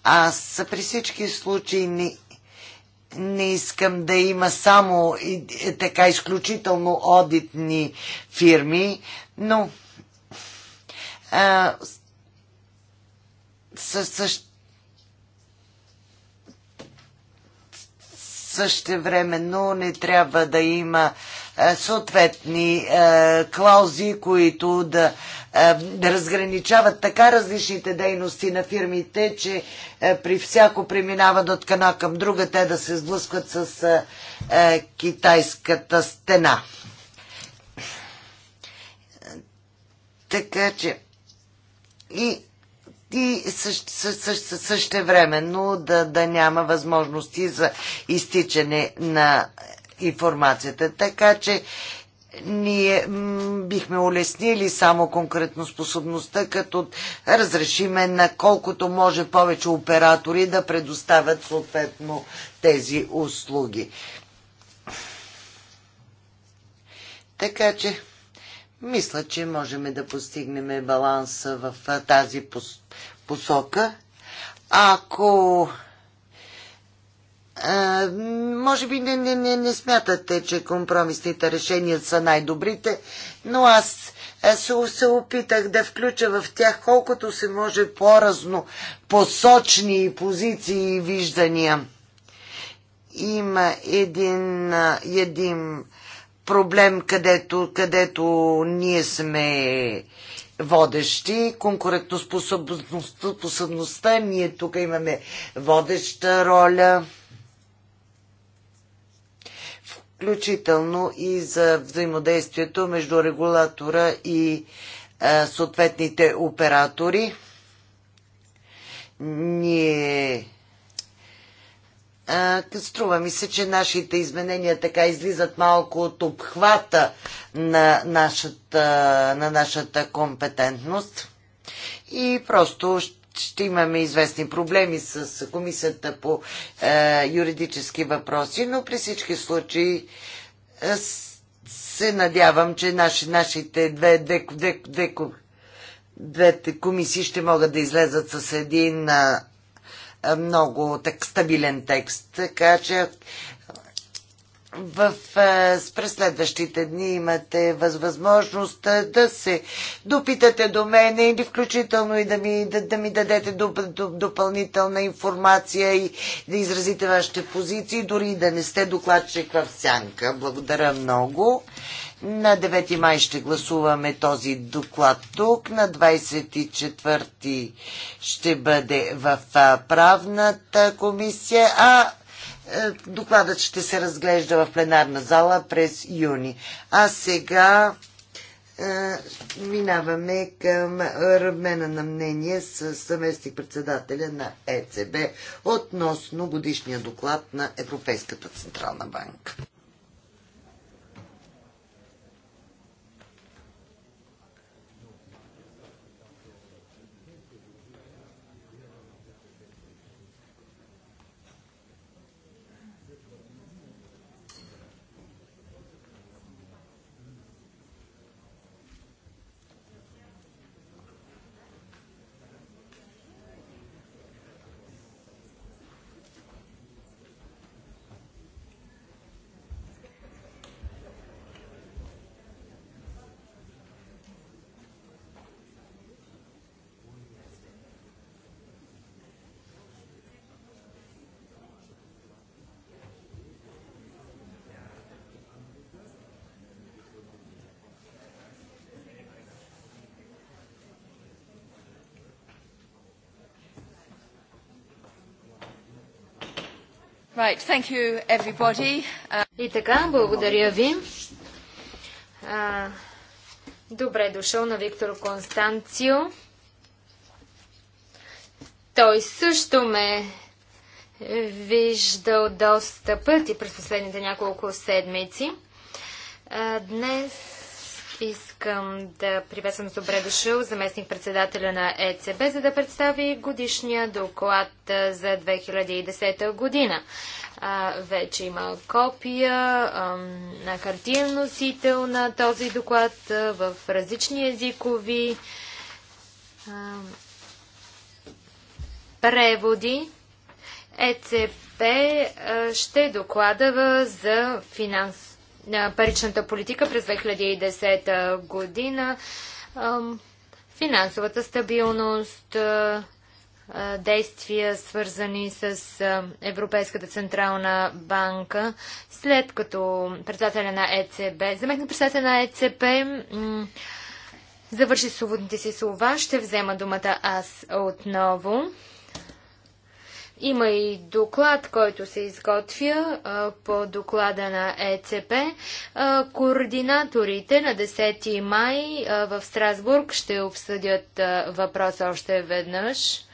Аз при всички случаи не, не искам да има само и, е, така изключително одитни фирми, но а, със, със, но не трябва да има съответни е, клаузи, които да да е, разграничават така различните дейности на фирмите, че е, при всяко преминаване от кана към друга те да се сблъскват с е, китайската стена. Така че и и също, също, същевременно да, да няма възможности за изтичане на информацията. Така че ние бихме улеснили само конкретно способността, като разрешиме на колкото може повече оператори да предоставят съответно тези услуги. Така че, мисля, че можем да постигнем баланса в тази посока. Ако а, може би не, не, не, не смятате, че компромисните решения са най-добрите, но аз се, се опитах да включа в тях колкото се може по-разно посочни позиции и виждания. Има един, един проблем, където, където ние сме водещи, конкурентоспособността, ние тук имаме водеща роля – включително и за взаимодействието между регулатора и съответните оператори. Ние а, струва ми се, че нашите изменения така излизат малко от обхвата на нашата, на нашата компетентност и просто ще ще имаме известни проблеми с комисията по е, юридически въпроси, но при всички случаи е, се надявам, че наши, нашите две, две, две, две, двете комисии ще могат да излезат с един е, е много так, стабилен текст. Така че в, през следващите дни имате възможност да се допитате до мене или включително и да ми, да, да ми дадете доп, доп, допълнителна информация и да изразите вашите позиции, дори да не сте докладчик в сянка. Благодаря много. На 9 май ще гласуваме този доклад тук, на 24 ще бъде в правната комисия, а е, докладът ще се разглежда в пленарна зала през юни. А сега е, минаваме към размена на мнение с съместник председателя на ЕЦБ относно годишния доклад на Европейската Централна банка. Right, thank you everybody. И така, благодаря ви. А, добре дошъл на Виктор Констанцио. Той също ме виждал доста пъти през последните няколко седмици. А, днес Искам да приветствам с добре дошъл заместник председателя на ЕЦБ, за да представи годишния доклад за 2010 година. А, вече има копия а, на хартиен носител на този доклад а, в различни езикови преводи. ЕЦП ще докладава за финанс паричната политика през 2010 година, финансовата стабилност, действия, свързани с Европейската централна банка, след като председателя на ЕЦБ, заметна председателя на ЕЦБ, завърши свободните си слова, ще взема думата аз отново. Има и доклад, който се изготвя а, по доклада на ЕЦП. А, координаторите на 10 май а, в Страсбург ще обсъдят въпрос още веднъж.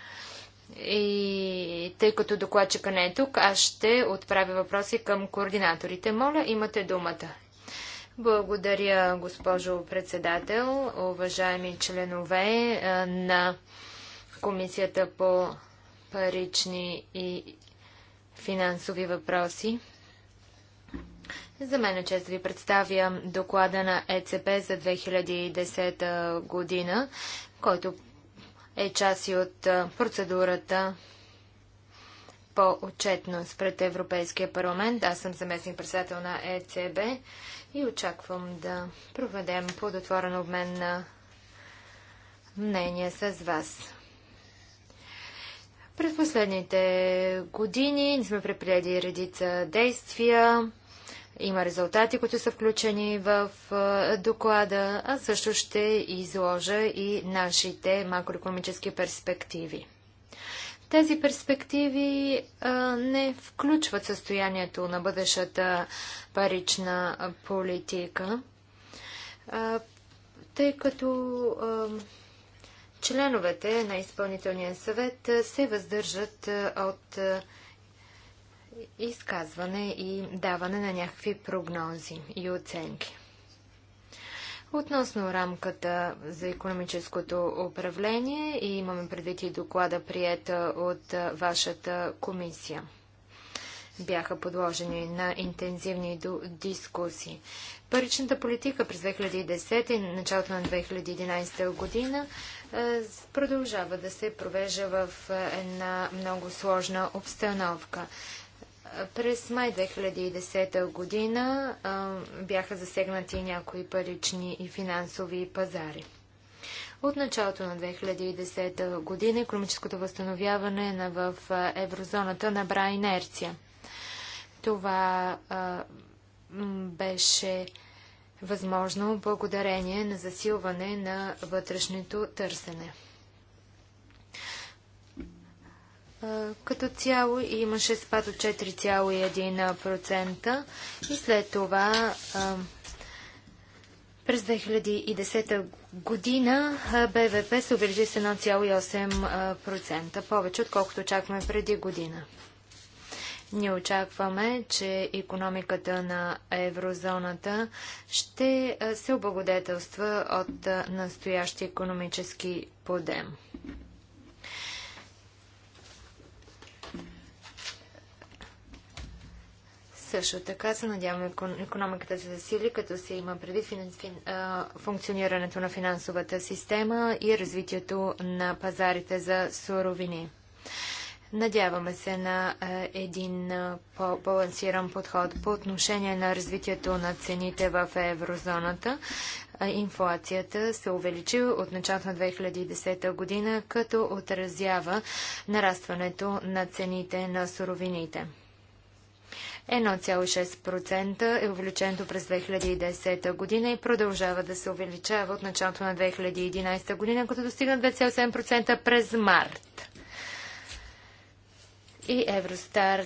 И тъй като докладчика не е тук, аз ще отправя въпроси към координаторите. Моля, имате думата. Благодаря, госпожо председател, уважаеми членове на Комисията по парични и финансови въпроси. За мен е чест да ви представя доклада на ЕЦП за 2010 година, който е част и от процедурата по отчетност пред Европейския парламент. Аз съм заместник председател на ЕЦБ и очаквам да проведем плодотворен обмен на мнение с вас. През последните години сме предприели редица действия. Има резултати, които са включени в доклада, а също ще изложа и нашите макроекономически перспективи. Тези перспективи не включват състоянието на бъдещата парична политика, тъй като Членовете на изпълнителния съвет се въздържат от изказване и даване на някакви прогнози и оценки. Относно рамката за економическото управление и имаме предвид и доклада, приета от вашата комисия. Бяха подложени на интензивни дискусии. Паричната политика през 2010 и началото на 2011 година е, продължава да се провежда в е, една много сложна обстановка. Е, през май 2010 година бяха засегнати някои парични и финансови пазари. От началото на 2010 година економическото възстановяване на в еврозоната набра инерция. Това беше възможно благодарение на засилване на вътрешното търсене. Като цяло имаше спад от 4,1% и след това през 2010 година БВП се увеличи с 1,8%, повече отколкото очакваме преди година. Ние очакваме, че економиката на еврозоната ще се облагодетелства от настоящи економически подем. Също така се надяваме економиката се засили, като се има преди функционирането на финансовата система и развитието на пазарите за суровини. Надяваме се на е, един е, по-балансиран подход по отношение на развитието на цените в еврозоната. Е, инфлацията се увеличи от началото на 2010 година, като отразява нарастването на цените на суровините. 1,6% е увеличението през 2010 година и продължава да се увеличава от началото на 2011 година, като достигна 2,7% през март и Евростар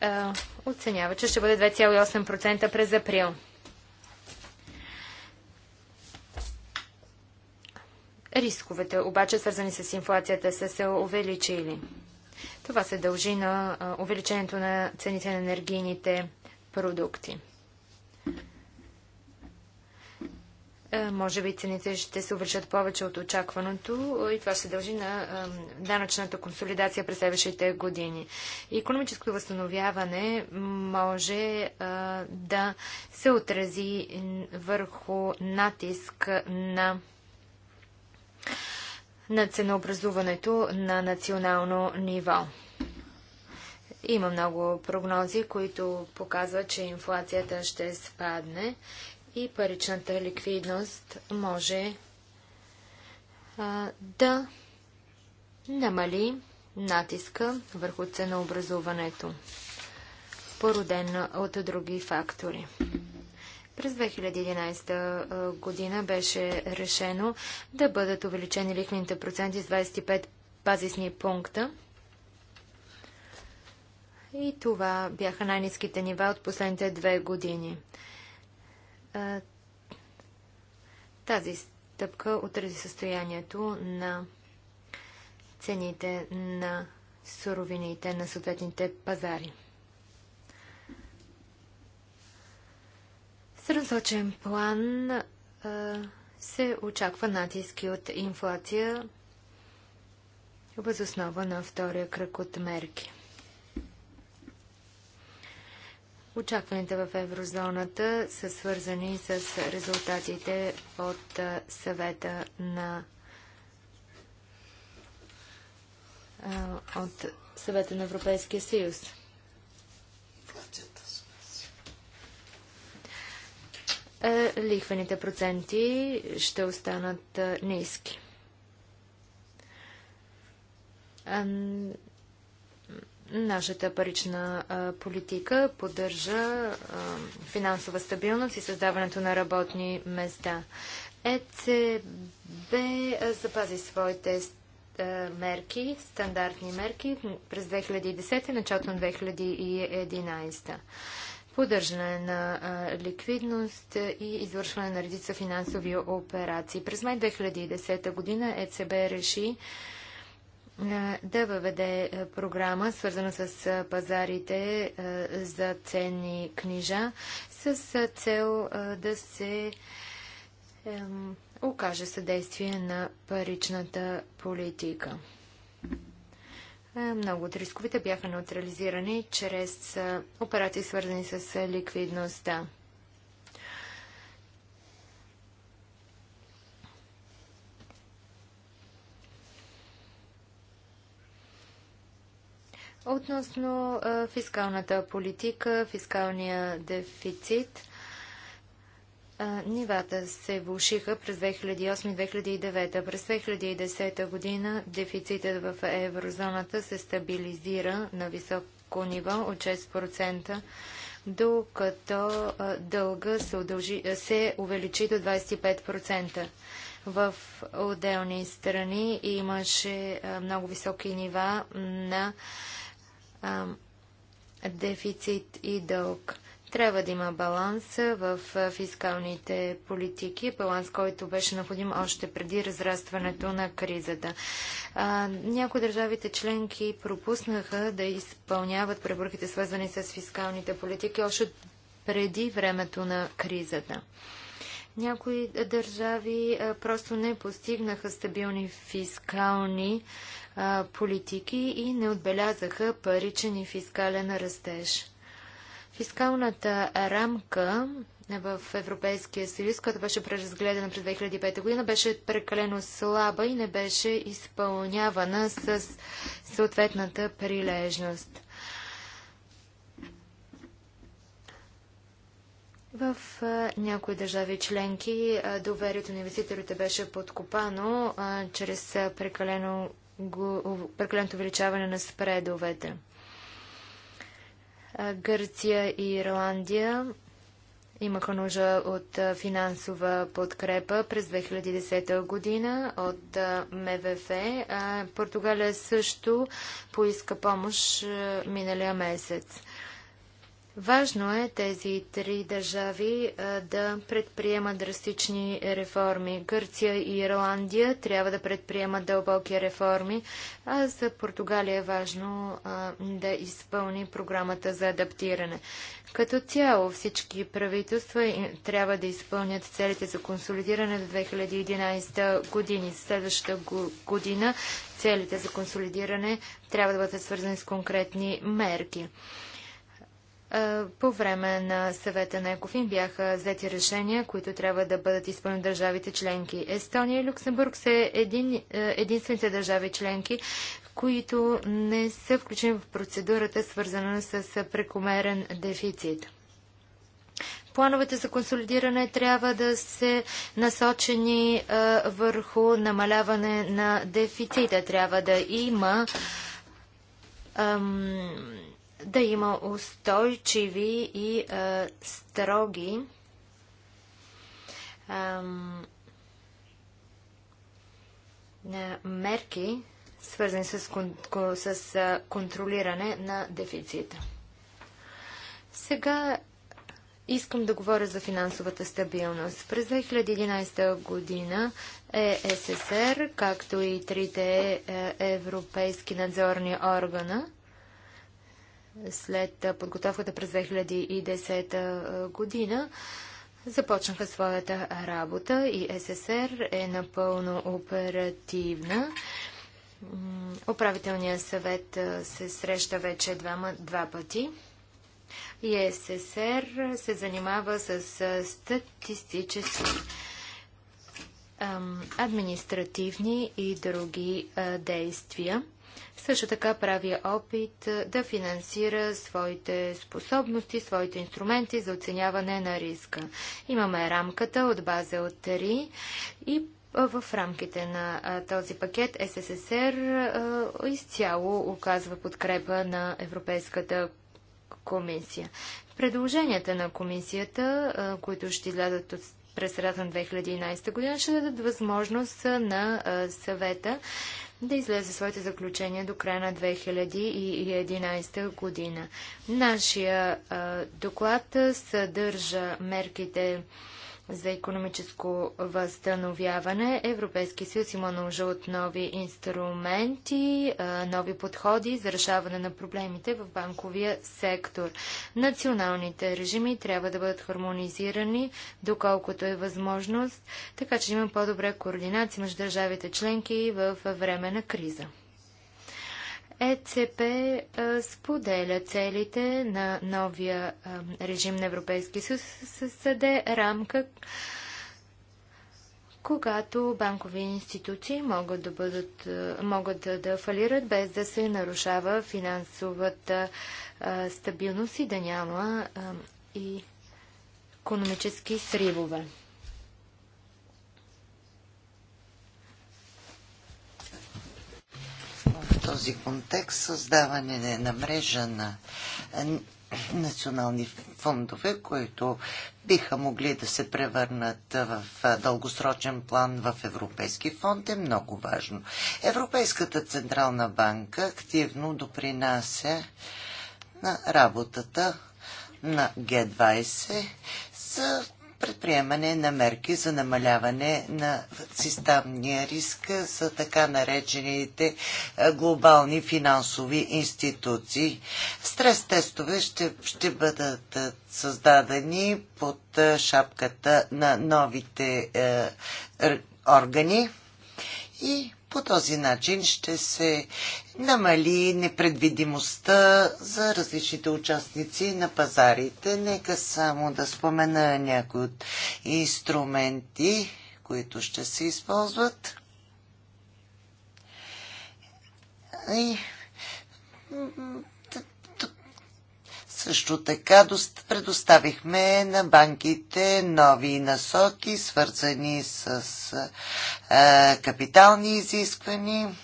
а, оценява, че ще бъде 2,8% през април. Рисковете, обаче, свързани с инфлацията, са се увеличили. Това се дължи на увеличението на цените на енергийните продукти. Е, може би цените ще се увеличат повече от очакваното и това се дължи на данъчната консолидация през следващите години. Економическото възстановяване може да се отрази върху натиск на на ценообразуването на национално ниво. Има много прогнози, които показват, че инфлацията ще спадне и паричната ликвидност може а, да намали натиска върху ценообразуването, породен от други фактори. През 2011 година беше решено да бъдат увеличени лихвените проценти с 25 базисни пункта. И това бяха най-низките нива от последните две години. Тази стъпка отрази състоянието на цените на суровините на съответните пазари. Средносрочен план се очаква натиски от инфлация възоснова на втория кръг от мерки. Очакваните в еврозоната са свързани с резултатите от съвета на от съвета на Европейския съюз. Лихвените проценти ще останат ниски Нашата парична а, политика поддържа а, финансова стабилност и създаването на работни места. ЕЦБ запази своите мерки, стандартни мерки през 2010 и началото на 2011. Поддържане на а, ликвидност и извършване на редица финансови операции. През май 2010 година ЕЦБ реши да въведе програма, свързана с пазарите за ценни книжа, с цел да се окаже съдействие на паричната политика. Много от рисковите бяха неутрализирани чрез операции, свързани с ликвидността. Относно фискалната политика, фискалния дефицит, нивата се влушиха през 2008-2009. През 2010 година дефицитът в еврозоната се стабилизира на високо ниво от 6%, докато дълга се, удължи, се увеличи до 25% в отделни страни имаше много високи нива на а, дефицит и дълг. Трябва да има баланс в фискалните политики, баланс, който беше необходим още преди разрастването на кризата. някои държавите членки пропуснаха да изпълняват препоръките, свързани с фискалните политики, още преди времето на кризата. Някои държави просто не постигнаха стабилни фискални политики и не отбелязаха паричен и фискален растеж. Фискалната рамка в Европейския съюз, която беше преразгледана през 2005 година, беше прекалено слаба и не беше изпълнявана с съответната прилежност. В някои държави членки доверието на инвеститорите беше подкопано чрез прекалено, прекаленото увеличаване на спредовете. Гърция и Ирландия имаха нужда от финансова подкрепа през 2010 година от МВФ. Португалия също поиска помощ миналия месец. Важно е тези три държави да предприемат драстични реформи. Гърция и Ирландия трябва да предприемат дълбоки реформи, а за Португалия е важно да изпълни програмата за адаптиране. Като цяло всички правителства трябва да изпълнят целите за консолидиране до 2011 години. Следващата година целите за консолидиране трябва да бъдат свързани с конкретни мерки. По време на съвета на Екофин бяха взети решения, които трябва да бъдат изпълнени държавите членки. Естония и Люксембург са един, е, единствените държави членки, които не са включени в процедурата, свързана с прекомерен дефицит. Плановете за консолидиране трябва да се насочени а, е, върху намаляване на дефицита. Трябва да има ам, да има устойчиви и а, строги а, мерки, свързани с, с контролиране на дефицита. Сега искам да говоря за финансовата стабилност. През 2011 година ЕССР, както и трите е, европейски надзорни органа, след подготовката през 2010 година започнаха своята работа и ССР е напълно оперативна. Управителният съвет се среща вече два, два пъти. И ССР се занимава с статистически административни и други действия. Също така прави опит да финансира своите способности, своите инструменти за оценяване на риска. Имаме рамката от база от 3 и в рамките на този пакет СССР изцяло оказва подкрепа на Европейската комисия. Предложенията на комисията, които ще излядат от през средата на 2011 година, ще дадат възможност на съвета да излезе своите заключения до края на 2011 година. Нашия доклад съдържа мерките, за економическо възстановяване. Европейски съюз има нужда от нови инструменти, нови подходи за решаване на проблемите в банковия сектор. Националните режими трябва да бъдат хармонизирани, доколкото е възможност, така че има по-добра координация между държавите членки в време на криза. ЕЦП споделя целите на новия режим на Европейския съюз със съде рамка, когато банкови институции могат да, бъдат, могат да, да фалират без да се нарушава финансовата стабилност и да няма и економически сривове. този контекст създаване на мрежа на е, национални фондове, които биха могли да се превърнат в е, дългосрочен план в Европейски фонд е много важно. Европейската Централна банка активно допринася на работата на Г20 за предприемане на мерки за намаляване на системния риск за така наречените глобални финансови институции. Стрес-тестове ще, ще бъдат създадени под шапката на новите е, органи и по този начин ще се намали непредвидимостта за различните участници на пазарите. Нека само да спомена някои от инструменти, които ще се използват. И също така предоставихме на банките нови насоки, свързани с а, капитални изисквани,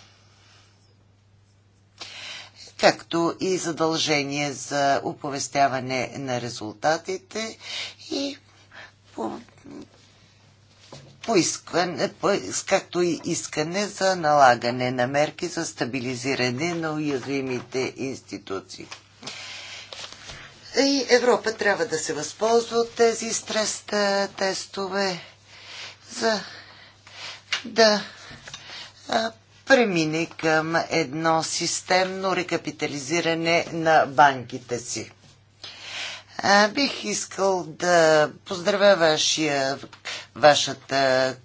както и задължение за оповестяване на резултатите и по, поискване, по, както и искане за налагане на мерки за стабилизиране на уязвимите институции. И Европа трябва да се възползва от тези стрес тестове, за да премине към едно системно рекапитализиране на банките си. Бих искал да поздравя вашия, вашата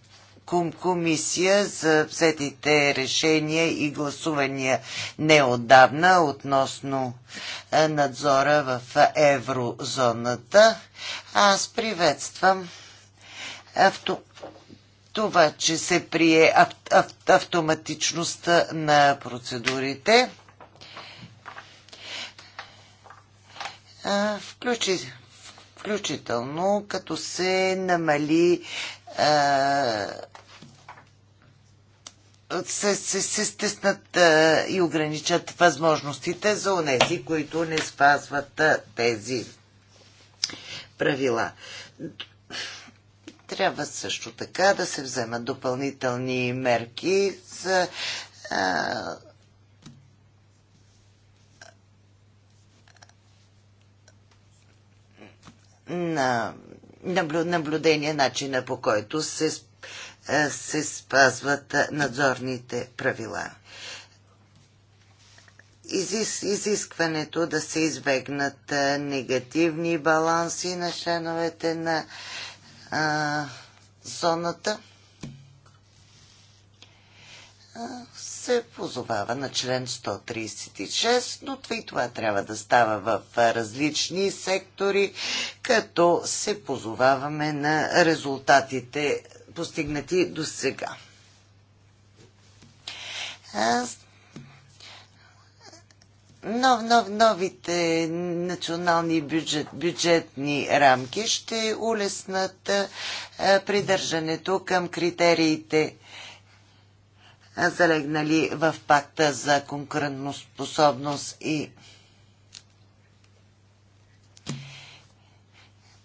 комисия за взетите решения и гласувания неодавна относно е, надзора в еврозоната. Аз приветствам авто... Е, това, че се прие ав... Ав... автоматичността на процедурите. Е, включи... Включително като се намали се, се, се стеснат а, и ограничат възможностите за онези, които не спазват а, тези правила. Трябва също така да се вземат допълнителни мерки за а, на наблюдение начина по който се се спазват надзорните правила. изискването да се избегнат негативни баланси на членовете на а, зоната се позовава на член 136, но това и това трябва да става в различни сектори, като се позоваваме на резултатите постигнати до сега. Нов, нов, новите национални бюджет, бюджетни рамки ще улеснат придържането към критериите залегнали в пакта за конкурентоспособност и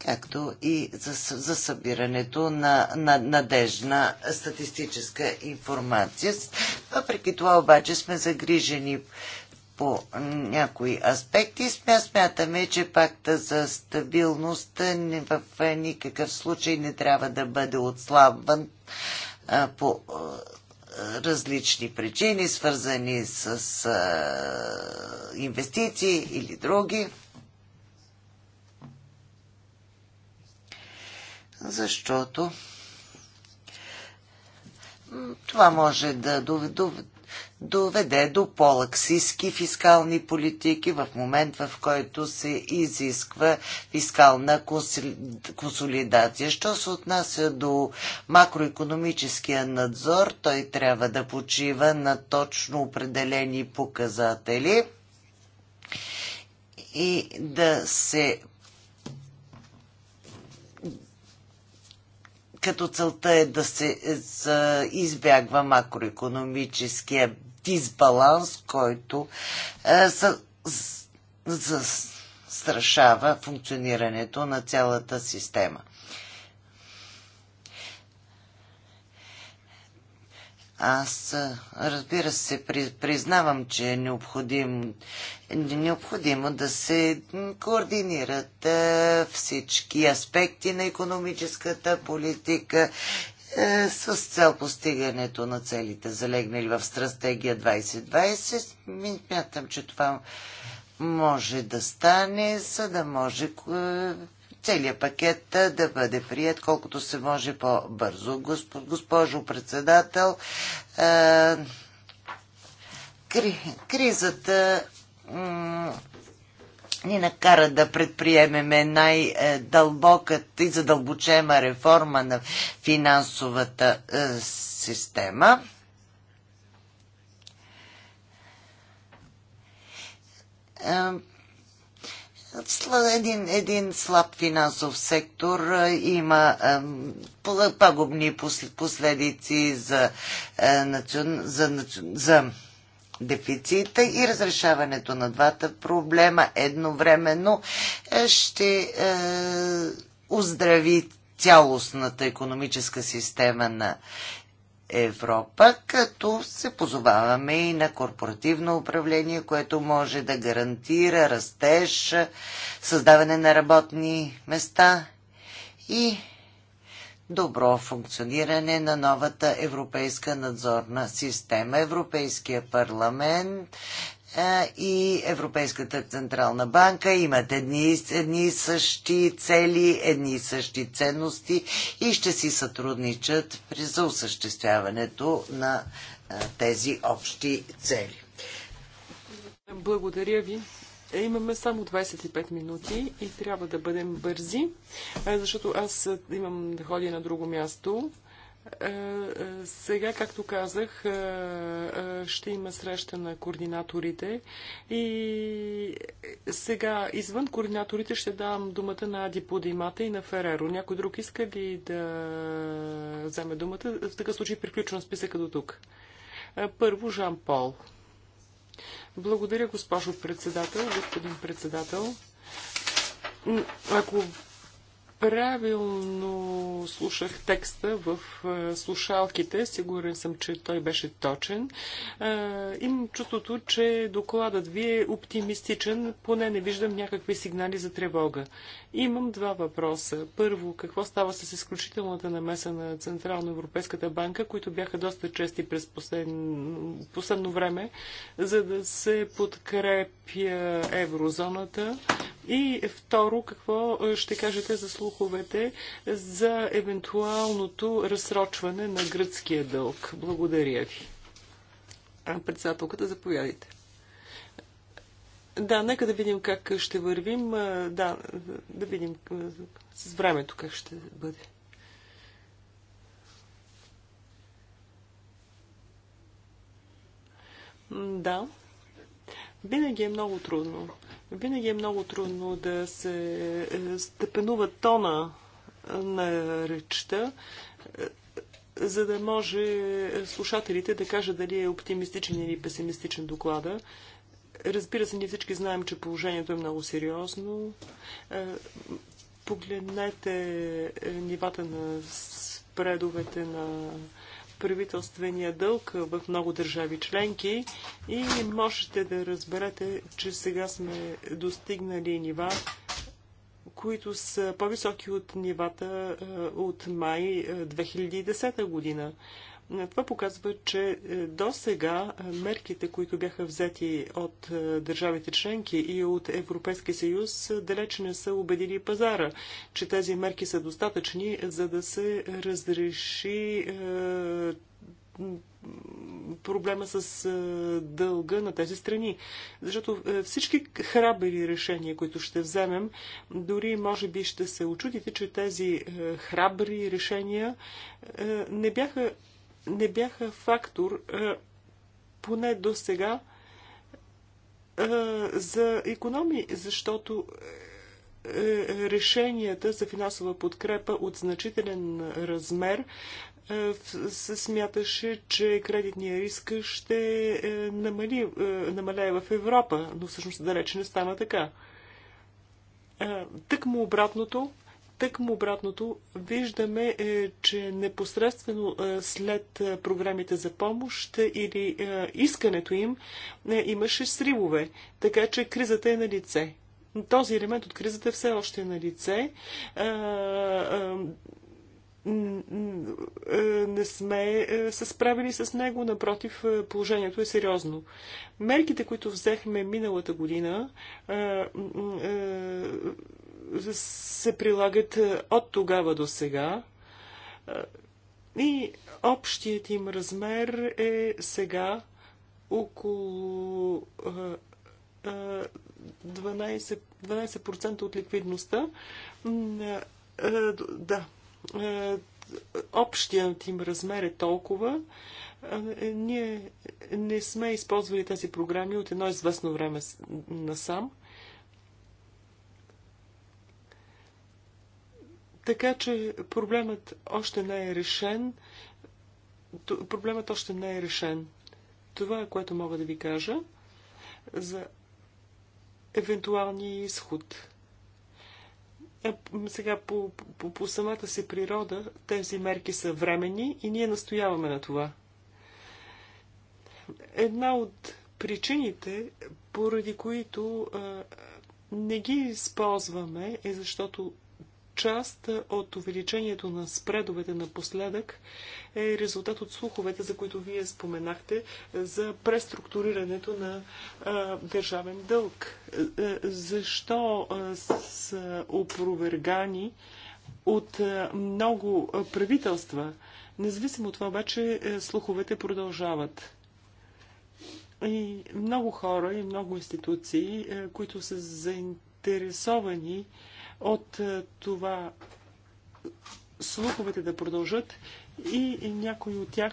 както и за, за събирането на, на надежна статистическа информация. Въпреки това обаче сме загрижени по някои аспекти. Смятаме, че пакта за стабилност в никакъв случай не трябва да бъде отслабван по различни причини, свързани с инвестиции или други. защото това може да доведе до по-лаксистски фискални политики в момент, в който се изисква фискална консолидация. Що се отнася до макроекономическия надзор, той трябва да почива на точно определени показатели и да се като целта е да се е, избягва макроекономическия дисбаланс, който е, застрашава функционирането на цялата система. Аз, разбира се, признавам, че е необходим, е необходимо да се координират е, всички аспекти на економическата политика е, с цел постигането на целите, залегнали в стратегия 2020. Мятам, че това може да стане, за да може целият пакет да бъде прият колкото се може по-бързо. Госпожо председател, кризата ни накара да предприемеме най-дълбоката и задълбочема реформа на финансовата система един, един слаб финансов сектор има пагубни последици за, е, за, за дефицита и разрешаването на двата проблема едновременно е, ще е, оздрави цялостната економическа система на Европа, като се позоваваме и на корпоративно управление, което може да гарантира растеж, създаване на работни места и добро функциониране на новата европейска надзорна система. Европейския парламент е, и Европейската Централна банка имат едни, едни същи цели, едни същи ценности и ще си сътрудничат при, за осъществяването на е, тези общи цели. Благодаря ви. Е, имаме само 25 минути и трябва да бъдем бързи, защото аз имам да ходя на друго място. Е, е, сега, както казах, е, ще има среща на координаторите и сега извън координаторите ще дам думата на Ади Подимата и на Фереро. Някой друг иска ли да вземе думата? В такъв случай приключвам списъка до тук. Първо Жан Пол. Благодаря, госпожо председател, господин председател. Ако правилно слушах текста в е, слушалките. Сигурен съм, че той беше точен. Е, имам чувството, че докладът ви е оптимистичен. Поне не виждам някакви сигнали за тревога. Имам два въпроса. Първо, какво става с изключителната намеса на Централно-Европейската банка, които бяха доста чести през последно, последно време, за да се подкрепя еврозоната? И второ, какво е, ще кажете за слуховете за евентуалното разсрочване на гръцкия дълг? Благодаря ви. Председателката, заповядайте. Да, нека да видим как ще вървим. Да, да видим с времето как ще бъде. Да. Винаги е много трудно. Винаги е много трудно да се е, степенува тона на речта, е, за да може слушателите да кажат дали е оптимистичен или песимистичен доклада. Разбира се, ние всички знаем, че положението е много сериозно. Е, погледнете нивата на спредовете на правителствения дълг в много държави членки и можете да разберете, че сега сме достигнали нива, които са по-високи от нивата от май 2010 година. Това показва, че е, до сега е, мерките, които бяха взети от е, държавите членки и от Европейския съюз, далеч не са убедили пазара, че тези мерки са достатъчни, за да се разреши проблема с дълга на тези страни. Защото всички храбри решения, които ще вземем, дори може би ще се очудите, че тези храбри решения не бяха не бяха фактор, поне до сега, за економии, защото е, решенията за финансова подкрепа от значителен размер се смяташе, че кредитния риск ще е, намали, е, намаляе в Европа, но всъщност далеч не стана така. Тък му обратното, Тъкмо обратното, виждаме, е, че непосредствено е, след е, програмите за помощ или искането им имаше сривове, така че кризата е на лице. Този елемент от кризата все още е на лице не сме се справили с него, напротив, положението е сериозно. Мерките, които взехме миналата година, се прилагат е, от тогава до сега. Е, и общият им размер е сега около 12%, е, 12 от ликвидността. Да, общият им размер е толкова. Ние не сме използвали тези програми от едно известно време насам. Така че проблемът още не е решен. Проблемът още не е решен. Това е което мога да ви кажа за евентуалния изход. сега по, по, по самата си природа тези мерки са времени и ние настояваме на това. Една от причините, поради които а, не ги използваме, е защото част от увеличението на спредовете напоследък е резултат от слуховете, за които вие споменахте, за преструктурирането на а, държавен дълг. Е, е, защо са опровергани от а, много правителства? Независимо от това, обаче, е, слуховете продължават. И много хора и много институции, които са заинтересовани, от е, това слуховете да продължат и някои от тях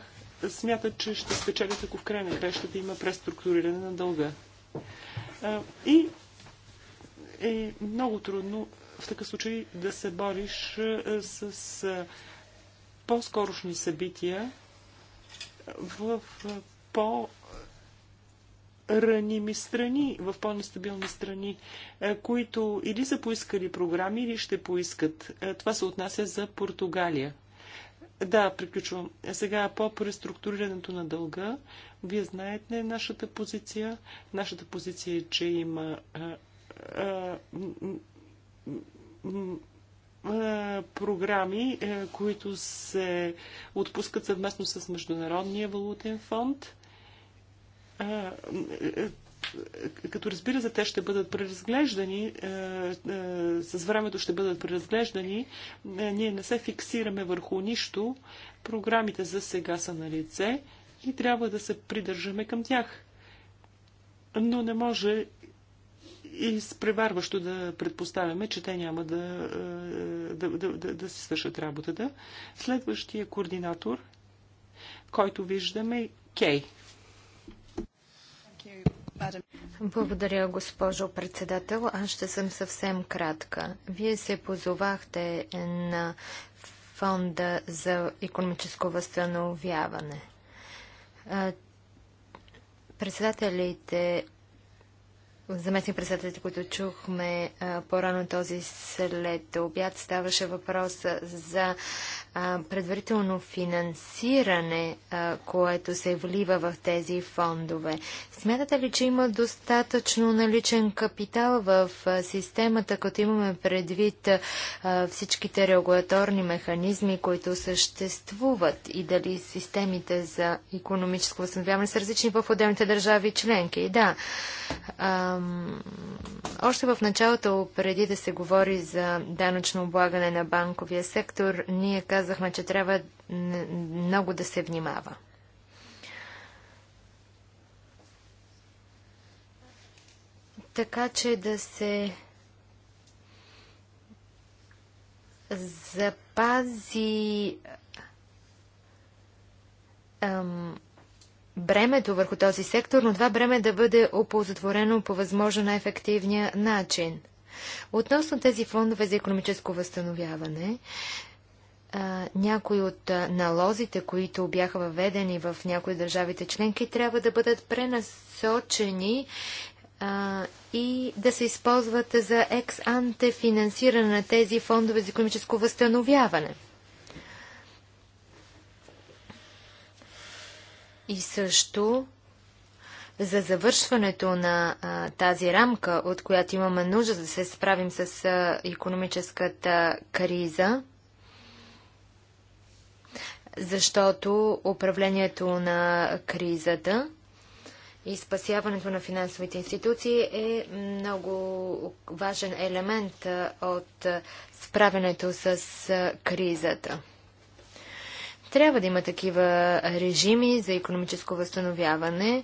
смятат, че ще спечелят, ако в края на кращата има преструктуриране на дълга. И е много трудно в такъв случай да се бориш е, с е, по-скорошни събития в по раними страни, в по-нестабилни страни, е, които или са поискали програми, или ще поискат. Е, това се отнася за Португалия. Да, приключвам. Сега по преструктурирането на дълга, вие знаете нашата позиция. Нашата позиция е, че има е, програми, които се отпускат съвместно с Международния валутен фонд е, като разбира се, те ще бъдат преразглеждани, е, е, с времето ще бъдат преразглеждани, е, ние не се фиксираме върху нищо, програмите за сега са на лице и трябва да се придържаме към тях. Но не може и спреварващо да предпоставяме, че те няма да, е, да, да, да, да си свършат работата. Следващия координатор, който виждаме, Кей. Okay. Благодаря, госпожо председател. Аз ще съм съвсем кратка. Вие се позовахте на фонда за економическо възстановяване. Председателите заместни председателите, които чухме по-рано този след обяд, ставаше въпрос за а, предварително финансиране, а, което се влива в тези фондове. Смятате ли, че има достатъчно наличен капитал в а, системата, като имаме предвид всичките регулаторни механизми, които съществуват и дали системите за економическо възстановяване са различни в отделните държави членки? И да, още в началото, преди да се говори за данъчно облагане на банковия сектор, ние казахме, че трябва много да се внимава. Така че да се запази ам, бремето върху този сектор, но това бреме да бъде оползотворено по възможно най-ефективния начин. Относно тези фондове за економическо възстановяване, някои от налозите, които бяха въведени в някои държавите членки, трябва да бъдат пренасочени и да се използват за екс-анте финансиране на тези фондове за економическо възстановяване. И също за завършването на а, тази рамка, от която имаме нужда да се справим с а, економическата криза, защото управлението на кризата и спасяването на финансовите институции е много важен елемент от справянето с кризата. Трябва да има такива режими за економическо възстановяване,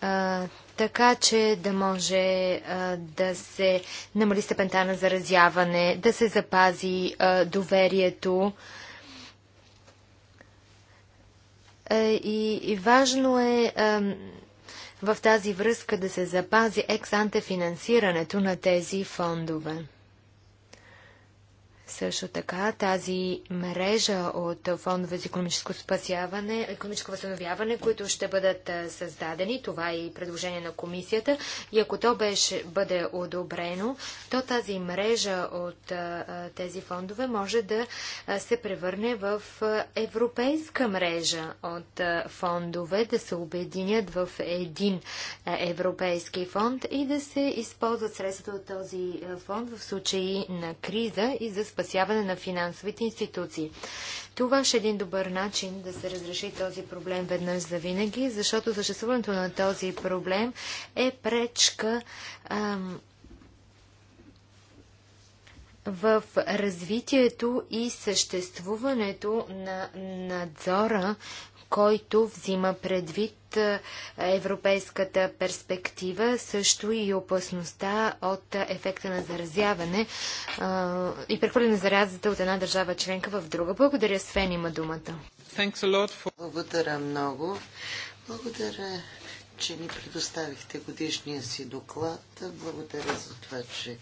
а, така че да може а, да се намали степента на заразяване, да се запази а, доверието. И, и важно е в тази връзка да се запази ексанте финансирането на тези фондове. Също така тази мрежа от фондове за економическо спасяване, економическо възстановяване, които ще бъдат създадени, това е и предложение на комисията, и ако то беше, бъде одобрено, то тази мрежа от тези фондове може да се превърне в европейска мрежа от фондове, да се обединят в един европейски фонд и да се използват средствата от този фонд в случаи на криза и за спасяване спасяване на финансовите институции. Това ще е един добър начин да се разреши този проблем веднъж за винаги, защото съществуването на този проблем е пречка ам, в развитието и съществуването на надзора който взима предвид европейската перспектива, също и опасността от ефекта на заразяване и прехвърляне на заразата от една държава членка в друга. Благодаря, Свен има думата. Благодаря много. Благодаря, че ни предоставихте годишния си доклад. Благодаря за това, че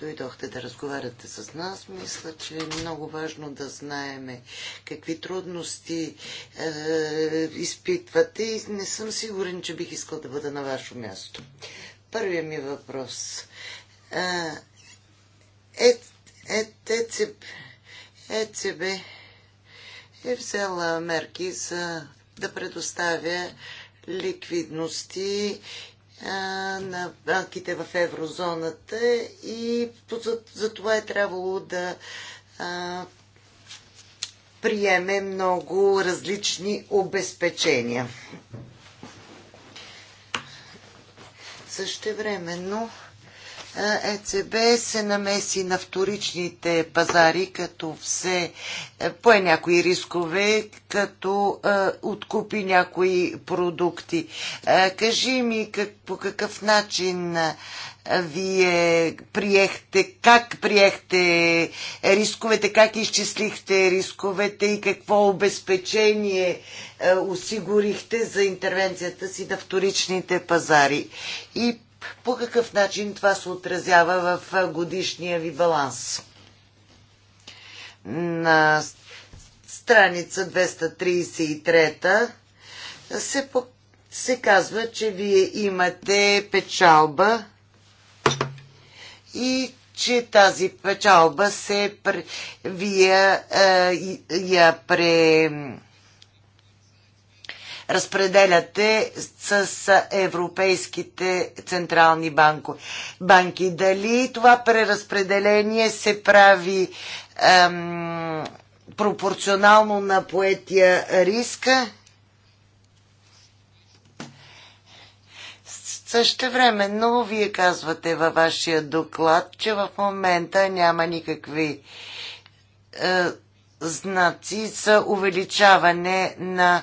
дойдохте да разговаряте с нас. Мисля, че е много важно да знаеме какви трудности е, изпитвате и не съм сигурен, че бих искал да бъда на ваше място. Първият ми въпрос. Е, е, ЕЦБ, ЕЦБ е взела мерки за да предоставя ликвидности на банките в еврозоната и за това е трябвало да приеме много различни обезпечения. Същевременно времено ЕЦБ се намеси на вторичните пазари, като все е, пое някои рискове, като е, откупи някои продукти. Е, кажи ми как, по какъв начин е, вие приехте, как приехте рисковете, как изчислихте рисковете и какво обезпечение е, осигурихте за интервенцията си на вторичните пазари. И по какъв начин това се отразява в годишния ви баланс. На страница 233 се, по, се казва, че вие имате печалба и че тази печалба се вие е, я пре разпределяте с европейските централни банко, банки. Дали това преразпределение се прави ем, пропорционално на поетия риска? но вие казвате във вашия доклад, че в момента няма никакви е, знаци за увеличаване на е,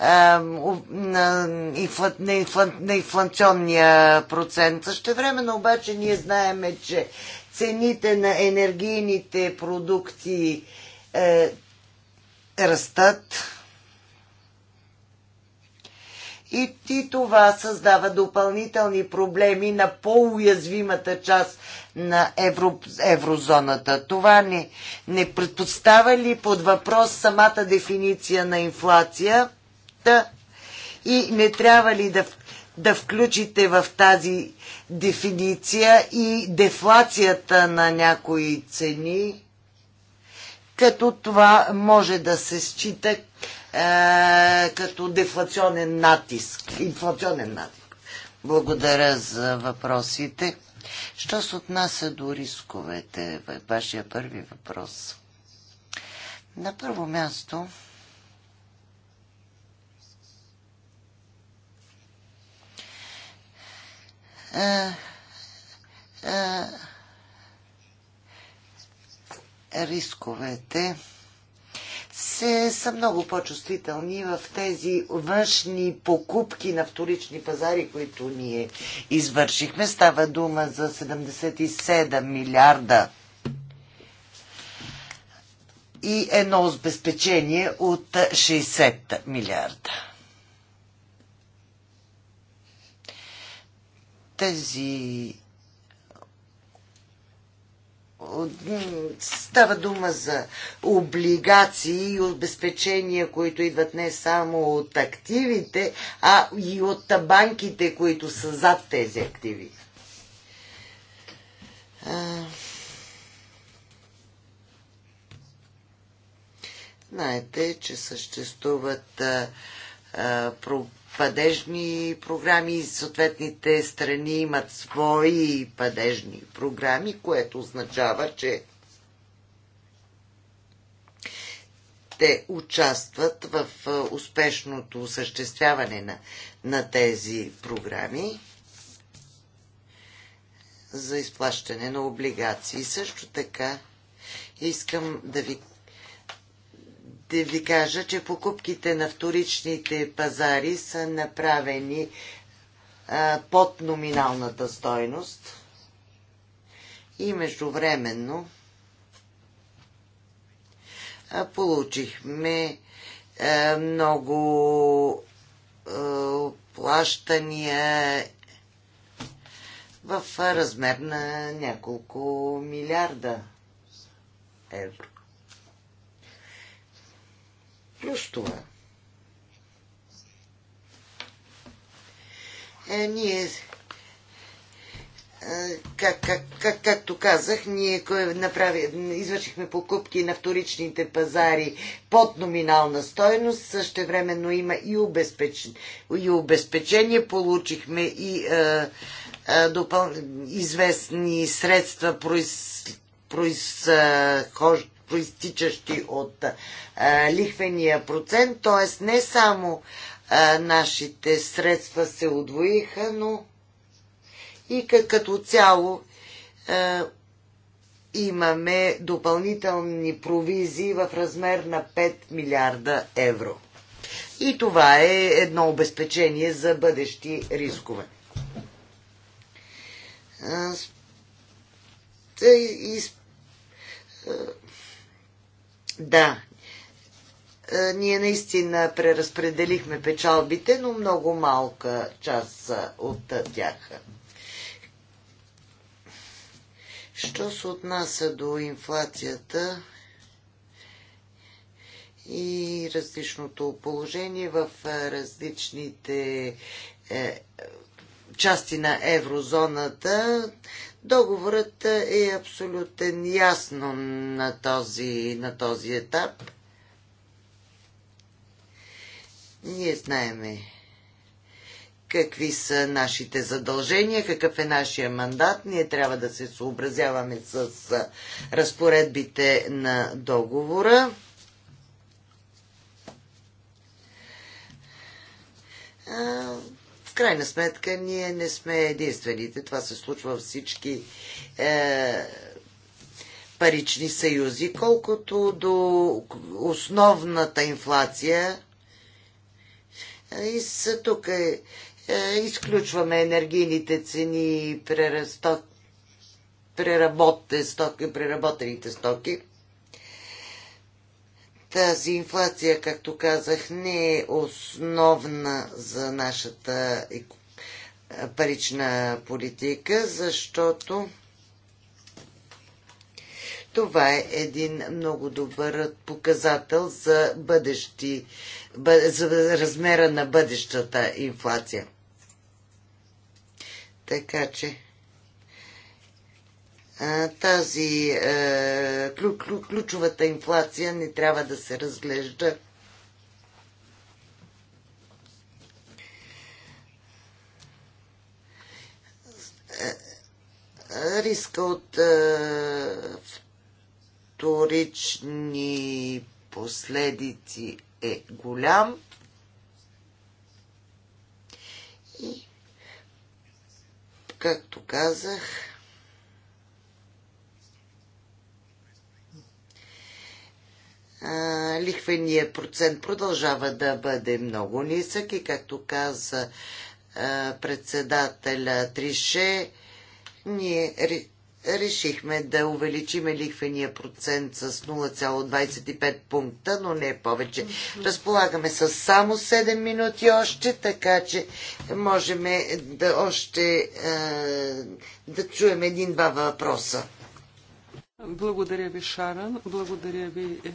на, инфла, на, инфла, на инфлационния процент. Също време, обаче ние знаеме, че цените на енергийните продукти е, растат. И, и това създава допълнителни проблеми на по-уязвимата част на евро, еврозоната. Това не, не предпоставя ли под въпрос самата дефиниция на инфлация? и не трябва ли да, да включите в тази дефиниция и дефлацията на някои цени, като това може да се счита е, като дефлационен натиск, инфлационен натиск. Благодаря за въпросите. Що се отнася до рисковете? Вашия първи въпрос. На първо място, Е, е, рисковете се, са много по-чувствителни в тези външни покупки на вторични пазари, които ние извършихме. Става дума за 77 милиарда и едно обезпечение от 60 милиарда. тези Става дума за облигации и обезпечения, които идват не само от активите, а и от банките, които са зад тези активи. Знаете, че съществуват падежни програми и съответните страни имат свои падежни програми, което означава, че те участват в успешното осъществяване на, на тези програми за изплащане на облигации. Също така искам да ви да ви кажа, че покупките на вторичните пазари са направени а, под номиналната стойност и междувременно а, получихме а, много а, плащания в размер на няколко милиарда евро. Плюс това, е, ние е, как, как, как, както казах, ние направи, извършихме покупки на вторичните пазари под номинална стойност, същевременно има и, обезпеч... и обезпечение, получихме и е, е, допъл... известни средства, произхождащи произ, проистичащи от а, лихвения процент, т.е. не само а, нашите средства се удвоиха, но и като цяло а, имаме допълнителни провизии в размер на 5 милиарда евро. И това е едно обезпечение за бъдещи рискове. Е, Из да, е, ние наистина преразпределихме печалбите, но много малка част от е, тях. Що се отнася до инфлацията и различното положение в е, различните части на еврозоната, Договорът е абсолютен ясно на този, на този етап. Ние знаеме какви са нашите задължения, какъв е нашия мандат. Ние трябва да се съобразяваме с разпоредбите на договора крайна сметка ние не сме единствените. Това се случва във всички е, парични съюзи. Колкото до основната инфлация, и са тук е, е, изключваме енергийните цени, прерасток, преработените стоки, преработените стоки. Тази инфлация, както казах, не е основна за нашата парична политика, защото това е един много добър показател за, бъдещи, за размера на бъдещата инфлация. Така че тази е, ключовата инфлация не трябва да се разглежда риска от е, вторични последици е голям. И, както казах, лихвения процент продължава да бъде много нисък и както каза председателя Трише, ние решихме да увеличиме лихвения процент с 0,25 пункта, но не повече. Разполагаме с само 7 минути още, така че можем да още да чуем един-два въпроса. Благодаря ви, Шаран. Благодаря ви, е,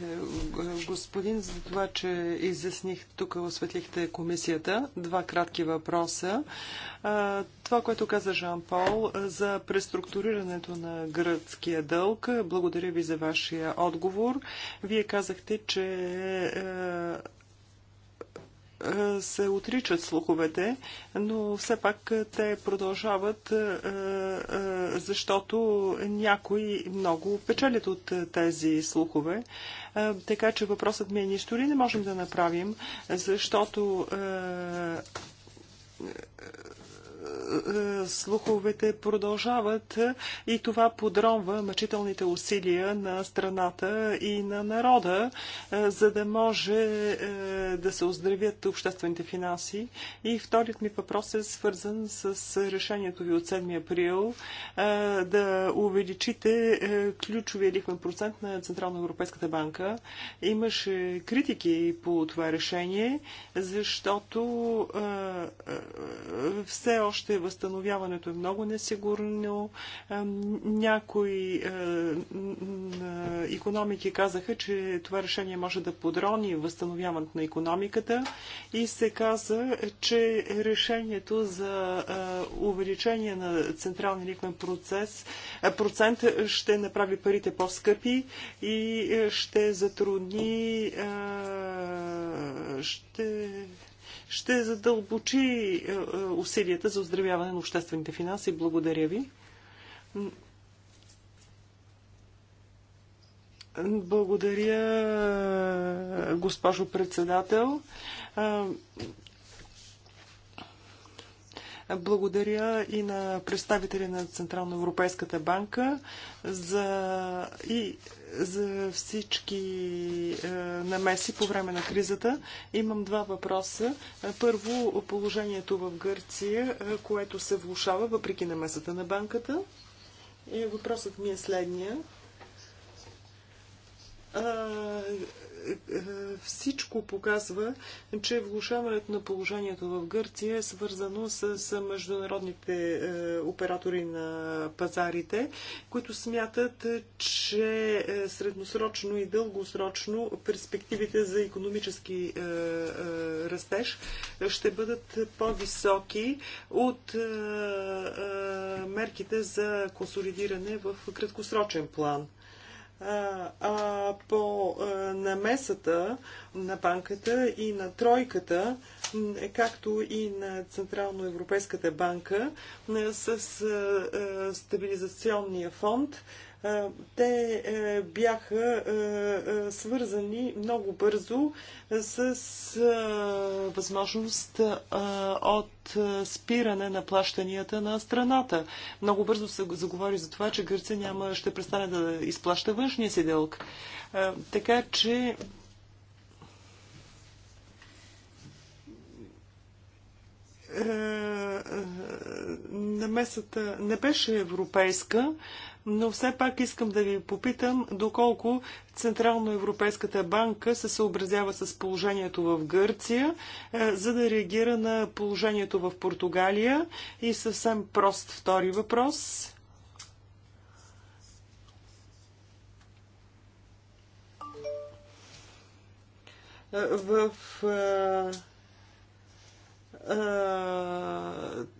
господин, за това, че изясних тук, осветлихте комисията. Два кратки въпроса. Това, което каза Жан-Пол за преструктурирането на гръцкия дълг, благодаря ви за вашия отговор. Вие казахте, че е, се отричат слуховете, но все пак те продължават, защото някои много печелят от тези слухове. Така че въпросът ми е нищо ли не можем да направим, защото е, слуховете продължават и това подронва мъчителните усилия на страната и на народа, е, за да може е, да се оздравят обществените финанси. И вторият ми въпрос е свързан с решението ви от 7 април да увеличите ключовия лихвен процент на Централна Европейската банка. Имаше критики по това решение, защото все още още възстановяването е много несигурно. Някои економики казаха, че това решение може да подрони възстановяването на економиката и се каза, че решението за е, увеличение на централния ликвен процес, е, процент ще направи парите по-скъпи и е, ще затрудни ще ще задълбочи е, е, усилията за оздравяване на обществените финанси. Благодаря ви. Благодаря, госпожо председател. Е, благодаря и на представители на Централно Европейската банка за, и за всички е, намеси по време на кризата. Имам два въпроса. Първо, положението в Гърция, е, което се влушава въпреки намесата на банката. И въпросът ми е следния всичко показва, че влушаването на положението в Гърция е свързано с международните е, оператори на пазарите, които смятат, че е, средносрочно и дългосрочно перспективите за економически е, растеж ще бъдат по-високи от мерките за консолидиране в краткосрочен план а по намесата на банката и на тройката, е както и на Централно-Европейската банка с стабилизационния фонд е, те е, бяха е, свързани много бързо с възможност от спиране на плащанията на страната. Много бързо се заговори за това, че Гърция няма, ще престане да изплаща външния си дълг. Така че намесата не беше европейска, но все пак искам да ви попитам доколко Централноевропейската банка се съобразява с положението в Гърция, е, за да реагира на положението в Португалия. И съвсем прост втори въпрос. Е, в е, е,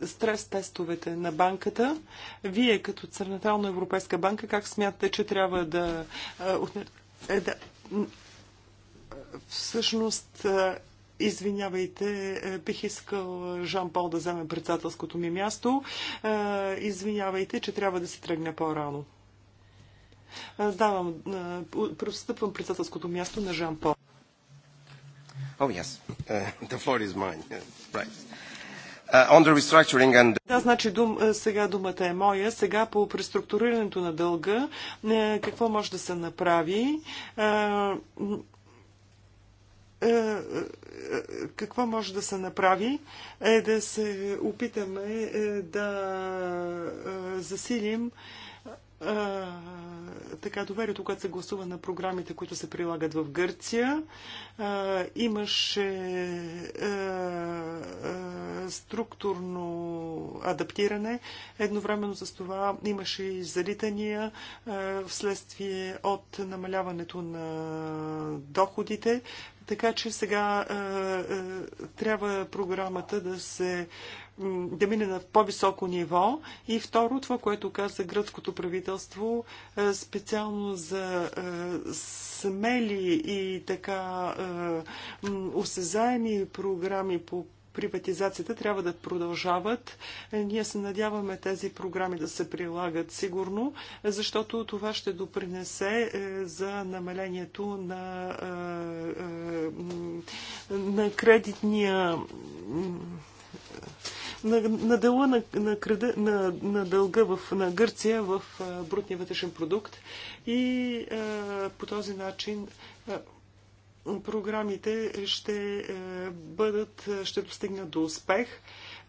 стрес-тестовете на банката. Вие като Централна Европейска банка как смятате, че трябва да... Е, да всъщност е, Извинявайте, бих искал Жан Пол да вземе председателското ми място. Извинявайте, че трябва да се тръгне по-рано. Давам, престъпвам председателското място на Жан Пол. Oh, yes. Uh, <laughs> the floor is mine. Right. Uh, on the restructuring and... Да, значи дум, е, сега думата е моя. Сега по преструктурирането на дълга, е, какво може да се направи? Е, какво може да се направи, е да се опитаме да засилим така доверието, когато се гласува на програмите, които се прилагат в Гърция. А, имаше а, а, структурно адаптиране. Едновременно с това имаше и залитания а, вследствие от намаляването на доходите. Така че сега е, е, трябва програмата да се да мине на по-високо ниво. И второ, това, което каза гръцкото правителство, специално за смели и така осезаеми програми по приватизацията трябва да продължават. Ние се надяваме тези програми да се прилагат сигурно, защото това ще допринесе е, за намалението на, е, е, на кредитния на, на дела на, на, на, на дълга в, на Гърция в брутния вътрешен продукт и а, по този начин а, програмите ще е, бъдат, ще достигнат до успех.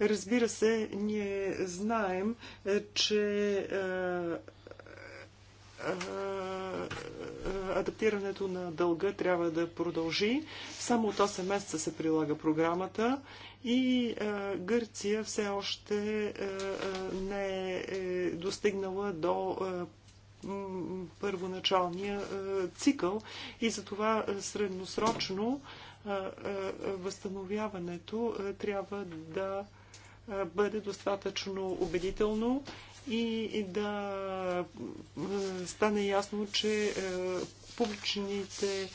Разбира се, ние знаем, е, че е, адаптирането на дълга трябва да продължи. Само от 8 месеца се прилага програмата и Гърция все още не е достигнала до първоначалния е, цикъл и затова е, средносрочно е, възстановяването трябва да бъде достатъчно убедително и да стане ясно, че публичните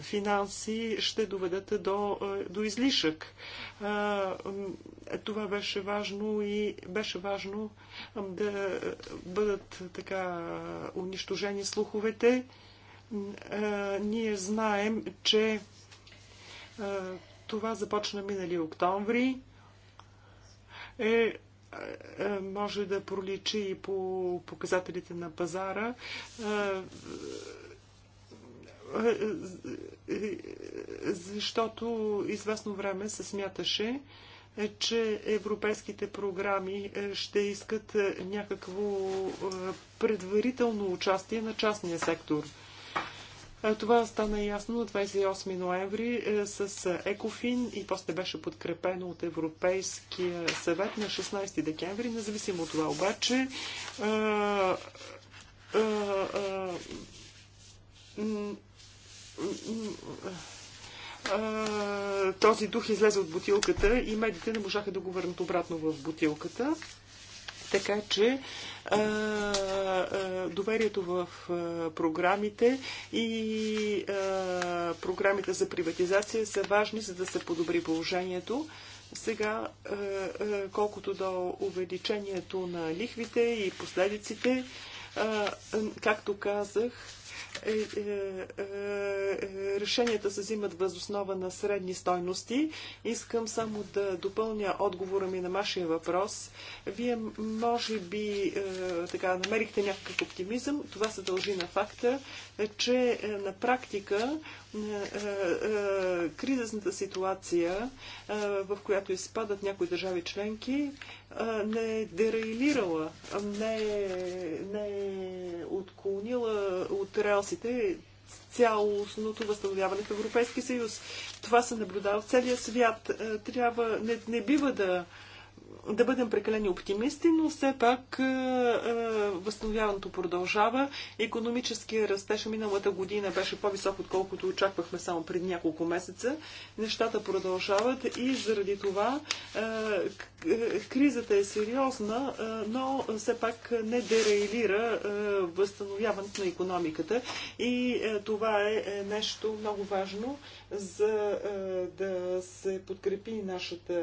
финанси ще доведат до, до излишък. Това беше важно и беше важно да бъдат така унищожени слуховете. Ние знаем, че това започна минали октомври. Е, може да проличи и по показателите на пазара защото известно време се смяташе, че европейските програми е, ще искат е, някакво е, предварително участие на частния сектор. Това стана ясно на 28 ноември с Екофин и после беше подкрепено от Европейския съвет на 16 декември. Независимо от това обаче, този дух излезе от бутилката и медите не можаха да го върнат обратно в бутилката. Така че а, а, доверието в а, програмите и а, програмите за приватизация са важни, за да се подобри положението. Сега, а, а, колкото до увеличението на лихвите и последиците, а, както казах, е, е, е, решенията се взимат възоснова на средни стойности. Искам само да допълня отговора ми на вашия въпрос. Вие може би така, намерихте някакъв оптимизъм. Това се дължи на факта, че на практика кризисната ситуация, в която изпадат някои държави членки, не е дерайлирала, не е, не е отклонила от релсите цялостното възстановяване в Европейския съюз. Това се наблюдава в целия свят. Трябва, не, не бива да да бъдем прекалени оптимисти, но все пак е, е, възстановяването продължава. Економическия растеж миналата година беше по-висок, отколкото очаквахме само преди няколко месеца. Нещата продължават и заради това е, кризата е сериозна, но все пак не дерейлира възстановяването на економиката. И това е нещо много важно за да се подкрепи нашата,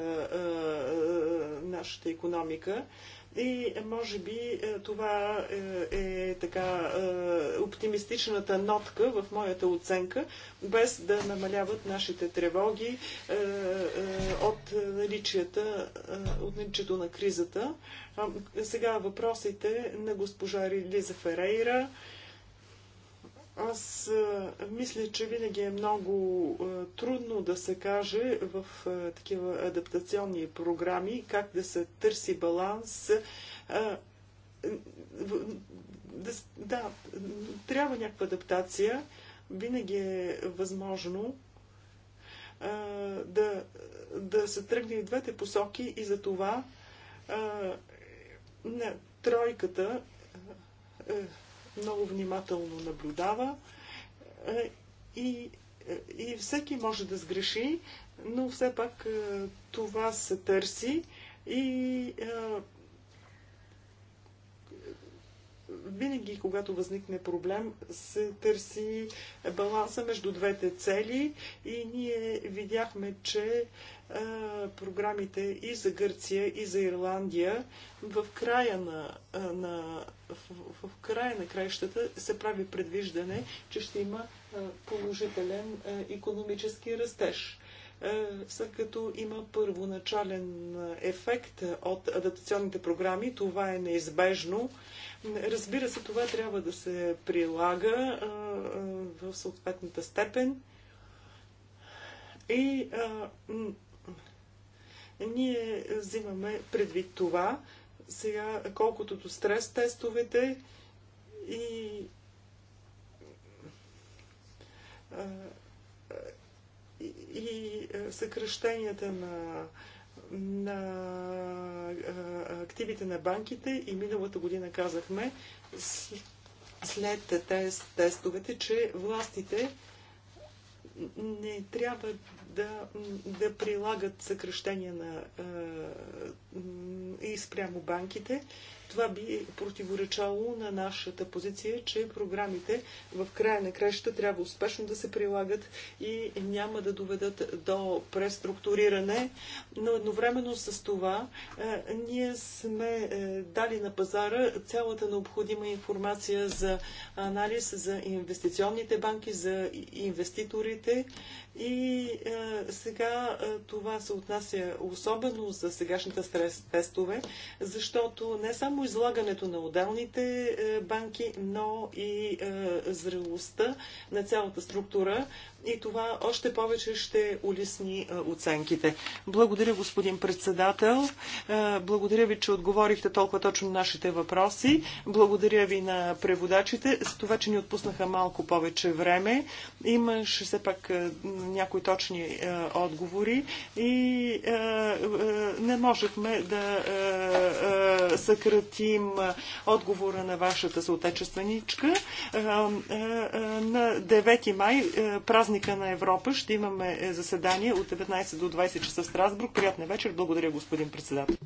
нашата економика. И може би това е, е така оптимистичната нотка в моята оценка, без да намаляват нашите тревоги от наличията, от наличието на кризата. Сега въпросите на госпожа Лиза Ферейра. Аз а, мисля, че винаги е много а, трудно да се каже в а, такива адаптационни програми как да се търси баланс. А, да, да, трябва някаква адаптация. Винаги е възможно а, да, да се тръгне в двете посоки и за това а, не, тройката. А, много внимателно наблюдава е, и, е, и всеки може да сгреши, но все пак е, това се търси и винаги, когато възникне проблем, се търси баланса между двете цели и ние видяхме, че програмите и за Гърция, и за Ирландия в края на, на в, в края на краищата се прави предвиждане, че ще има положителен економически растеж след като има първоначален ефект от адаптационните програми. Това е неизбежно. Разбира се, това трябва да се прилага в съответната степен. И а, ние взимаме предвид това, сега, колкото до стрес тестовете и и съкръщенията на, на активите на банките и миналата година казахме след тест, тестовете, че властите не трябва да, да прилагат съкръщения на, и спрямо банките. Това би противоречало на нашата позиция, че програмите в края на краща трябва успешно да се прилагат и няма да доведат до преструктуриране, но едновременно с това ние сме дали на пазара цялата необходима информация за анализ за инвестиционните банки, за инвеститорите и е, сега това се отнася особено за сегашните стрес тестове, защото не само излагането на отделните е, банки, но и е, зрелостта на цялата структура и това още повече ще улесни оценките. Благодаря, господин председател. Благодаря ви, че отговорихте толкова точно на нашите въпроси. Благодаря ви на преводачите за това, че ни отпуснаха малко повече време. Имаше все пак някои точни отговори и не можехме да съкратим отговора на вашата съотечественичка. На 9 май празна празника на Европа ще имаме е, заседание от 19 до 20 часа в Страсбург. Приятна вечер. Благодаря, господин председател.